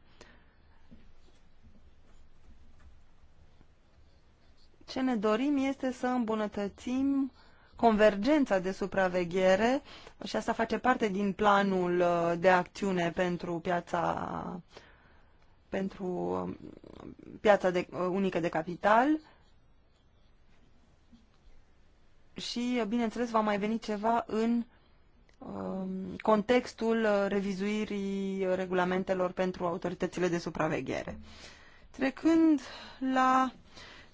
ce ne dorim este să îmbunătățim uh, convergența de supraveghere și asta face parte din planul uh, de acțiune pentru piața pentru um, piața de, uh, unică de capital și, uh, bineînțeles, va mai veni ceva în um, contextul revizuirii regulamentelor pentru autoritățile de supraveghere. Trecând la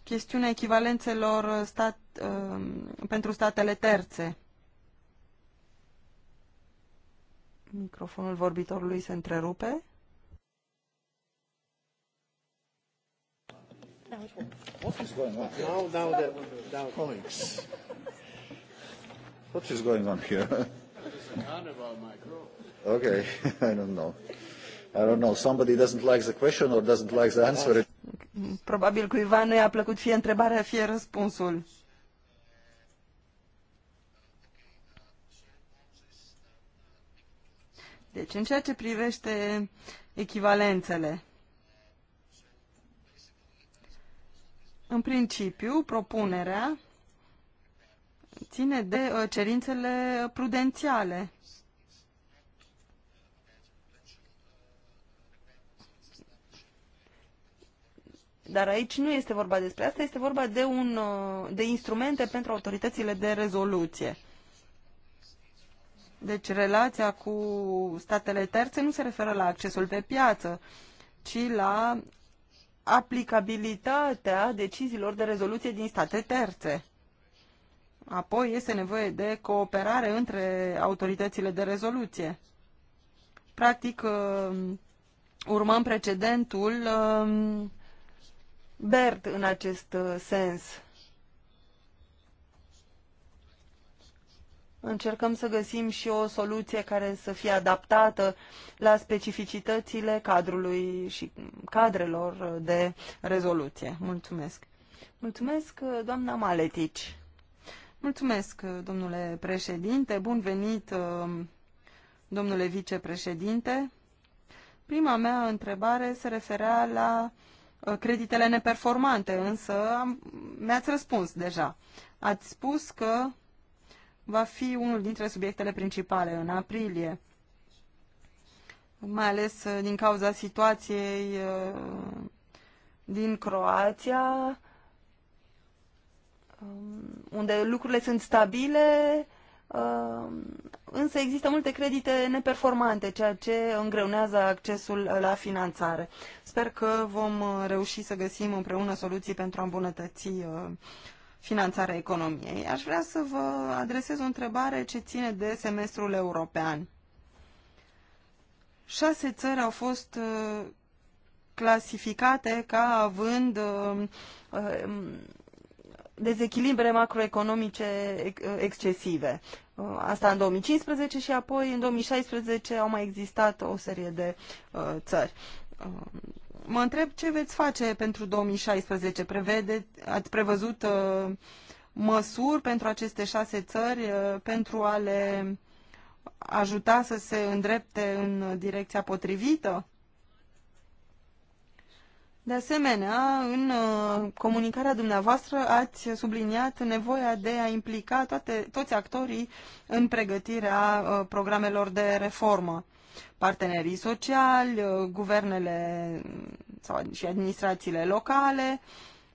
chestiunea echivalențelor stat, Um, pentru statele terțe. Microfonul vorbitorului se întrerupe. What is going on here? Now, now, the, now. Colleagues, what is going on here? okay, (laughs) I don't know. I don't know. Somebody doesn't like the question or doesn't like the answer. Probabil cuiva nu i-a plăcut fie întrebarea, fie răspunsul. Deci, în ceea ce privește echivalențele, în principiu, propunerea ține de uh, cerințele prudențiale. Dar aici nu este vorba despre asta, este vorba de, un, uh, de instrumente pentru autoritățile de rezoluție. Deci relația cu statele terțe nu se referă la accesul pe piață, ci la aplicabilitatea deciziilor de rezoluție din state terțe. Apoi este nevoie de cooperare între autoritățile de rezoluție. Practic, uh, urmăm precedentul uh, BERD în acest uh, sens. încercăm să găsim și o soluție care să fie adaptată la specificitățile cadrului și cadrelor de rezoluție. Mulțumesc. Mulțumesc, doamna Maletici. Mulțumesc, domnule președinte. Bun venit, um, domnule vicepreședinte. Prima mea întrebare se referea la uh, creditele neperformante, însă mi-ați răspuns deja. Ați spus că va fi unul dintre subiectele principale în aprilie, mai ales uh, din cauza situației uh, din Croația, um, unde lucrurile sunt stabile, um, însă există multe credite neperformante, ceea ce îngreunează accesul la finanțare. Sper că vom uh, reuși să găsim împreună soluții pentru a îmbunătăți finanțarea economiei. Aș vrea să vă adresez o întrebare ce ține de semestrul european. Șase țări au fost uh, clasificate ca având uh, uh, dezechilibre macroeconomice excesive. Asta în 2015 și apoi în 2016 au mai existat o serie de țări mă întreb ce veți face pentru 2016. Prevede, ați prevăzut uh, măsuri pentru aceste șase țări uh, pentru a le ajuta să se îndrepte în direcția potrivită? De asemenea, în uh, comunicarea dumneavoastră ați subliniat nevoia de a implica toate, toți actorii în pregătirea uh, programelor de reformă partenerii sociali, uh, guvernele sau și administrațiile locale.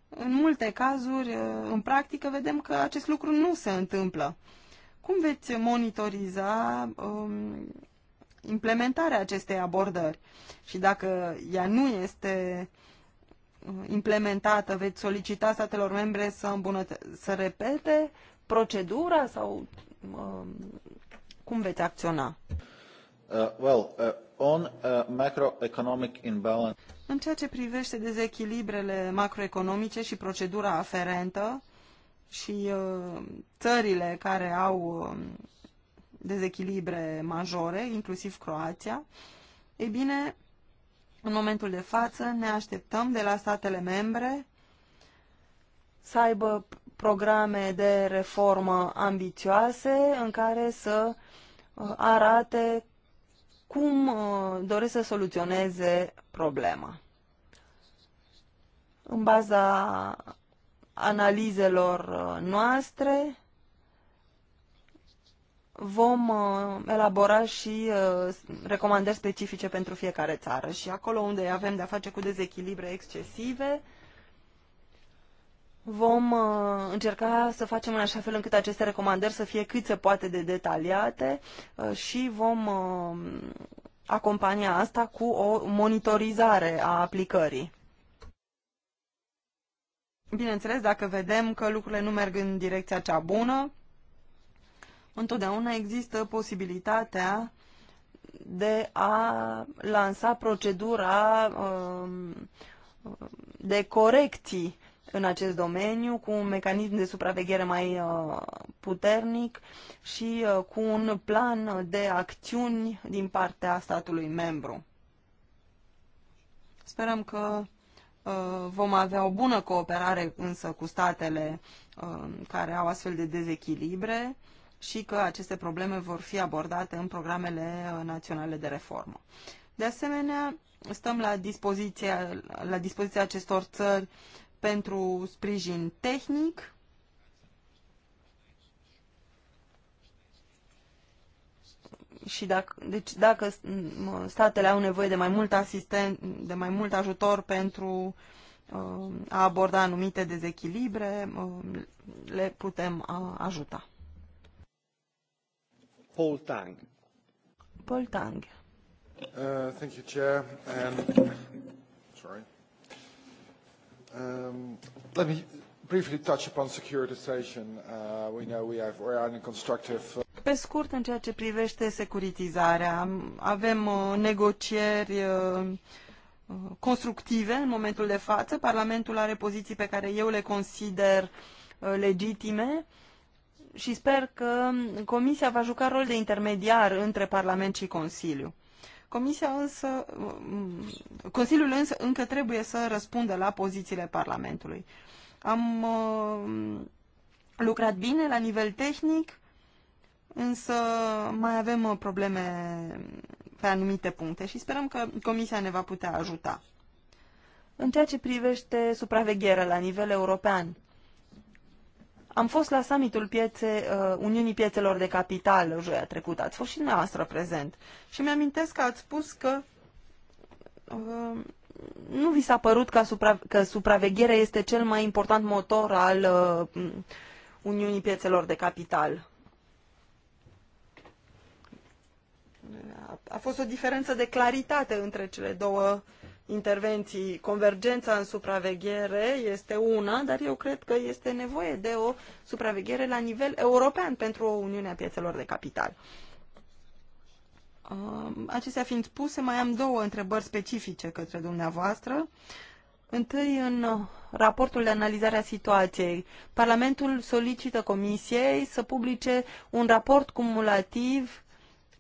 În multe cazuri, uh, în practică, vedem că acest lucru nu se întâmplă. Cum veți monitoriza um, implementarea acestei abordări? Și dacă ea nu este uh, implementată, veți solicita statelor membre să, să repete procedura sau um, cum veți acționa? Uh, uh, uh, în ceea ce privește dezechilibrele macroeconomice și procedura aferentă și țările care au um, dezechilibre majore, inclusiv Croația, ei bine, în momentul de față ne așteptăm de la statele membre să aibă programe de reformă ambițioase în care să arate cum uh, doresc să soluționeze problema. În baza analizelor uh, noastre vom uh, elabora și recomandări specifice pentru fiecare țară și acolo unde avem de-a face cu dezechilibre excesive, Vom uh, încerca să facem în așa fel încât aceste recomandări să fie cât se poate de detaliate uh, și vom uh, acompania asta cu o monitorizare a aplicării. Bineînțeles, dacă vedem că lucrurile nu merg în direcția cea bună, întotdeauna există posibilitatea de a lansa procedura uh, de corecții în acest domeniu, cu un mecanism de supraveghere mai uh, puternic și uh, cu un plan de acțiuni din partea statului membru. Sperăm că uh, vom avea o bună cooperare însă cu statele care au astfel de dezechilibre și că aceste probleme vor fi abordate în programele naționale de reformă. De asemenea, stăm la dispoziția, la dispoziția acestor țări pentru sprijin tehnic. Și dacă, deci dacă statele au nevoie de mai mult asisten, de mai mult ajutor pentru uh, a aborda anumite dezechilibre, uh, le putem uh, ajuta. Paul Tang. Paul Tang. Uh, thank you, Chair. And... Um, sorry. Um, let me briefly touch upon securitization. Uh, we know we have, we are in a constructive... Uh... Pe scurt, în ceea ce privește securitizarea, avem uh, negocieri uh, uh, constructive în momentul de față. Parlamentul are poziții pe care eu le consider uh, legitime și sper că Comisia va juca rol de intermediar între Parlament și Consiliu. Comisia însă, Consiliul însă încă trebuie să răspundă la pozițiile Parlamentului. Am uh, lucrat bine la nivel tehnic, însă mai avem uh, probleme pe anumite puncte și sperăm că Comisia ne va putea ajuta. În ceea ce privește supravegherea la nivel european, am fost la summitul piețe, uh, Uniunii Piețelor de Capital joia trecută, ați fost și dumneavoastră prezent. Și mi-amintesc că ați spus că uh, nu vi s-a părut că, supra, că supravegherea este cel mai important motor al uh, Uniunii Piețelor de Capital. A, a fost o diferență de claritate între cele două uh, intervenții. Convergența în supraveghere este una, dar eu cred că este nevoie de o supraveghere la nivel european pentru o Uniune a Piețelor de Capital. Um, acestea fiind spuse, mai am două întrebări specifice către dumneavoastră. Întâi, în raportul de analizare a situației, Parlamentul solicită Comisiei să publice un raport cumulativ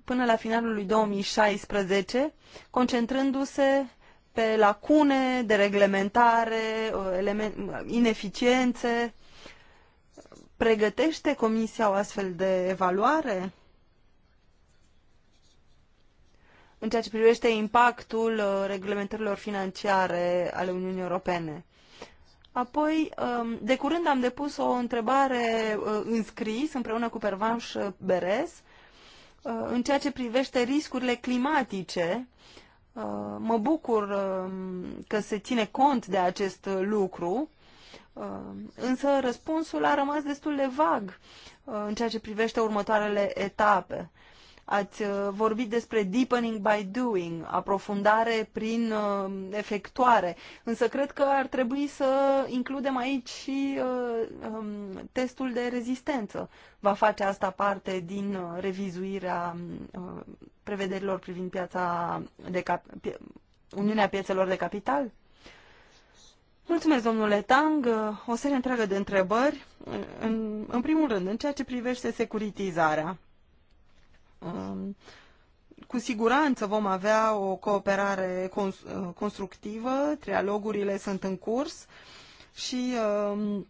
până la finalul lui 2016, concentrându-se pe lacune de reglementare, uh, uh, ineficiențe. Pregătește Comisia o astfel de evaluare? În ceea ce privește impactul uh, reglementărilor financiare ale Uniunii Europene. Apoi, um, de curând am depus o întrebare în scris împreună cu Pervanș Beres în ceea ce privește riscurile climatice Uh, mă bucur uh, că se ține cont de acest lucru, uh, însă răspunsul a rămas destul de vag în ceea ce privește următoarele etape. Ați uh, vorbit despre deepening by doing, aprofundare prin uh, efectuare, însă cred că ar trebui să includem aici și uh, um, testul de rezistență. Va face asta parte din revizuirea um, prevederilor privind piața de cap- Uniunea Piețelor de Capital? Mulțumesc, domnule Tang. O serie întreagă de întrebări. În, în primul rând, în ceea ce privește securitizarea. Um, cu siguranță vom avea o cooperare uh, constructivă, trialogurile sunt în curs și um,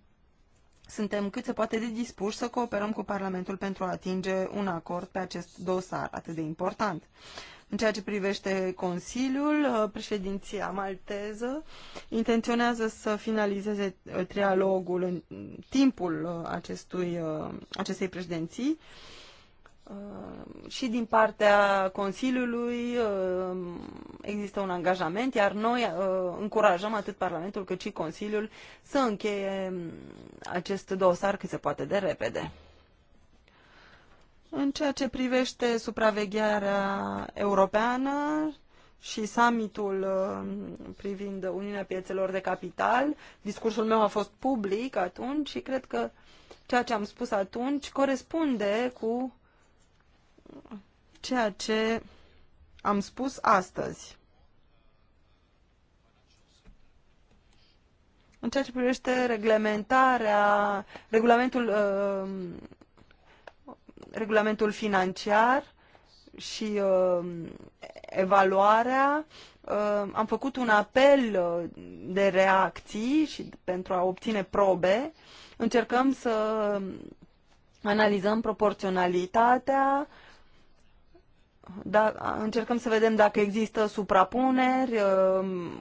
suntem cât se poate de dispuși să cooperăm cu Parlamentul pentru a atinge un acord pe acest dosar atât de important. În ceea ce privește Consiliul, uh, președinția malteză intenționează să finalizeze uh, trialogul în timpul acestui, acestei președinții Uh, și din partea Consiliului uh, există un angajament, iar noi uh, încurajăm atât Parlamentul cât și Consiliul să încheie um, acest dosar cât se poate de repede. În ceea ce privește supravegherea europeană și summitul um, privind Uniunea Piețelor de Capital, discursul meu a fost public atunci și cred că ceea ce am spus atunci corespunde cu uh, ceea ce am spus astăzi. În ceea ce privește reglementarea, regulamentul, uh, regulamentul financiar și uh, evaluarea, uh, am făcut un apel uh, de reacții și pentru a obține probe. Încercăm să analizăm proporționalitatea, uh, da, încercăm să vedem dacă există suprapuneri um,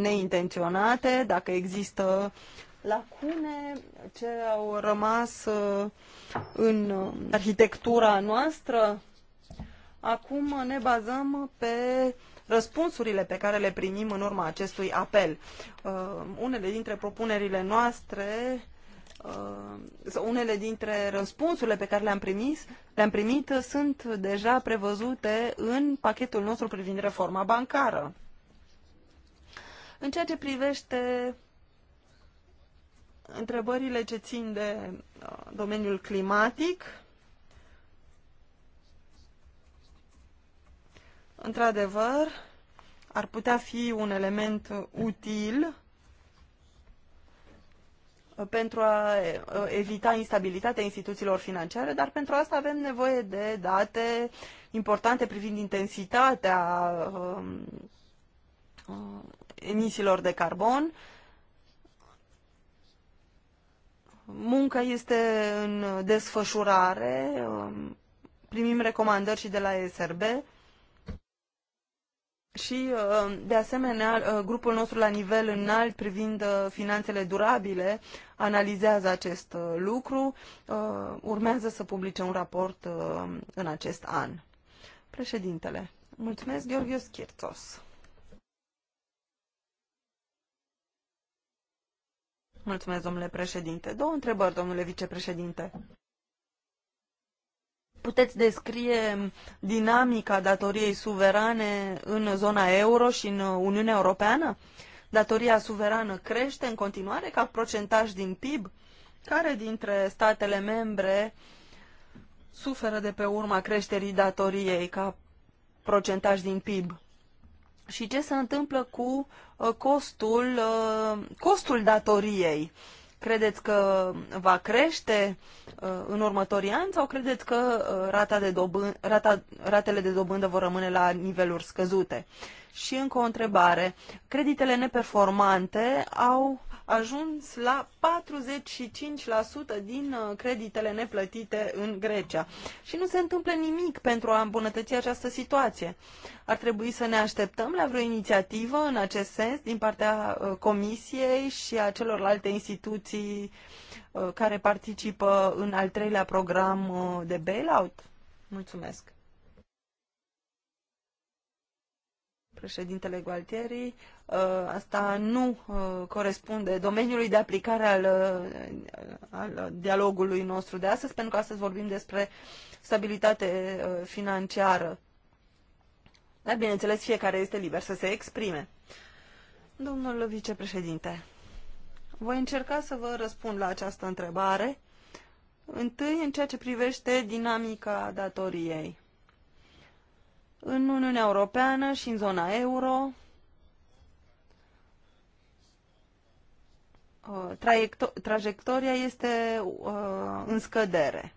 neintenționate, dacă există lacune ce au rămas uh, în uh, arhitectura noastră. Acum ne bazăm pe răspunsurile pe care le primim în urma acestui apel. Uh, unele dintre propunerile noastre Uh, sau unele dintre răspunsurile pe care le-am, primit le-am primit uh, sunt deja prevăzute în pachetul nostru privind reforma bancară. În ceea ce privește întrebările ce țin de uh, domeniul climatic, într-adevăr, ar putea fi un element util pentru a evita instabilitatea instituțiilor financiare, dar pentru asta avem nevoie de date importante privind intensitatea um, uh, emisiilor de carbon. Munca este în desfășurare, um, primim recomandări și de la SRB și, uh, de asemenea, uh, grupul nostru la nivel înalt privind uh, finanțele durabile analizează acest lucru. Urmează să publice un raport în acest an. Președintele, mulțumesc, Gheorghe Chirțos. Mulțumesc, domnule președinte. Două întrebări, domnule vicepreședinte. Puteți descrie dinamica datoriei suverane în zona euro și în Uniunea Europeană? Datoria suverană crește în continuare ca procentaj din PIB? Care dintre statele membre suferă de pe urma creșterii datoriei ca procentaj din PIB? Și ce se întâmplă cu uh, costul, uh, costul datoriei? Credeți că va crește uh, în următorii ani sau credeți că uh, rata de dobând, rata, ratele de dobândă vor rămâne la niveluri scăzute? Și încă o întrebare. Creditele neperformante au ajuns la 45% din uh, creditele neplătite în Grecia. Și nu se întâmplă nimic pentru a îmbunătăți această situație. Ar trebui să ne așteptăm la vreo inițiativă în acest sens din partea uh, Comisiei și a celorlalte instituții uh, care participă în al treilea program de bailout? Mulțumesc. președintele Gualtieri, uh, asta nu uh, corespunde domeniului de aplicare al, uh, al dialogului nostru de astăzi, pentru că astăzi vorbim despre stabilitate financiară. Dar, bineînțeles, fiecare este liber să se exprime. Domnul vicepreședinte, voi încerca să vă răspund la această întrebare. Întâi, în ceea ce privește dinamica datoriei în Uniunea Europeană și în zona euro. Uh, traiecto trajectoria este uh, în scădere.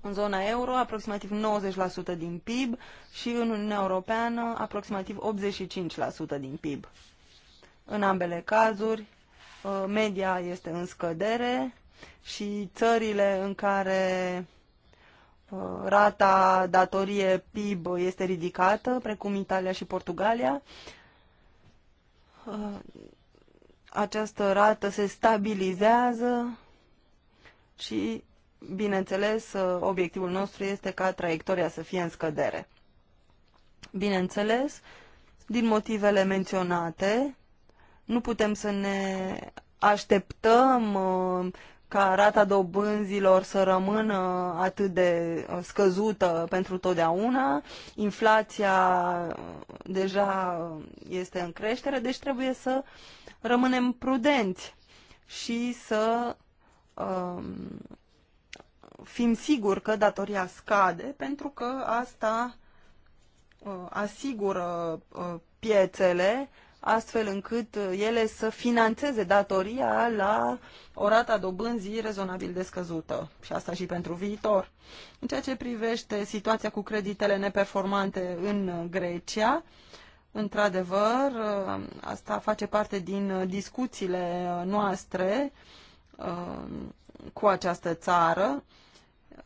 În zona euro, aproximativ 90% din PIB și în Uniunea Europeană, aproximativ 85% din PIB. În ambele cazuri, uh, media este în scădere, și țările în care uh, rata datorie PIB este ridicată, precum Italia și Portugalia, uh, această rată se stabilizează și, bineînțeles, uh, obiectivul nostru este ca traiectoria să fie în scădere. Bineînțeles, din motivele menționate, nu putem să ne așteptăm ca rata dobânzilor să rămână atât de uh, scăzută pentru totdeauna, inflația uh, deja uh, este în creștere, deci trebuie să rămânem prudenți și să um, fim siguri că datoria scade, pentru că asta uh, asigură uh, piețele astfel încât uh, ele să financeze datoria la o rata dobânzii rezonabil de scăzută și asta și pentru viitor. În ceea ce privește situația cu creditele neperformante în uh, Grecia, într-adevăr, uh, asta face parte din discuțiile noastre cu această țară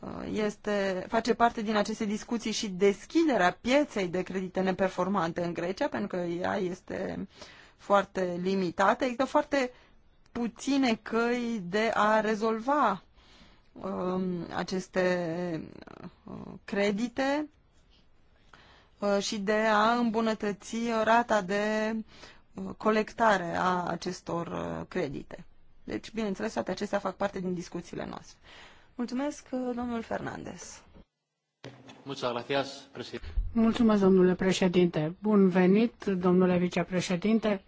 Uh, este, face parte din aceste discuții și deschiderea pieței de credite neperformante în Grecia, pentru că ea este foarte limitată. Există foarte puține căi de a rezolva um, aceste uh, credite uh, și de a îmbunătăți rata de colectare a acestor credite. Deci, bineînțeles, toate acestea fac parte din discuțiile noastre. Mulțumesc, uh, domnul Fernandez. Mulțumesc, domnule președinte. Bun venit, domnule vicepreședinte.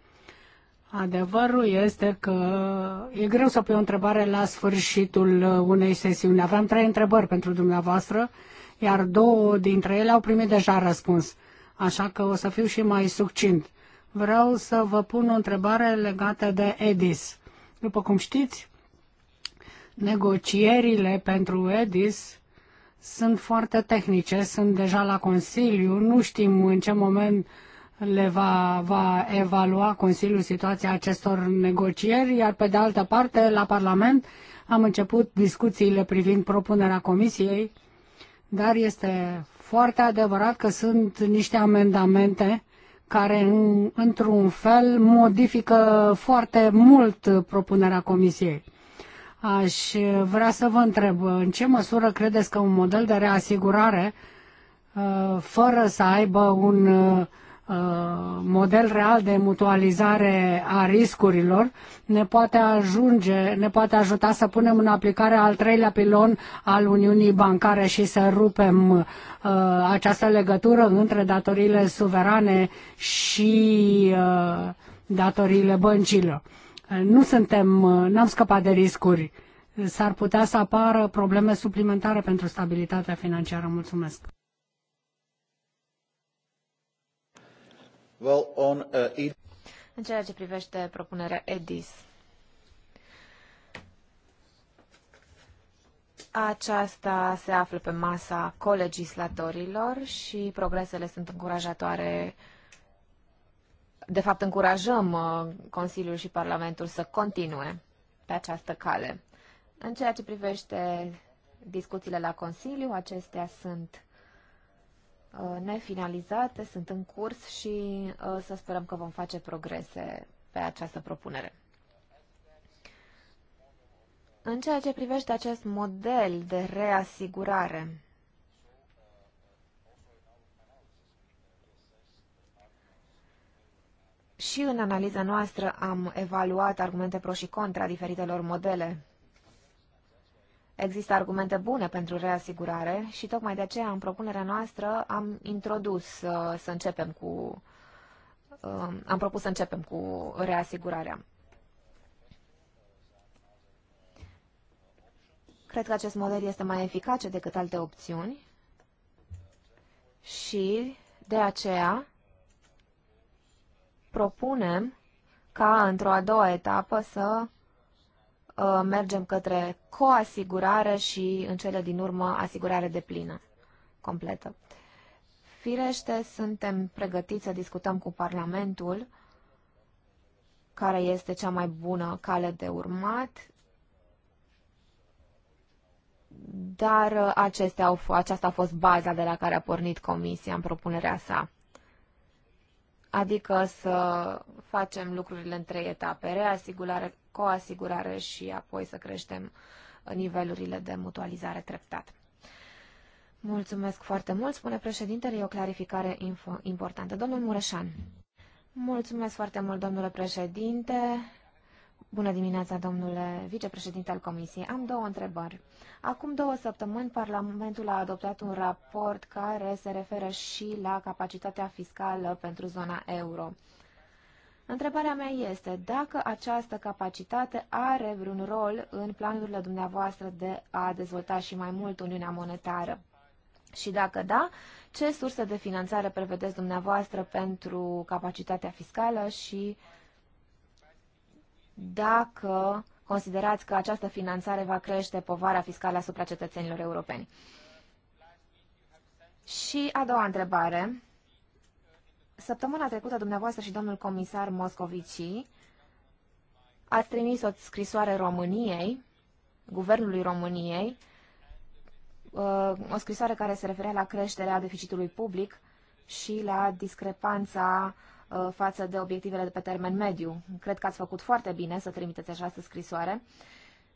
Adevărul este că e greu să pui o întrebare la sfârșitul uh, unei sesiuni. Aveam trei întrebări pentru dumneavoastră, iar două dintre ele au primit deja răspuns. Așa că o să fiu și mai succint. Vreau să vă pun o întrebare legată de EDIS. După cum știți, negocierile pentru EDIS sunt foarte tehnice, sunt deja la Consiliu, nu știm în ce moment le va, va evalua Consiliul situația acestor negocieri, iar pe de altă parte, la Parlament am început discuțiile privind propunerea Comisiei, dar este foarte adevărat că sunt niște amendamente care, în, într-un fel, modifică foarte mult propunerea Comisiei Aș vrea să vă întreb, în ce măsură credeți că un model de reasigurare, uh, fără să aibă un uh, model real de mutualizare a riscurilor, ne poate, ajunge, ne poate ajuta să punem în aplicare al treilea pilon al Uniunii Bancare și să rupem uh, această legătură între datoriile suverane și datoriile băncilor. Nu suntem, uh, n-am scăpat de riscuri. S-ar putea să apară probleme suplimentare pentru stabilitatea financiară. Mulțumesc. Well, on, uh, în ceea ce privește propunerea EDIS, Aceasta se află pe masa colegislatorilor și progresele sunt încurajatoare de fapt, încurajăm uh, Consiliul și Parlamentul să continue pe această cale. În ceea ce privește discuțiile la Consiliu, acestea sunt uh, nefinalizate, sunt în curs și uh, să sperăm că vom face progrese pe această propunere. În ceea ce privește acest model de reasigurare, și în analiza noastră am evaluat argumente pro și contra diferitelor modele. Există argumente bune pentru reasigurare și tocmai de aceea în propunerea noastră am introdus să, uh, să începem cu um, am propus să începem cu reasigurarea. Cred că acest model este mai eficace decât alte opțiuni și de aceea propunem ca într-o a doua etapă să uh, mergem către coasigurare și în cele din urmă asigurare de plină, completă. Firește, suntem pregătiți să discutăm cu Parlamentul care este cea mai bună cale de urmat, dar uh, acestea au, aceasta a fost baza de la care a pornit Comisia în propunerea sa adică să facem lucrurile în trei etape, reasigurare, coasigurare și apoi să creștem nivelurile de mutualizare treptat. Mulțumesc foarte mult, spune președintele, e o clarificare importantă. Domnul Mureșan. Mulțumesc foarte mult, domnule președinte. Bună dimineața, domnule vicepreședinte al Comisiei. Am două întrebări. Acum două săptămâni, Parlamentul a adoptat un raport care se referă și la capacitatea fiscală pentru zona euro. Întrebarea mea este dacă această capacitate are vreun rol în planurile dumneavoastră de a dezvolta și mai mult Uniunea Monetară. Și dacă da, ce surse de finanțare prevedeți dumneavoastră pentru capacitatea fiscală și dacă considerați că această finanțare va crește povara fiscală asupra cetățenilor europeni. Și a doua întrebare. Săptămâna trecută, dumneavoastră și domnul comisar Moscovici ați trimis o scrisoare României, guvernului României, uh, o scrisoare care se referea la creșterea deficitului public și la discrepanța uh, Uh, față de obiectivele de pe termen mediu. Cred că ați făcut foarte bine să trimiteți această scrisoare.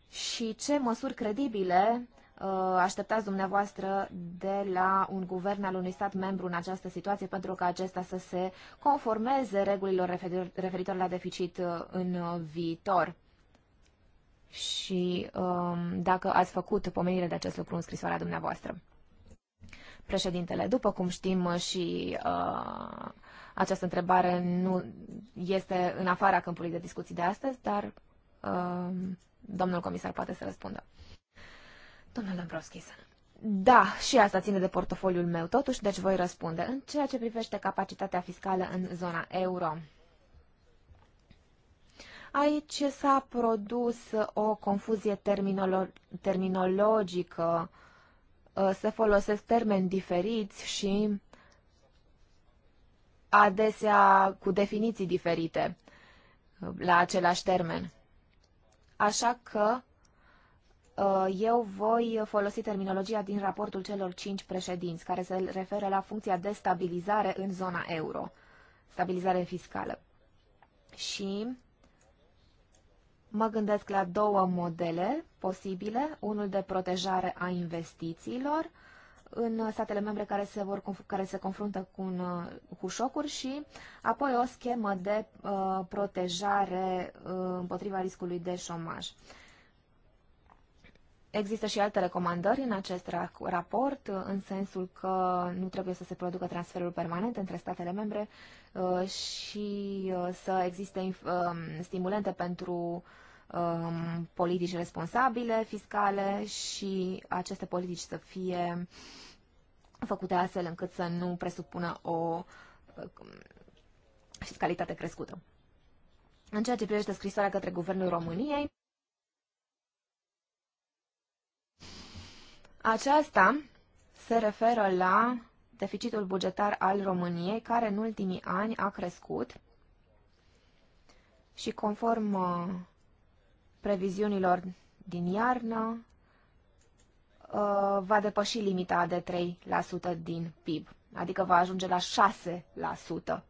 Și ce măsuri credibile uh, așteptați dumneavoastră de la un guvern al unui stat membru în această situație pentru ca acesta să se conformeze regulilor referitor la deficit uh, în viitor? Și um, dacă ați făcut pomenire de acest lucru în scrisoarea dumneavoastră. Președintele, după cum știm și uh, această întrebare nu este în afara câmpului de discuții de astăzi, dar uh, domnul comisar poate să răspundă. Domnul Dombrovskis. Da, și asta ține de portofoliul meu totuși, deci voi răspunde. În ceea ce privește capacitatea fiscală în zona euro, aici s-a produs o confuzie terminolo- terminologică, uh, se folosesc termeni diferiți și adesea cu definiții diferite uh, la același termen. Așa că uh, eu voi folosi terminologia din raportul celor cinci președinți, care se referă la funcția de stabilizare în zona euro, stabilizare fiscală. Și mă gândesc la două modele posibile, unul de protejare a investițiilor, în statele membre care se, vor, care se confruntă cu, un, uh, cu șocuri și apoi o schemă de uh, protejare uh, împotriva riscului de șomaj. Există și alte recomandări în acest raport, uh, în sensul că nu trebuie să se producă transferul permanent între statele membre uh, și să existe um, stimulente pentru um, politici responsabile fiscale și aceste politici să fie făcute astfel încât să nu presupună o um, fiscalitate crescută. În ceea ce privește scrisoarea către Guvernul României, aceasta se referă la deficitul bugetar al României, care în ultimii ani a crescut și conform uh, previziunilor din iarnă uh, va depăși limita de 3% din PIB, adică va ajunge la 6%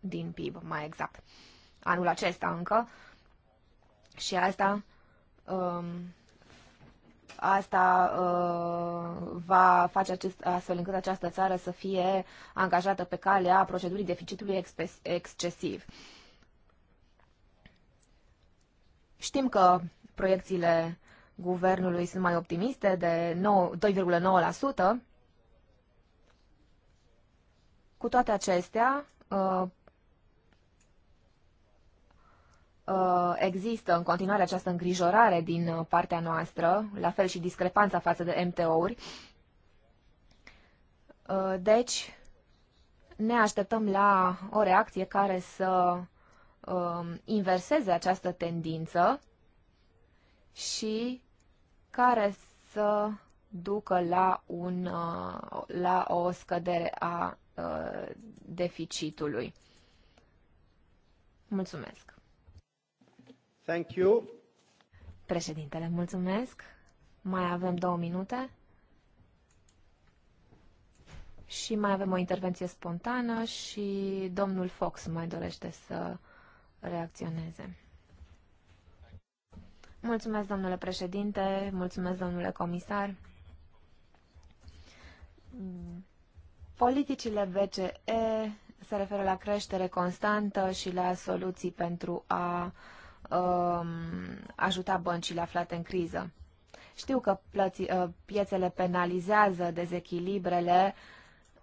din PIB, mai exact, anul acesta încă. Și asta, um, asta uh, va face acest, astfel încât această țară să fie angajată pe calea procedurii deficitului excesiv. Știm că proiecțiile guvernului sunt mai optimiste de 2,9%. Cu toate acestea, uh, uh, există în continuare această îngrijorare din partea noastră, la fel și discrepanța față de MTO-uri. Uh, deci, ne așteptăm la o reacție care să uh, inverseze această tendință și care să ducă la, un, uh, la o scădere a uh, deficitului. Mulțumesc. Thank you. Președintele, mulțumesc. Mai avem două minute. Și mai avem o intervenție spontană și domnul Fox mai dorește să reacționeze. Mulțumesc, domnule președinte, mulțumesc, domnule comisar. Politicile BCE se referă la creștere constantă și la soluții pentru a um, ajuta băncile aflate în criză. Știu că plăți, uh, piețele penalizează dezechilibrele uh,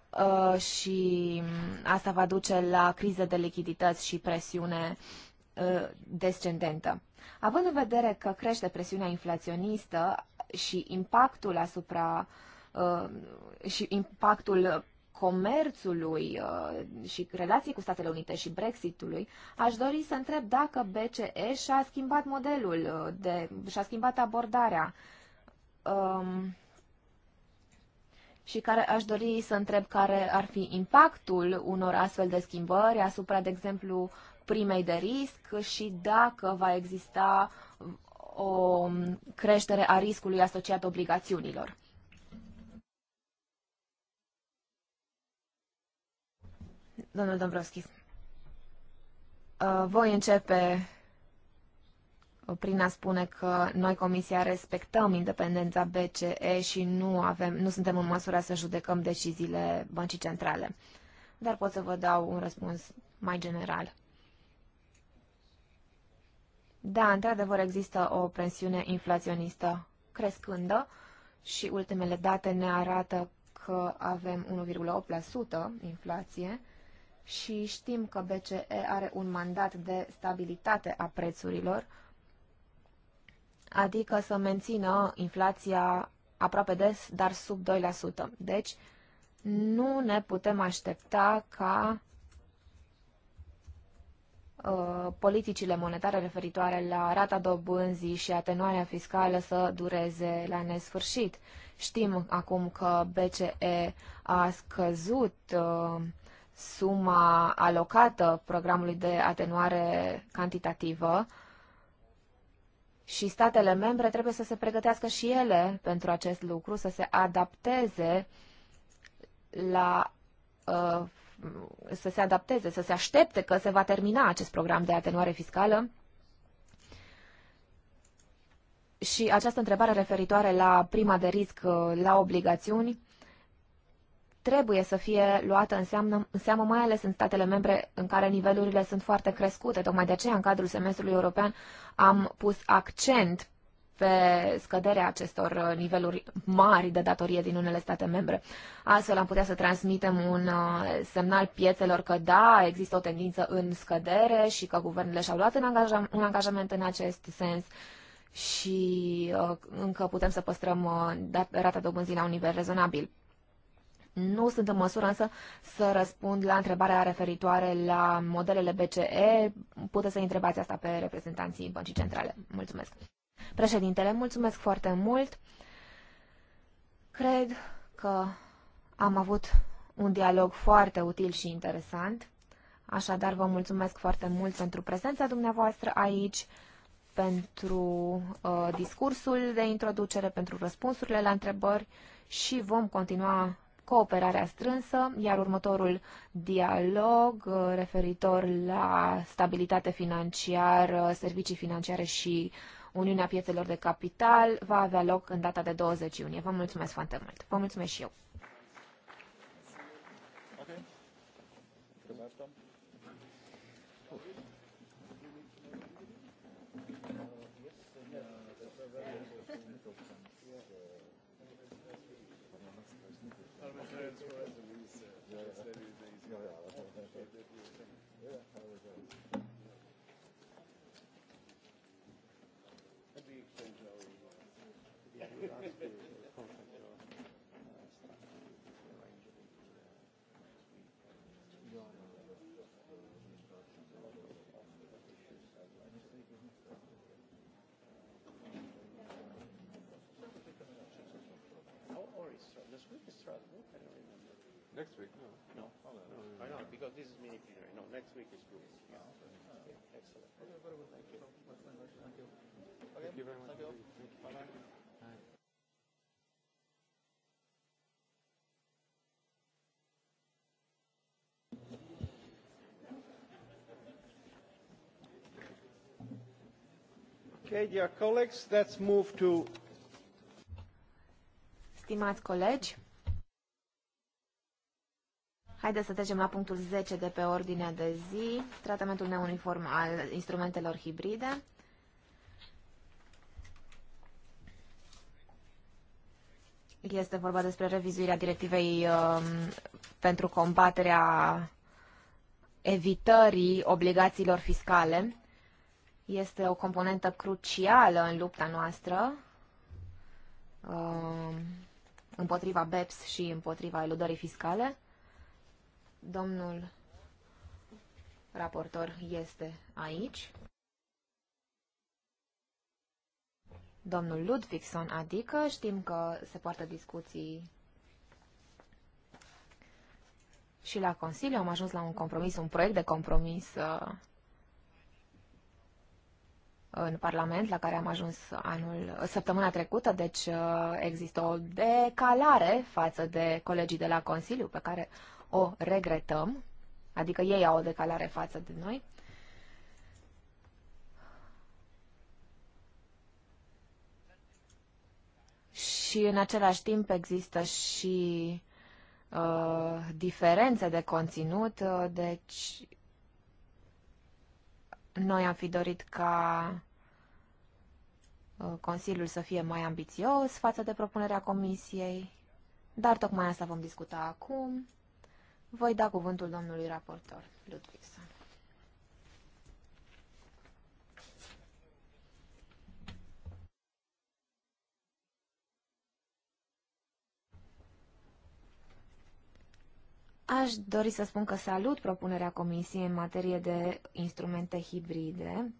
Uh, și asta va duce la crize de lichidități și presiune uh, descendentă. Având în vedere că crește presiunea inflaționistă și impactul asupra uh, și impactul comerțului și relații cu Statele Unite și Brexitului, aș dori să întreb dacă BCE și-a schimbat modelul, de, și-a schimbat abordarea. Um, și care aș dori să întreb care ar fi impactul unor astfel de schimbări asupra, de exemplu, primei de risc și dacă va exista o creștere a riscului asociat obligațiunilor. Domnul Dombrovski, uh, voi începe prin a spune că noi, Comisia, respectăm independența BCE și nu, avem, nu suntem în măsură să judecăm deciziile băncii centrale. Dar pot să vă dau un răspuns mai general. Da, într-adevăr există o presiune inflaționistă crescândă și ultimele date ne arată că avem 1,8% inflație și știm că BCE are un mandat de stabilitate a prețurilor, adică să mențină inflația aproape des, dar sub 2%. Deci, nu ne putem aștepta ca uh, politicile monetare referitoare la rata dobânzii și atenuarea fiscală să dureze la nesfârșit. Știm acum că BCE a scăzut uh, suma alocată programului de atenuare cantitativă, și statele membre trebuie să se pregătească și ele pentru acest lucru, să se adapteze la uh, să se adapteze, să se aștepte că se va termina acest program de atenuare fiscală. Și această întrebare referitoare la prima de risc uh, la obligațiuni trebuie să fie luată în seamă, în seamă, mai ales în statele membre în care nivelurile sunt foarte crescute. Tocmai de aceea, în cadrul semestrului european, am pus accent pe scăderea acestor uh, niveluri mari de datorie din unele state membre. Astfel am putea să transmitem un uh, semnal piețelor că da, există o tendință în scădere și că guvernele și-au luat un angajament în acest sens și uh, încă putem să păstrăm rata dobânzii la un nivel rezonabil. Nu sunt în măsură însă să răspund la întrebarea referitoare la modelele BCE. Puteți să întrebați asta pe reprezentanții băncii centrale. Mulțumesc. Președintele, mulțumesc foarte mult. Cred că am avut un dialog foarte util și interesant. Așadar, vă mulțumesc foarte mult pentru prezența dumneavoastră aici, pentru uh, discursul de introducere, pentru răspunsurile la întrebări și vom continua cooperarea strânsă, iar următorul dialog uh, referitor la stabilitate financiară, servicii financiare și Uniunea Piețelor de Capital va avea loc în data de 20 iunie. Vă mulțumesc foarte mult! Vă mulțumesc și eu! Strasbourg? I don't remember. Next week? No. No. Oh, no, no, no. I know, because this is mini plenary. No, next week is group. Yeah. Ah, okay. excellent. Okay, very well. Thank you. Thank you. Okay. Thank you very much. Thank you. Thank you. Bye-bye. Okay, dear colleagues, let's move to... Stimați colegi, Haideți să trecem la punctul 10 de pe ordinea de zi, tratamentul neuniform al instrumentelor hibride. Este vorba despre revizuirea directivei uh, pentru combaterea evitării obligațiilor fiscale. Este o componentă crucială în lupta noastră uh, împotriva BEPS și împotriva eludării fiscale. Domnul raportor este aici. Domnul Ludvigson, adică știm că se poartă discuții și la Consiliu. Am ajuns la un compromis, un proiect de compromis uh, în Parlament, la care am ajuns anul, săptămâna trecută, deci uh, există o decalare față de colegii de la Consiliu, pe care o regretăm, adică ei au o decalare față de noi. Și în același timp există și uh, diferențe de conținut, uh, deci noi am fi dorit ca uh, Consiliul să fie mai ambițios față de propunerea Comisiei, dar tocmai asta vom discuta acum. Voi da cuvântul domnului raportor, Ludwigson. Aș dori să spun că salut propunerea Comisiei în materie de instrumente hibride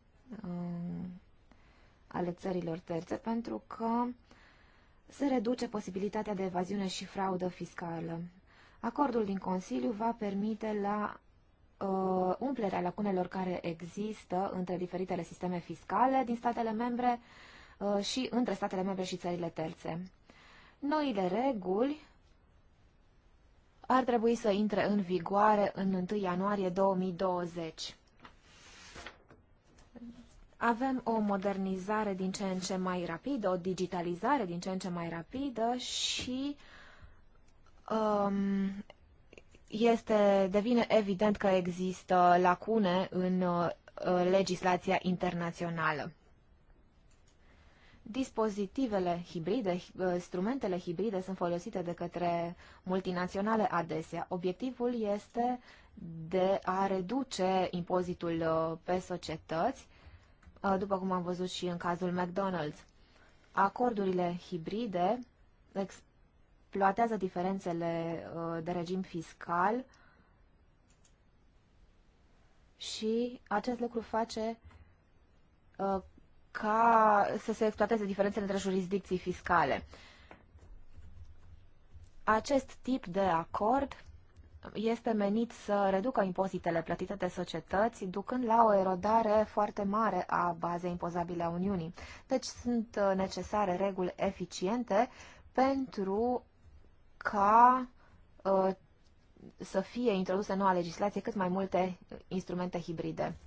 um, ale țărilor terțe, pentru că se reduce posibilitatea de evaziune și fraudă fiscală. Acordul din Consiliu va permite la uh, umplerea lacunelor care există între diferitele sisteme fiscale din statele membre uh, și între statele membre și țările terțe. Noile reguli ar trebui să intre în vigoare în 1 ianuarie 2020. Avem o modernizare din ce în ce mai rapidă, o digitalizare din ce în ce mai rapidă și uh, um, este, devine evident că există lacune în uh, legislația internațională. Dispozitivele hibride, uh, instrumentele hibride sunt folosite de către multinaționale adesea. Obiectivul este de a reduce impozitul uh, pe societăți, uh, după cum am văzut și în cazul McDonald's. Acordurile hibride exploatează diferențele uh, de regim fiscal și acest lucru face uh, ca să se exploateze diferențele între jurisdicții fiscale. Acest tip de acord este menit să reducă impozitele plătite de societăți, ducând la o erodare foarte mare a bazei impozabile a Uniunii. Deci sunt uh, necesare reguli eficiente pentru ca ă, să fie introduse în noua legislație cât mai multe instrumente hibride.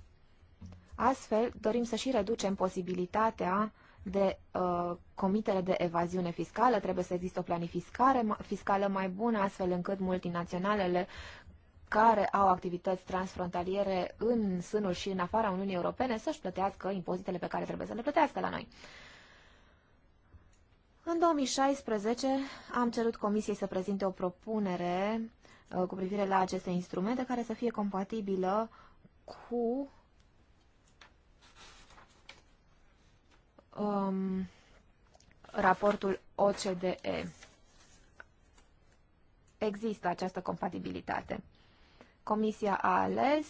Astfel, dorim să și reducem posibilitatea de uh, comitere de evaziune fiscală, trebuie să existe o planificare fiscală mai bună, astfel încât multinaționalele care au activități transfrontaliere în sânul și în afara Uniunii Europene să-și plătească impozitele pe care trebuie să le plătească la noi. Uh, în 2016 am cerut Comisiei să prezinte o propunere uh, cu privire la aceste instrumente care să fie compatibilă cu um, raportul OCDE. Există această compatibilitate. Comisia a ales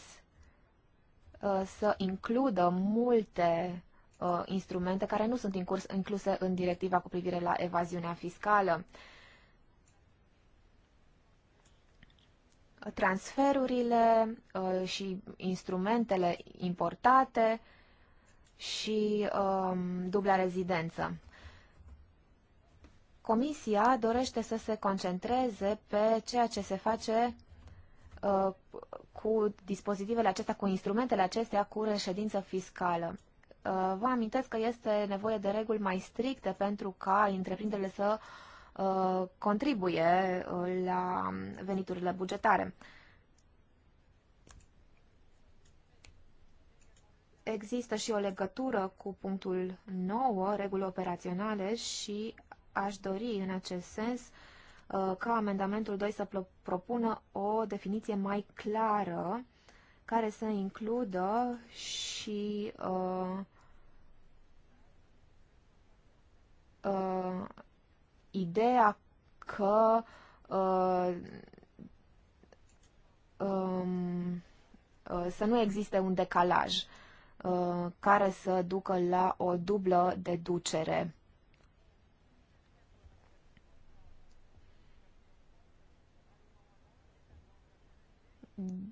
uh, să includă multe uh, instrumente care nu sunt incurs, incluse în directiva cu privire la evaziunea fiscală. Transferurile uh, și instrumentele importate și uh, dubla rezidență. Comisia dorește să se concentreze pe ceea ce se face uh, cu dispozitivele acestea, cu instrumentele acestea, cu reședință fiscală. Uh, vă amintesc că este nevoie de reguli mai stricte pentru ca întreprinderile să uh, contribuie uh, la veniturile bugetare. Există și o legătură cu punctul 9, reguli operaționale, și aș dori în acest sens ca amendamentul 2 să propună o definiție mai clară care să includă și uh, uh, ideea că uh, um, uh, să nu existe un decalaj uh, care să ducă la o dublă deducere. Mm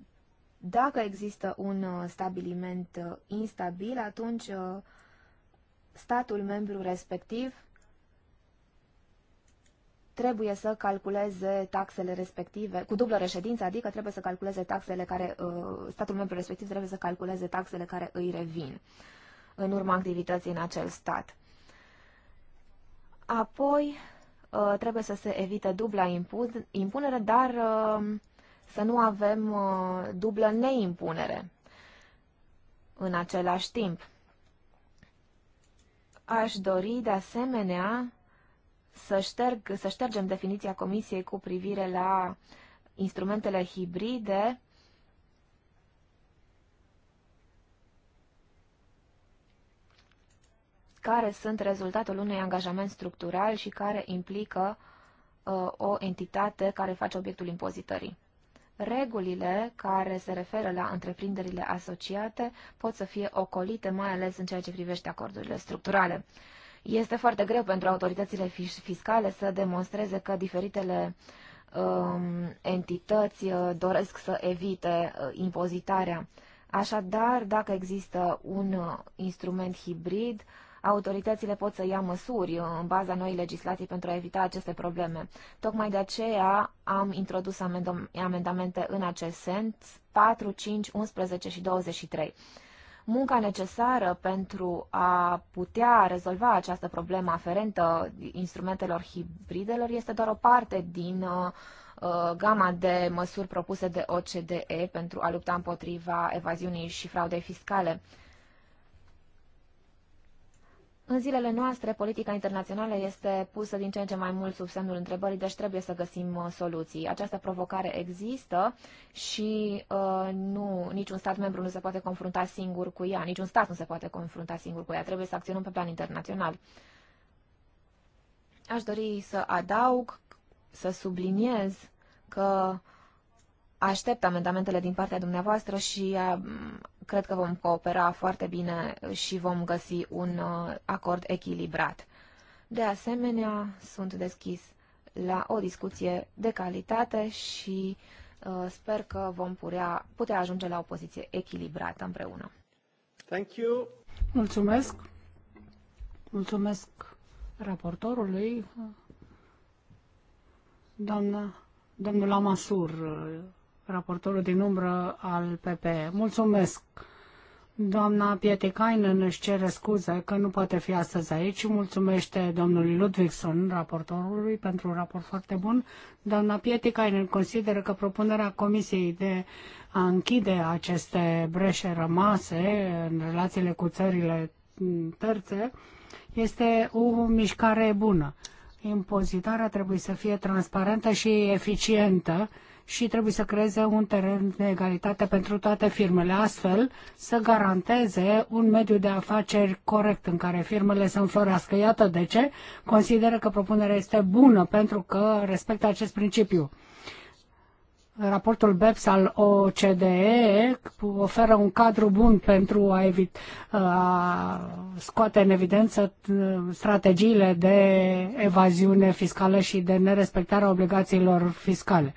dacă există un uh, stabiliment uh, instabil, atunci uh, statul membru respectiv trebuie să calculeze taxele respective, cu dublă reședință, adică trebuie să calculeze taxele care, statul membru respectiv trebuie să calculeze taxele care îi revin în urma activității în acel stat. Apoi, trebuie să se evite dubla impunere, dar să nu avem uh, dublă neimpunere în același timp. Aș dori, de asemenea, să, șterg, să ștergem definiția Comisiei cu privire la instrumentele hibride care sunt rezultatul unui angajament structural și care implică uh, o entitate care face obiectul impozitării. Regulile care se referă la întreprinderile asociate pot să fie ocolite, mai ales în ceea ce privește acordurile structurale. Este foarte greu pentru autoritățile fiscale să demonstreze că diferitele um, entități uh, doresc să evite uh, impozitarea. Așadar, dacă există un uh, instrument hibrid, autoritățile pot să ia măsuri în baza noii legislații pentru a evita aceste probleme. Tocmai de aceea am introdus amendamente în acest sens 4, 5, 11 și 23. Munca necesară pentru a putea rezolva această problemă aferentă instrumentelor hibridelor este doar o parte din uh, uh, gama de măsuri propuse de OCDE pentru a lupta împotriva evaziunii și fraudei fiscale. În zilele noastre, politica internațională este pusă din ce în ce mai mult sub semnul întrebării, deci trebuie să găsim uh, soluții. Această provocare există și uh, nu, niciun stat membru nu se poate confrunta singur cu ea, niciun stat nu se poate confrunta singur cu ea, trebuie să acționăm pe plan internațional. Aș dori să adaug, să subliniez că aștept amendamentele din partea dumneavoastră și um, cred că vom coopera foarte bine și vom găsi un uh, acord echilibrat. De asemenea, sunt deschis la o discuție de calitate și uh, sper că vom putea, putea ajunge la o poziție echilibrată împreună. Thank you. Mulțumesc. Mulțumesc raportorului, doamna, domnul Amasur raportorul din umbră al PPE. Mulțumesc! Doamna Pietikainen își cere scuze că nu poate fi astăzi aici și mulțumește domnului Ludvigson, raportorului, pentru un raport foarte bun. Doamna Pietikainen consideră că propunerea Comisiei de a închide aceste breșe rămase în relațiile cu țările terțe este o mișcare bună. Impozitarea trebuie să fie transparentă și eficientă și trebuie să creeze un teren de egalitate pentru toate firmele, astfel să garanteze un mediu de afaceri corect în care firmele să înflorească. Iată de ce consideră că propunerea este bună pentru că respectă acest principiu. Raportul BEPS al OCDE oferă un cadru bun pentru a, evit, a scoate în evidență uh, strategiile de evaziune fiscală și de nerespectarea obligațiilor fiscale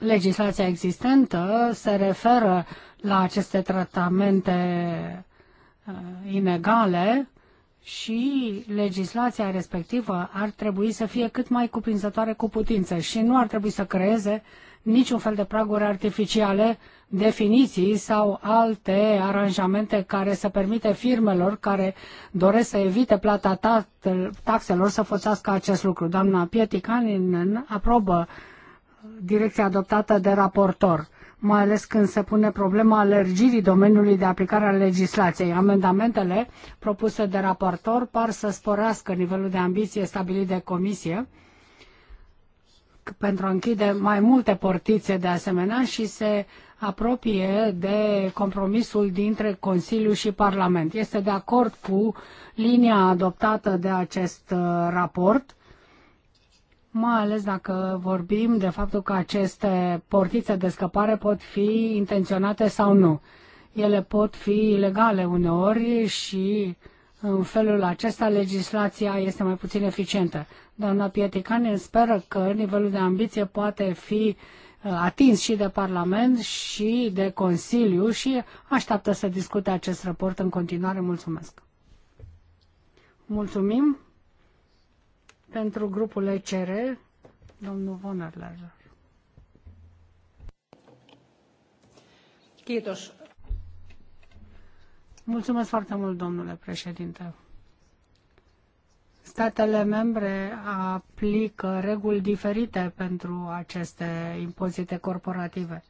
legislația existentă se referă la aceste tratamente uh, inegale și legislația respectivă ar trebui să fie cât mai cuprinzătoare cu putință și nu ar trebui să creeze niciun fel de praguri artificiale, definiții sau alte aranjamente care să permite firmelor care doresc să evite plata taxelor să folosească acest lucru. Doamna Pieticanin aprobă uh, direcția adoptată de raportor, mai ales când se pune problema alergirii domeniului de aplicare a legislației. Amendamentele propuse de raportor par să sporească nivelul de ambiție stabilit de comisie pentru a închide mai multe portițe de asemenea și se apropie de compromisul dintre Consiliu și Parlament. Este de acord cu linia adoptată de acest uh, raport mai ales dacă vorbim de faptul că aceste portițe de scăpare pot fi intenționate sau nu. Ele pot fi ilegale uneori și în felul acesta legislația este mai puțin eficientă. Doamna Pieticanen speră că nivelul de ambiție poate fi uh, atins și de Parlament și de Consiliu și așteaptă să discute acest raport în continuare. Mulțumesc! Mulțumim! Pentru grupul ECR, domnul Von Erlazer. Kiitos. Mulțumesc foarte mult, domnule președinte. Statele membre aplică reguli diferite pentru aceste impozite corporative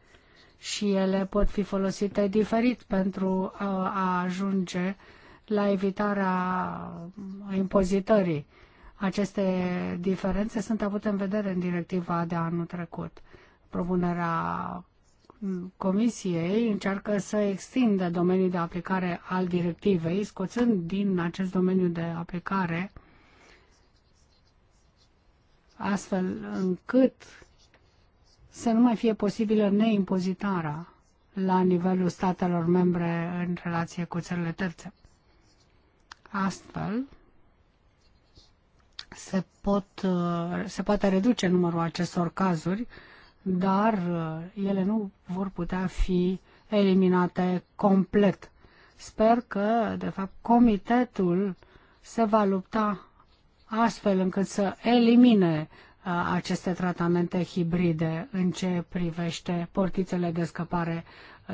și ele pot fi folosite diferit pentru uh, a ajunge la evitarea impozitării. Aceste diferențe sunt avute în vedere în directiva de anul trecut. Propunerea Comisiei încearcă să extindă domeniul de aplicare al directivei, scoțând din acest domeniu de aplicare astfel încât să nu mai fie posibilă neimpozitarea la nivelul statelor membre în relație cu țările terțe. Astfel, se, pot, uh, se poate reduce numărul acestor cazuri, dar uh, ele nu vor putea fi eliminate complet. Sper că, de fapt, comitetul se va lupta astfel încât să elimine uh, aceste tratamente hibride în ce privește portițele de scăpare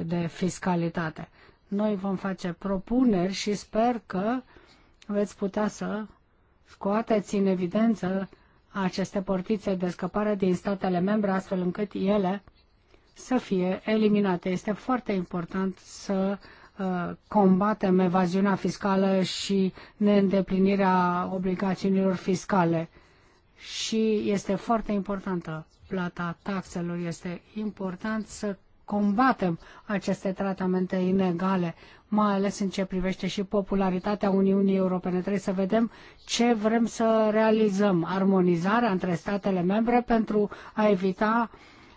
de fiscalitate. Noi vom face propuneri și sper că veți putea să scoateți în evidență aceste portițe de scăpare din statele membre, astfel încât ele să fie eliminate. Este foarte important să uh, combatem evaziunea fiscală și neîndeplinirea obligațiunilor fiscale. Și este foarte importantă plata taxelor. Este important să combatem aceste tratamente inegale, mai ales în ce privește și popularitatea Uniunii Europene. Trebuie să vedem ce vrem să realizăm, armonizarea între statele membre pentru a evita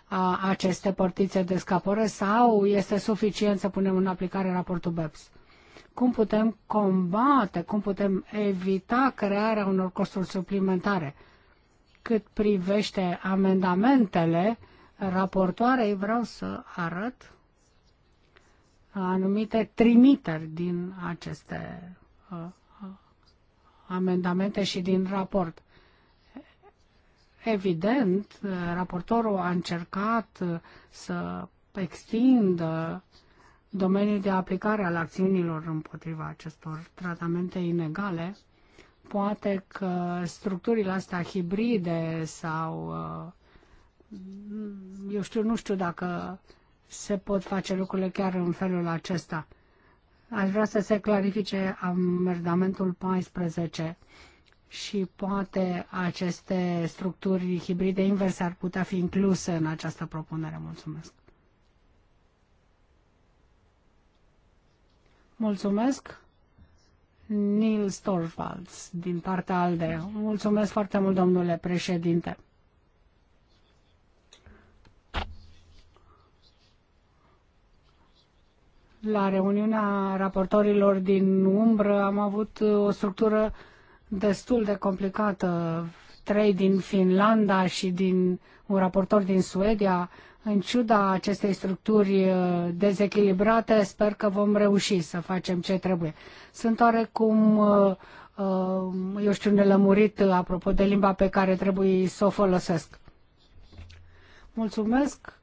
a, aceste portițe de scapare sau este suficient să punem în aplicare raportul BEPS? Cum putem combate, cum putem evita crearea unor costuri suplimentare? Cât privește amendamentele, raportoarei vreau să arăt anumite trimiteri din aceste uh, uh, amendamente și din raport. Evident, uh, raportorul a încercat să extindă domeniul de aplicare al acțiunilor împotriva acestor tratamente inegale. Poate că structurile astea hibride sau uh, eu știu, nu știu dacă se pot face lucrurile chiar în felul acesta. Aș vrea să se clarifice amendamentul 14 și poate aceste structuri hibride inverse ar putea fi incluse în această propunere. Mulțumesc. Mulțumesc. Nils Torvalds, din partea ALDE. Mulțumesc foarte mult, domnule președinte. La reuniunea raportorilor din umbră am avut uh, o structură destul de complicată. Trei din Finlanda și din un raportor din Suedia. În ciuda acestei structuri uh, dezechilibrate, sper că vom reuși să facem ce trebuie. Sunt oarecum uh, eu știu, nelămurit apropo de limba pe care trebuie să o folosesc. Mulțumesc!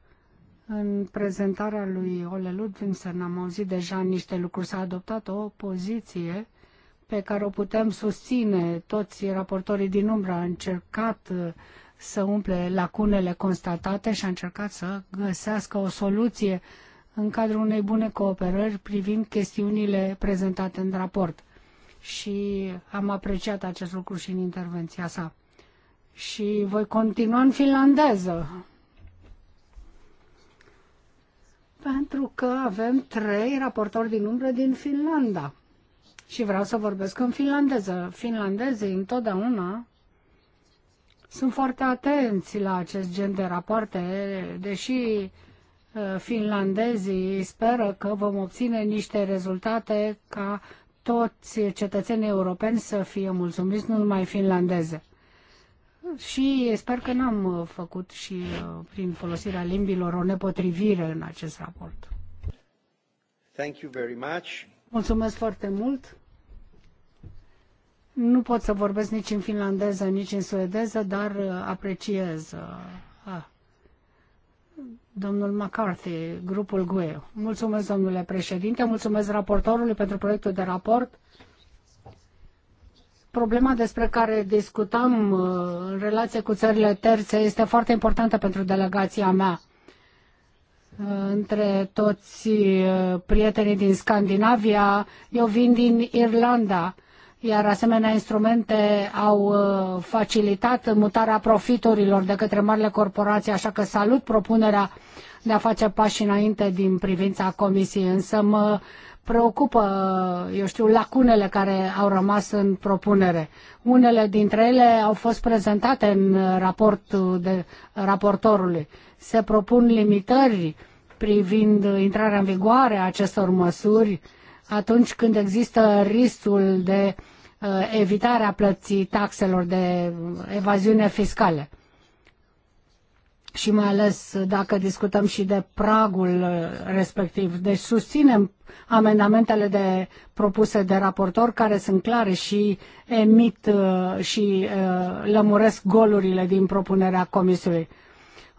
În prezentarea lui Ole Ludvinson am auzit deja niște lucruri. S-a adoptat o poziție pe care o putem susține. Toți raportorii din umbră au încercat uh, să umple lacunele constatate și a încercat să găsească o soluție în cadrul unei bune cooperări privind chestiunile prezentate în raport. Și am apreciat acest lucru și în intervenția sa. Și voi continua în finlandeză. pentru că avem trei raportori din umbră din Finlanda. Și vreau să vorbesc în finlandeză. Finlandezii întotdeauna sunt foarte atenți la acest gen de rapoarte, deși uh, finlandezii speră că vom obține niște rezultate ca toți cetățenii europeni să fie mulțumiți, nu numai finlandeze și sper că n-am uh, făcut și uh, prin folosirea limbilor o nepotrivire în acest raport. Thank you very much. Mulțumesc foarte mult. Nu pot să vorbesc nici în finlandeză, nici în suedeză, dar uh, apreciez. Ah. Domnul McCarthy, grupul GUE. Mulțumesc, domnule președinte, mulțumesc raportorului pentru proiectul de raport Problema despre care discutam uh, în relație cu țările terțe este foarte importantă pentru delegația mea. Uh, între toți uh, prietenii din Scandinavia, eu vin din Irlanda, iar asemenea instrumente au facilitat mutarea profiturilor de către marile corporații, așa că salut propunerea de a face pași înainte din privința comisiei, însă mă preocupă, eu știu, lacunele care au rămas în propunere. Unele dintre ele au fost prezentate în raportul de, raportorului. Se propun limitări privind intrarea în vigoare a acestor măsuri atunci când există riscul de uh, evitare a plății taxelor de evaziune fiscală și mai ales dacă discutăm și de pragul uh, respectiv. Deci susținem amendamentele de propuse de raportor care sunt clare și emit uh, și uh, lămuresc golurile din propunerea comisiei.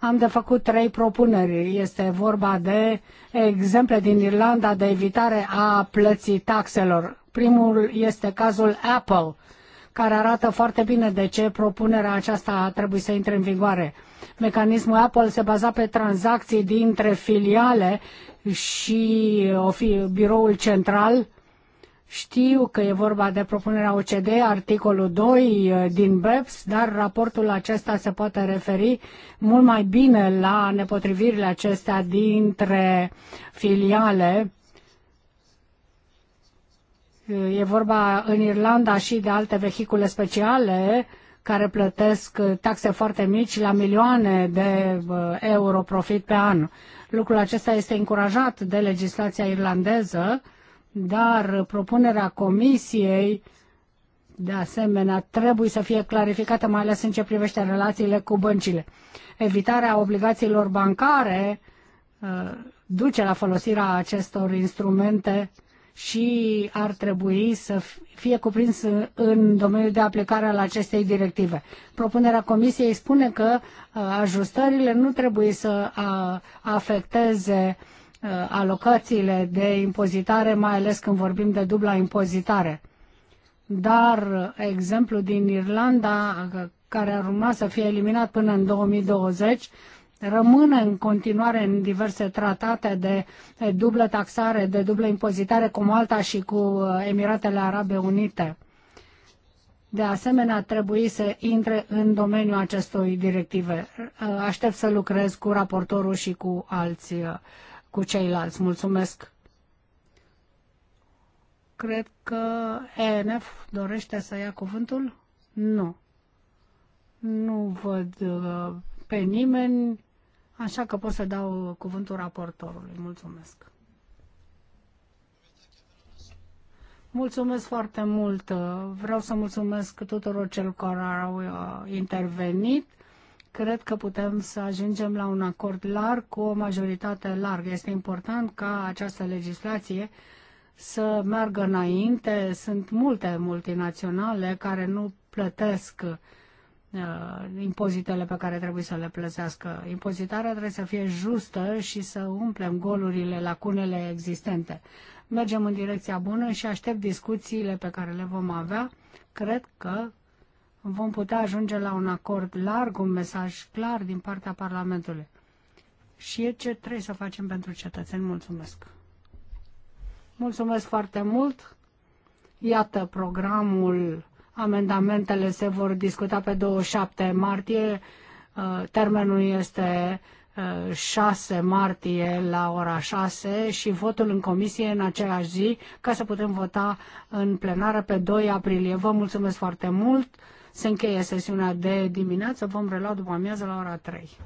Am de făcut trei propuneri. Este vorba de exemple din Irlanda de evitare a plății taxelor. Primul este cazul Apple care arată foarte bine de ce propunerea aceasta trebuie să intre în vigoare. Mecanismul Apple se baza pe tranzacții dintre filiale și biroul central. Știu că e vorba de propunerea OCD, articolul 2 uh, din BEPS, dar raportul acesta se poate referi mult mai bine la nepotrivirile acestea dintre filiale E vorba în Irlanda și de alte vehicule speciale care plătesc taxe foarte mici la milioane de uh, euro profit pe an. Lucrul acesta este încurajat de legislația irlandeză, dar propunerea Comisiei de asemenea, trebuie să fie clarificată, mai ales în ce privește relațiile cu băncile. Evitarea obligațiilor bancare uh, duce la folosirea acestor instrumente și ar trebui să fie cuprins în domeniul de aplicare al acestei directive. Propunerea Comisiei spune că uh, ajustările nu trebuie să uh, afecteze uh, alocațiile de impozitare, mai ales când vorbim de dubla impozitare. Dar exemplul din Irlanda, care ar urma să fie eliminat până în 2020, rămâne în continuare în diverse tratate de dublă taxare, de dublă impozitare cu Malta și cu uh, Emiratele Arabe Unite. De asemenea, trebuie să intre în domeniul acestui directive. Uh, aștept să lucrez cu raportorul și cu alți, uh, cu ceilalți. Mulțumesc! Cred că ENF dorește să ia cuvântul? Nu. Nu văd pe nimeni. Așa că pot să dau cuvântul raportorului. Mulțumesc. Mulțumesc foarte mult. Vreau să mulțumesc tuturor celor care au uh, intervenit. Cred că putem să ajungem la un acord larg cu o majoritate largă. Este important ca această legislație să meargă înainte. Sunt multe multinaționale care nu plătesc uh, uh, impozitele pe care trebuie să le plătească. Impozitarea trebuie să fie justă și să umplem golurile, lacunele existente. Mergem în direcția bună și aștept discuțiile pe care le vom avea. Cred că vom putea ajunge la un acord larg, un mesaj clar din partea Parlamentului. Și e ce trebuie să facem pentru cetățeni. Mulțumesc! Mulțumesc foarte mult! Iată programul Amendamentele se vor discuta pe 27 martie. Uh, termenul este 6 uh, martie la ora 6 și votul în comisie în aceeași zi ca să putem vota în plenară pe 2 aprilie. Vă mulțumesc foarte mult. Se încheie sesiunea de dimineață. Vom relua după amiază la ora 3.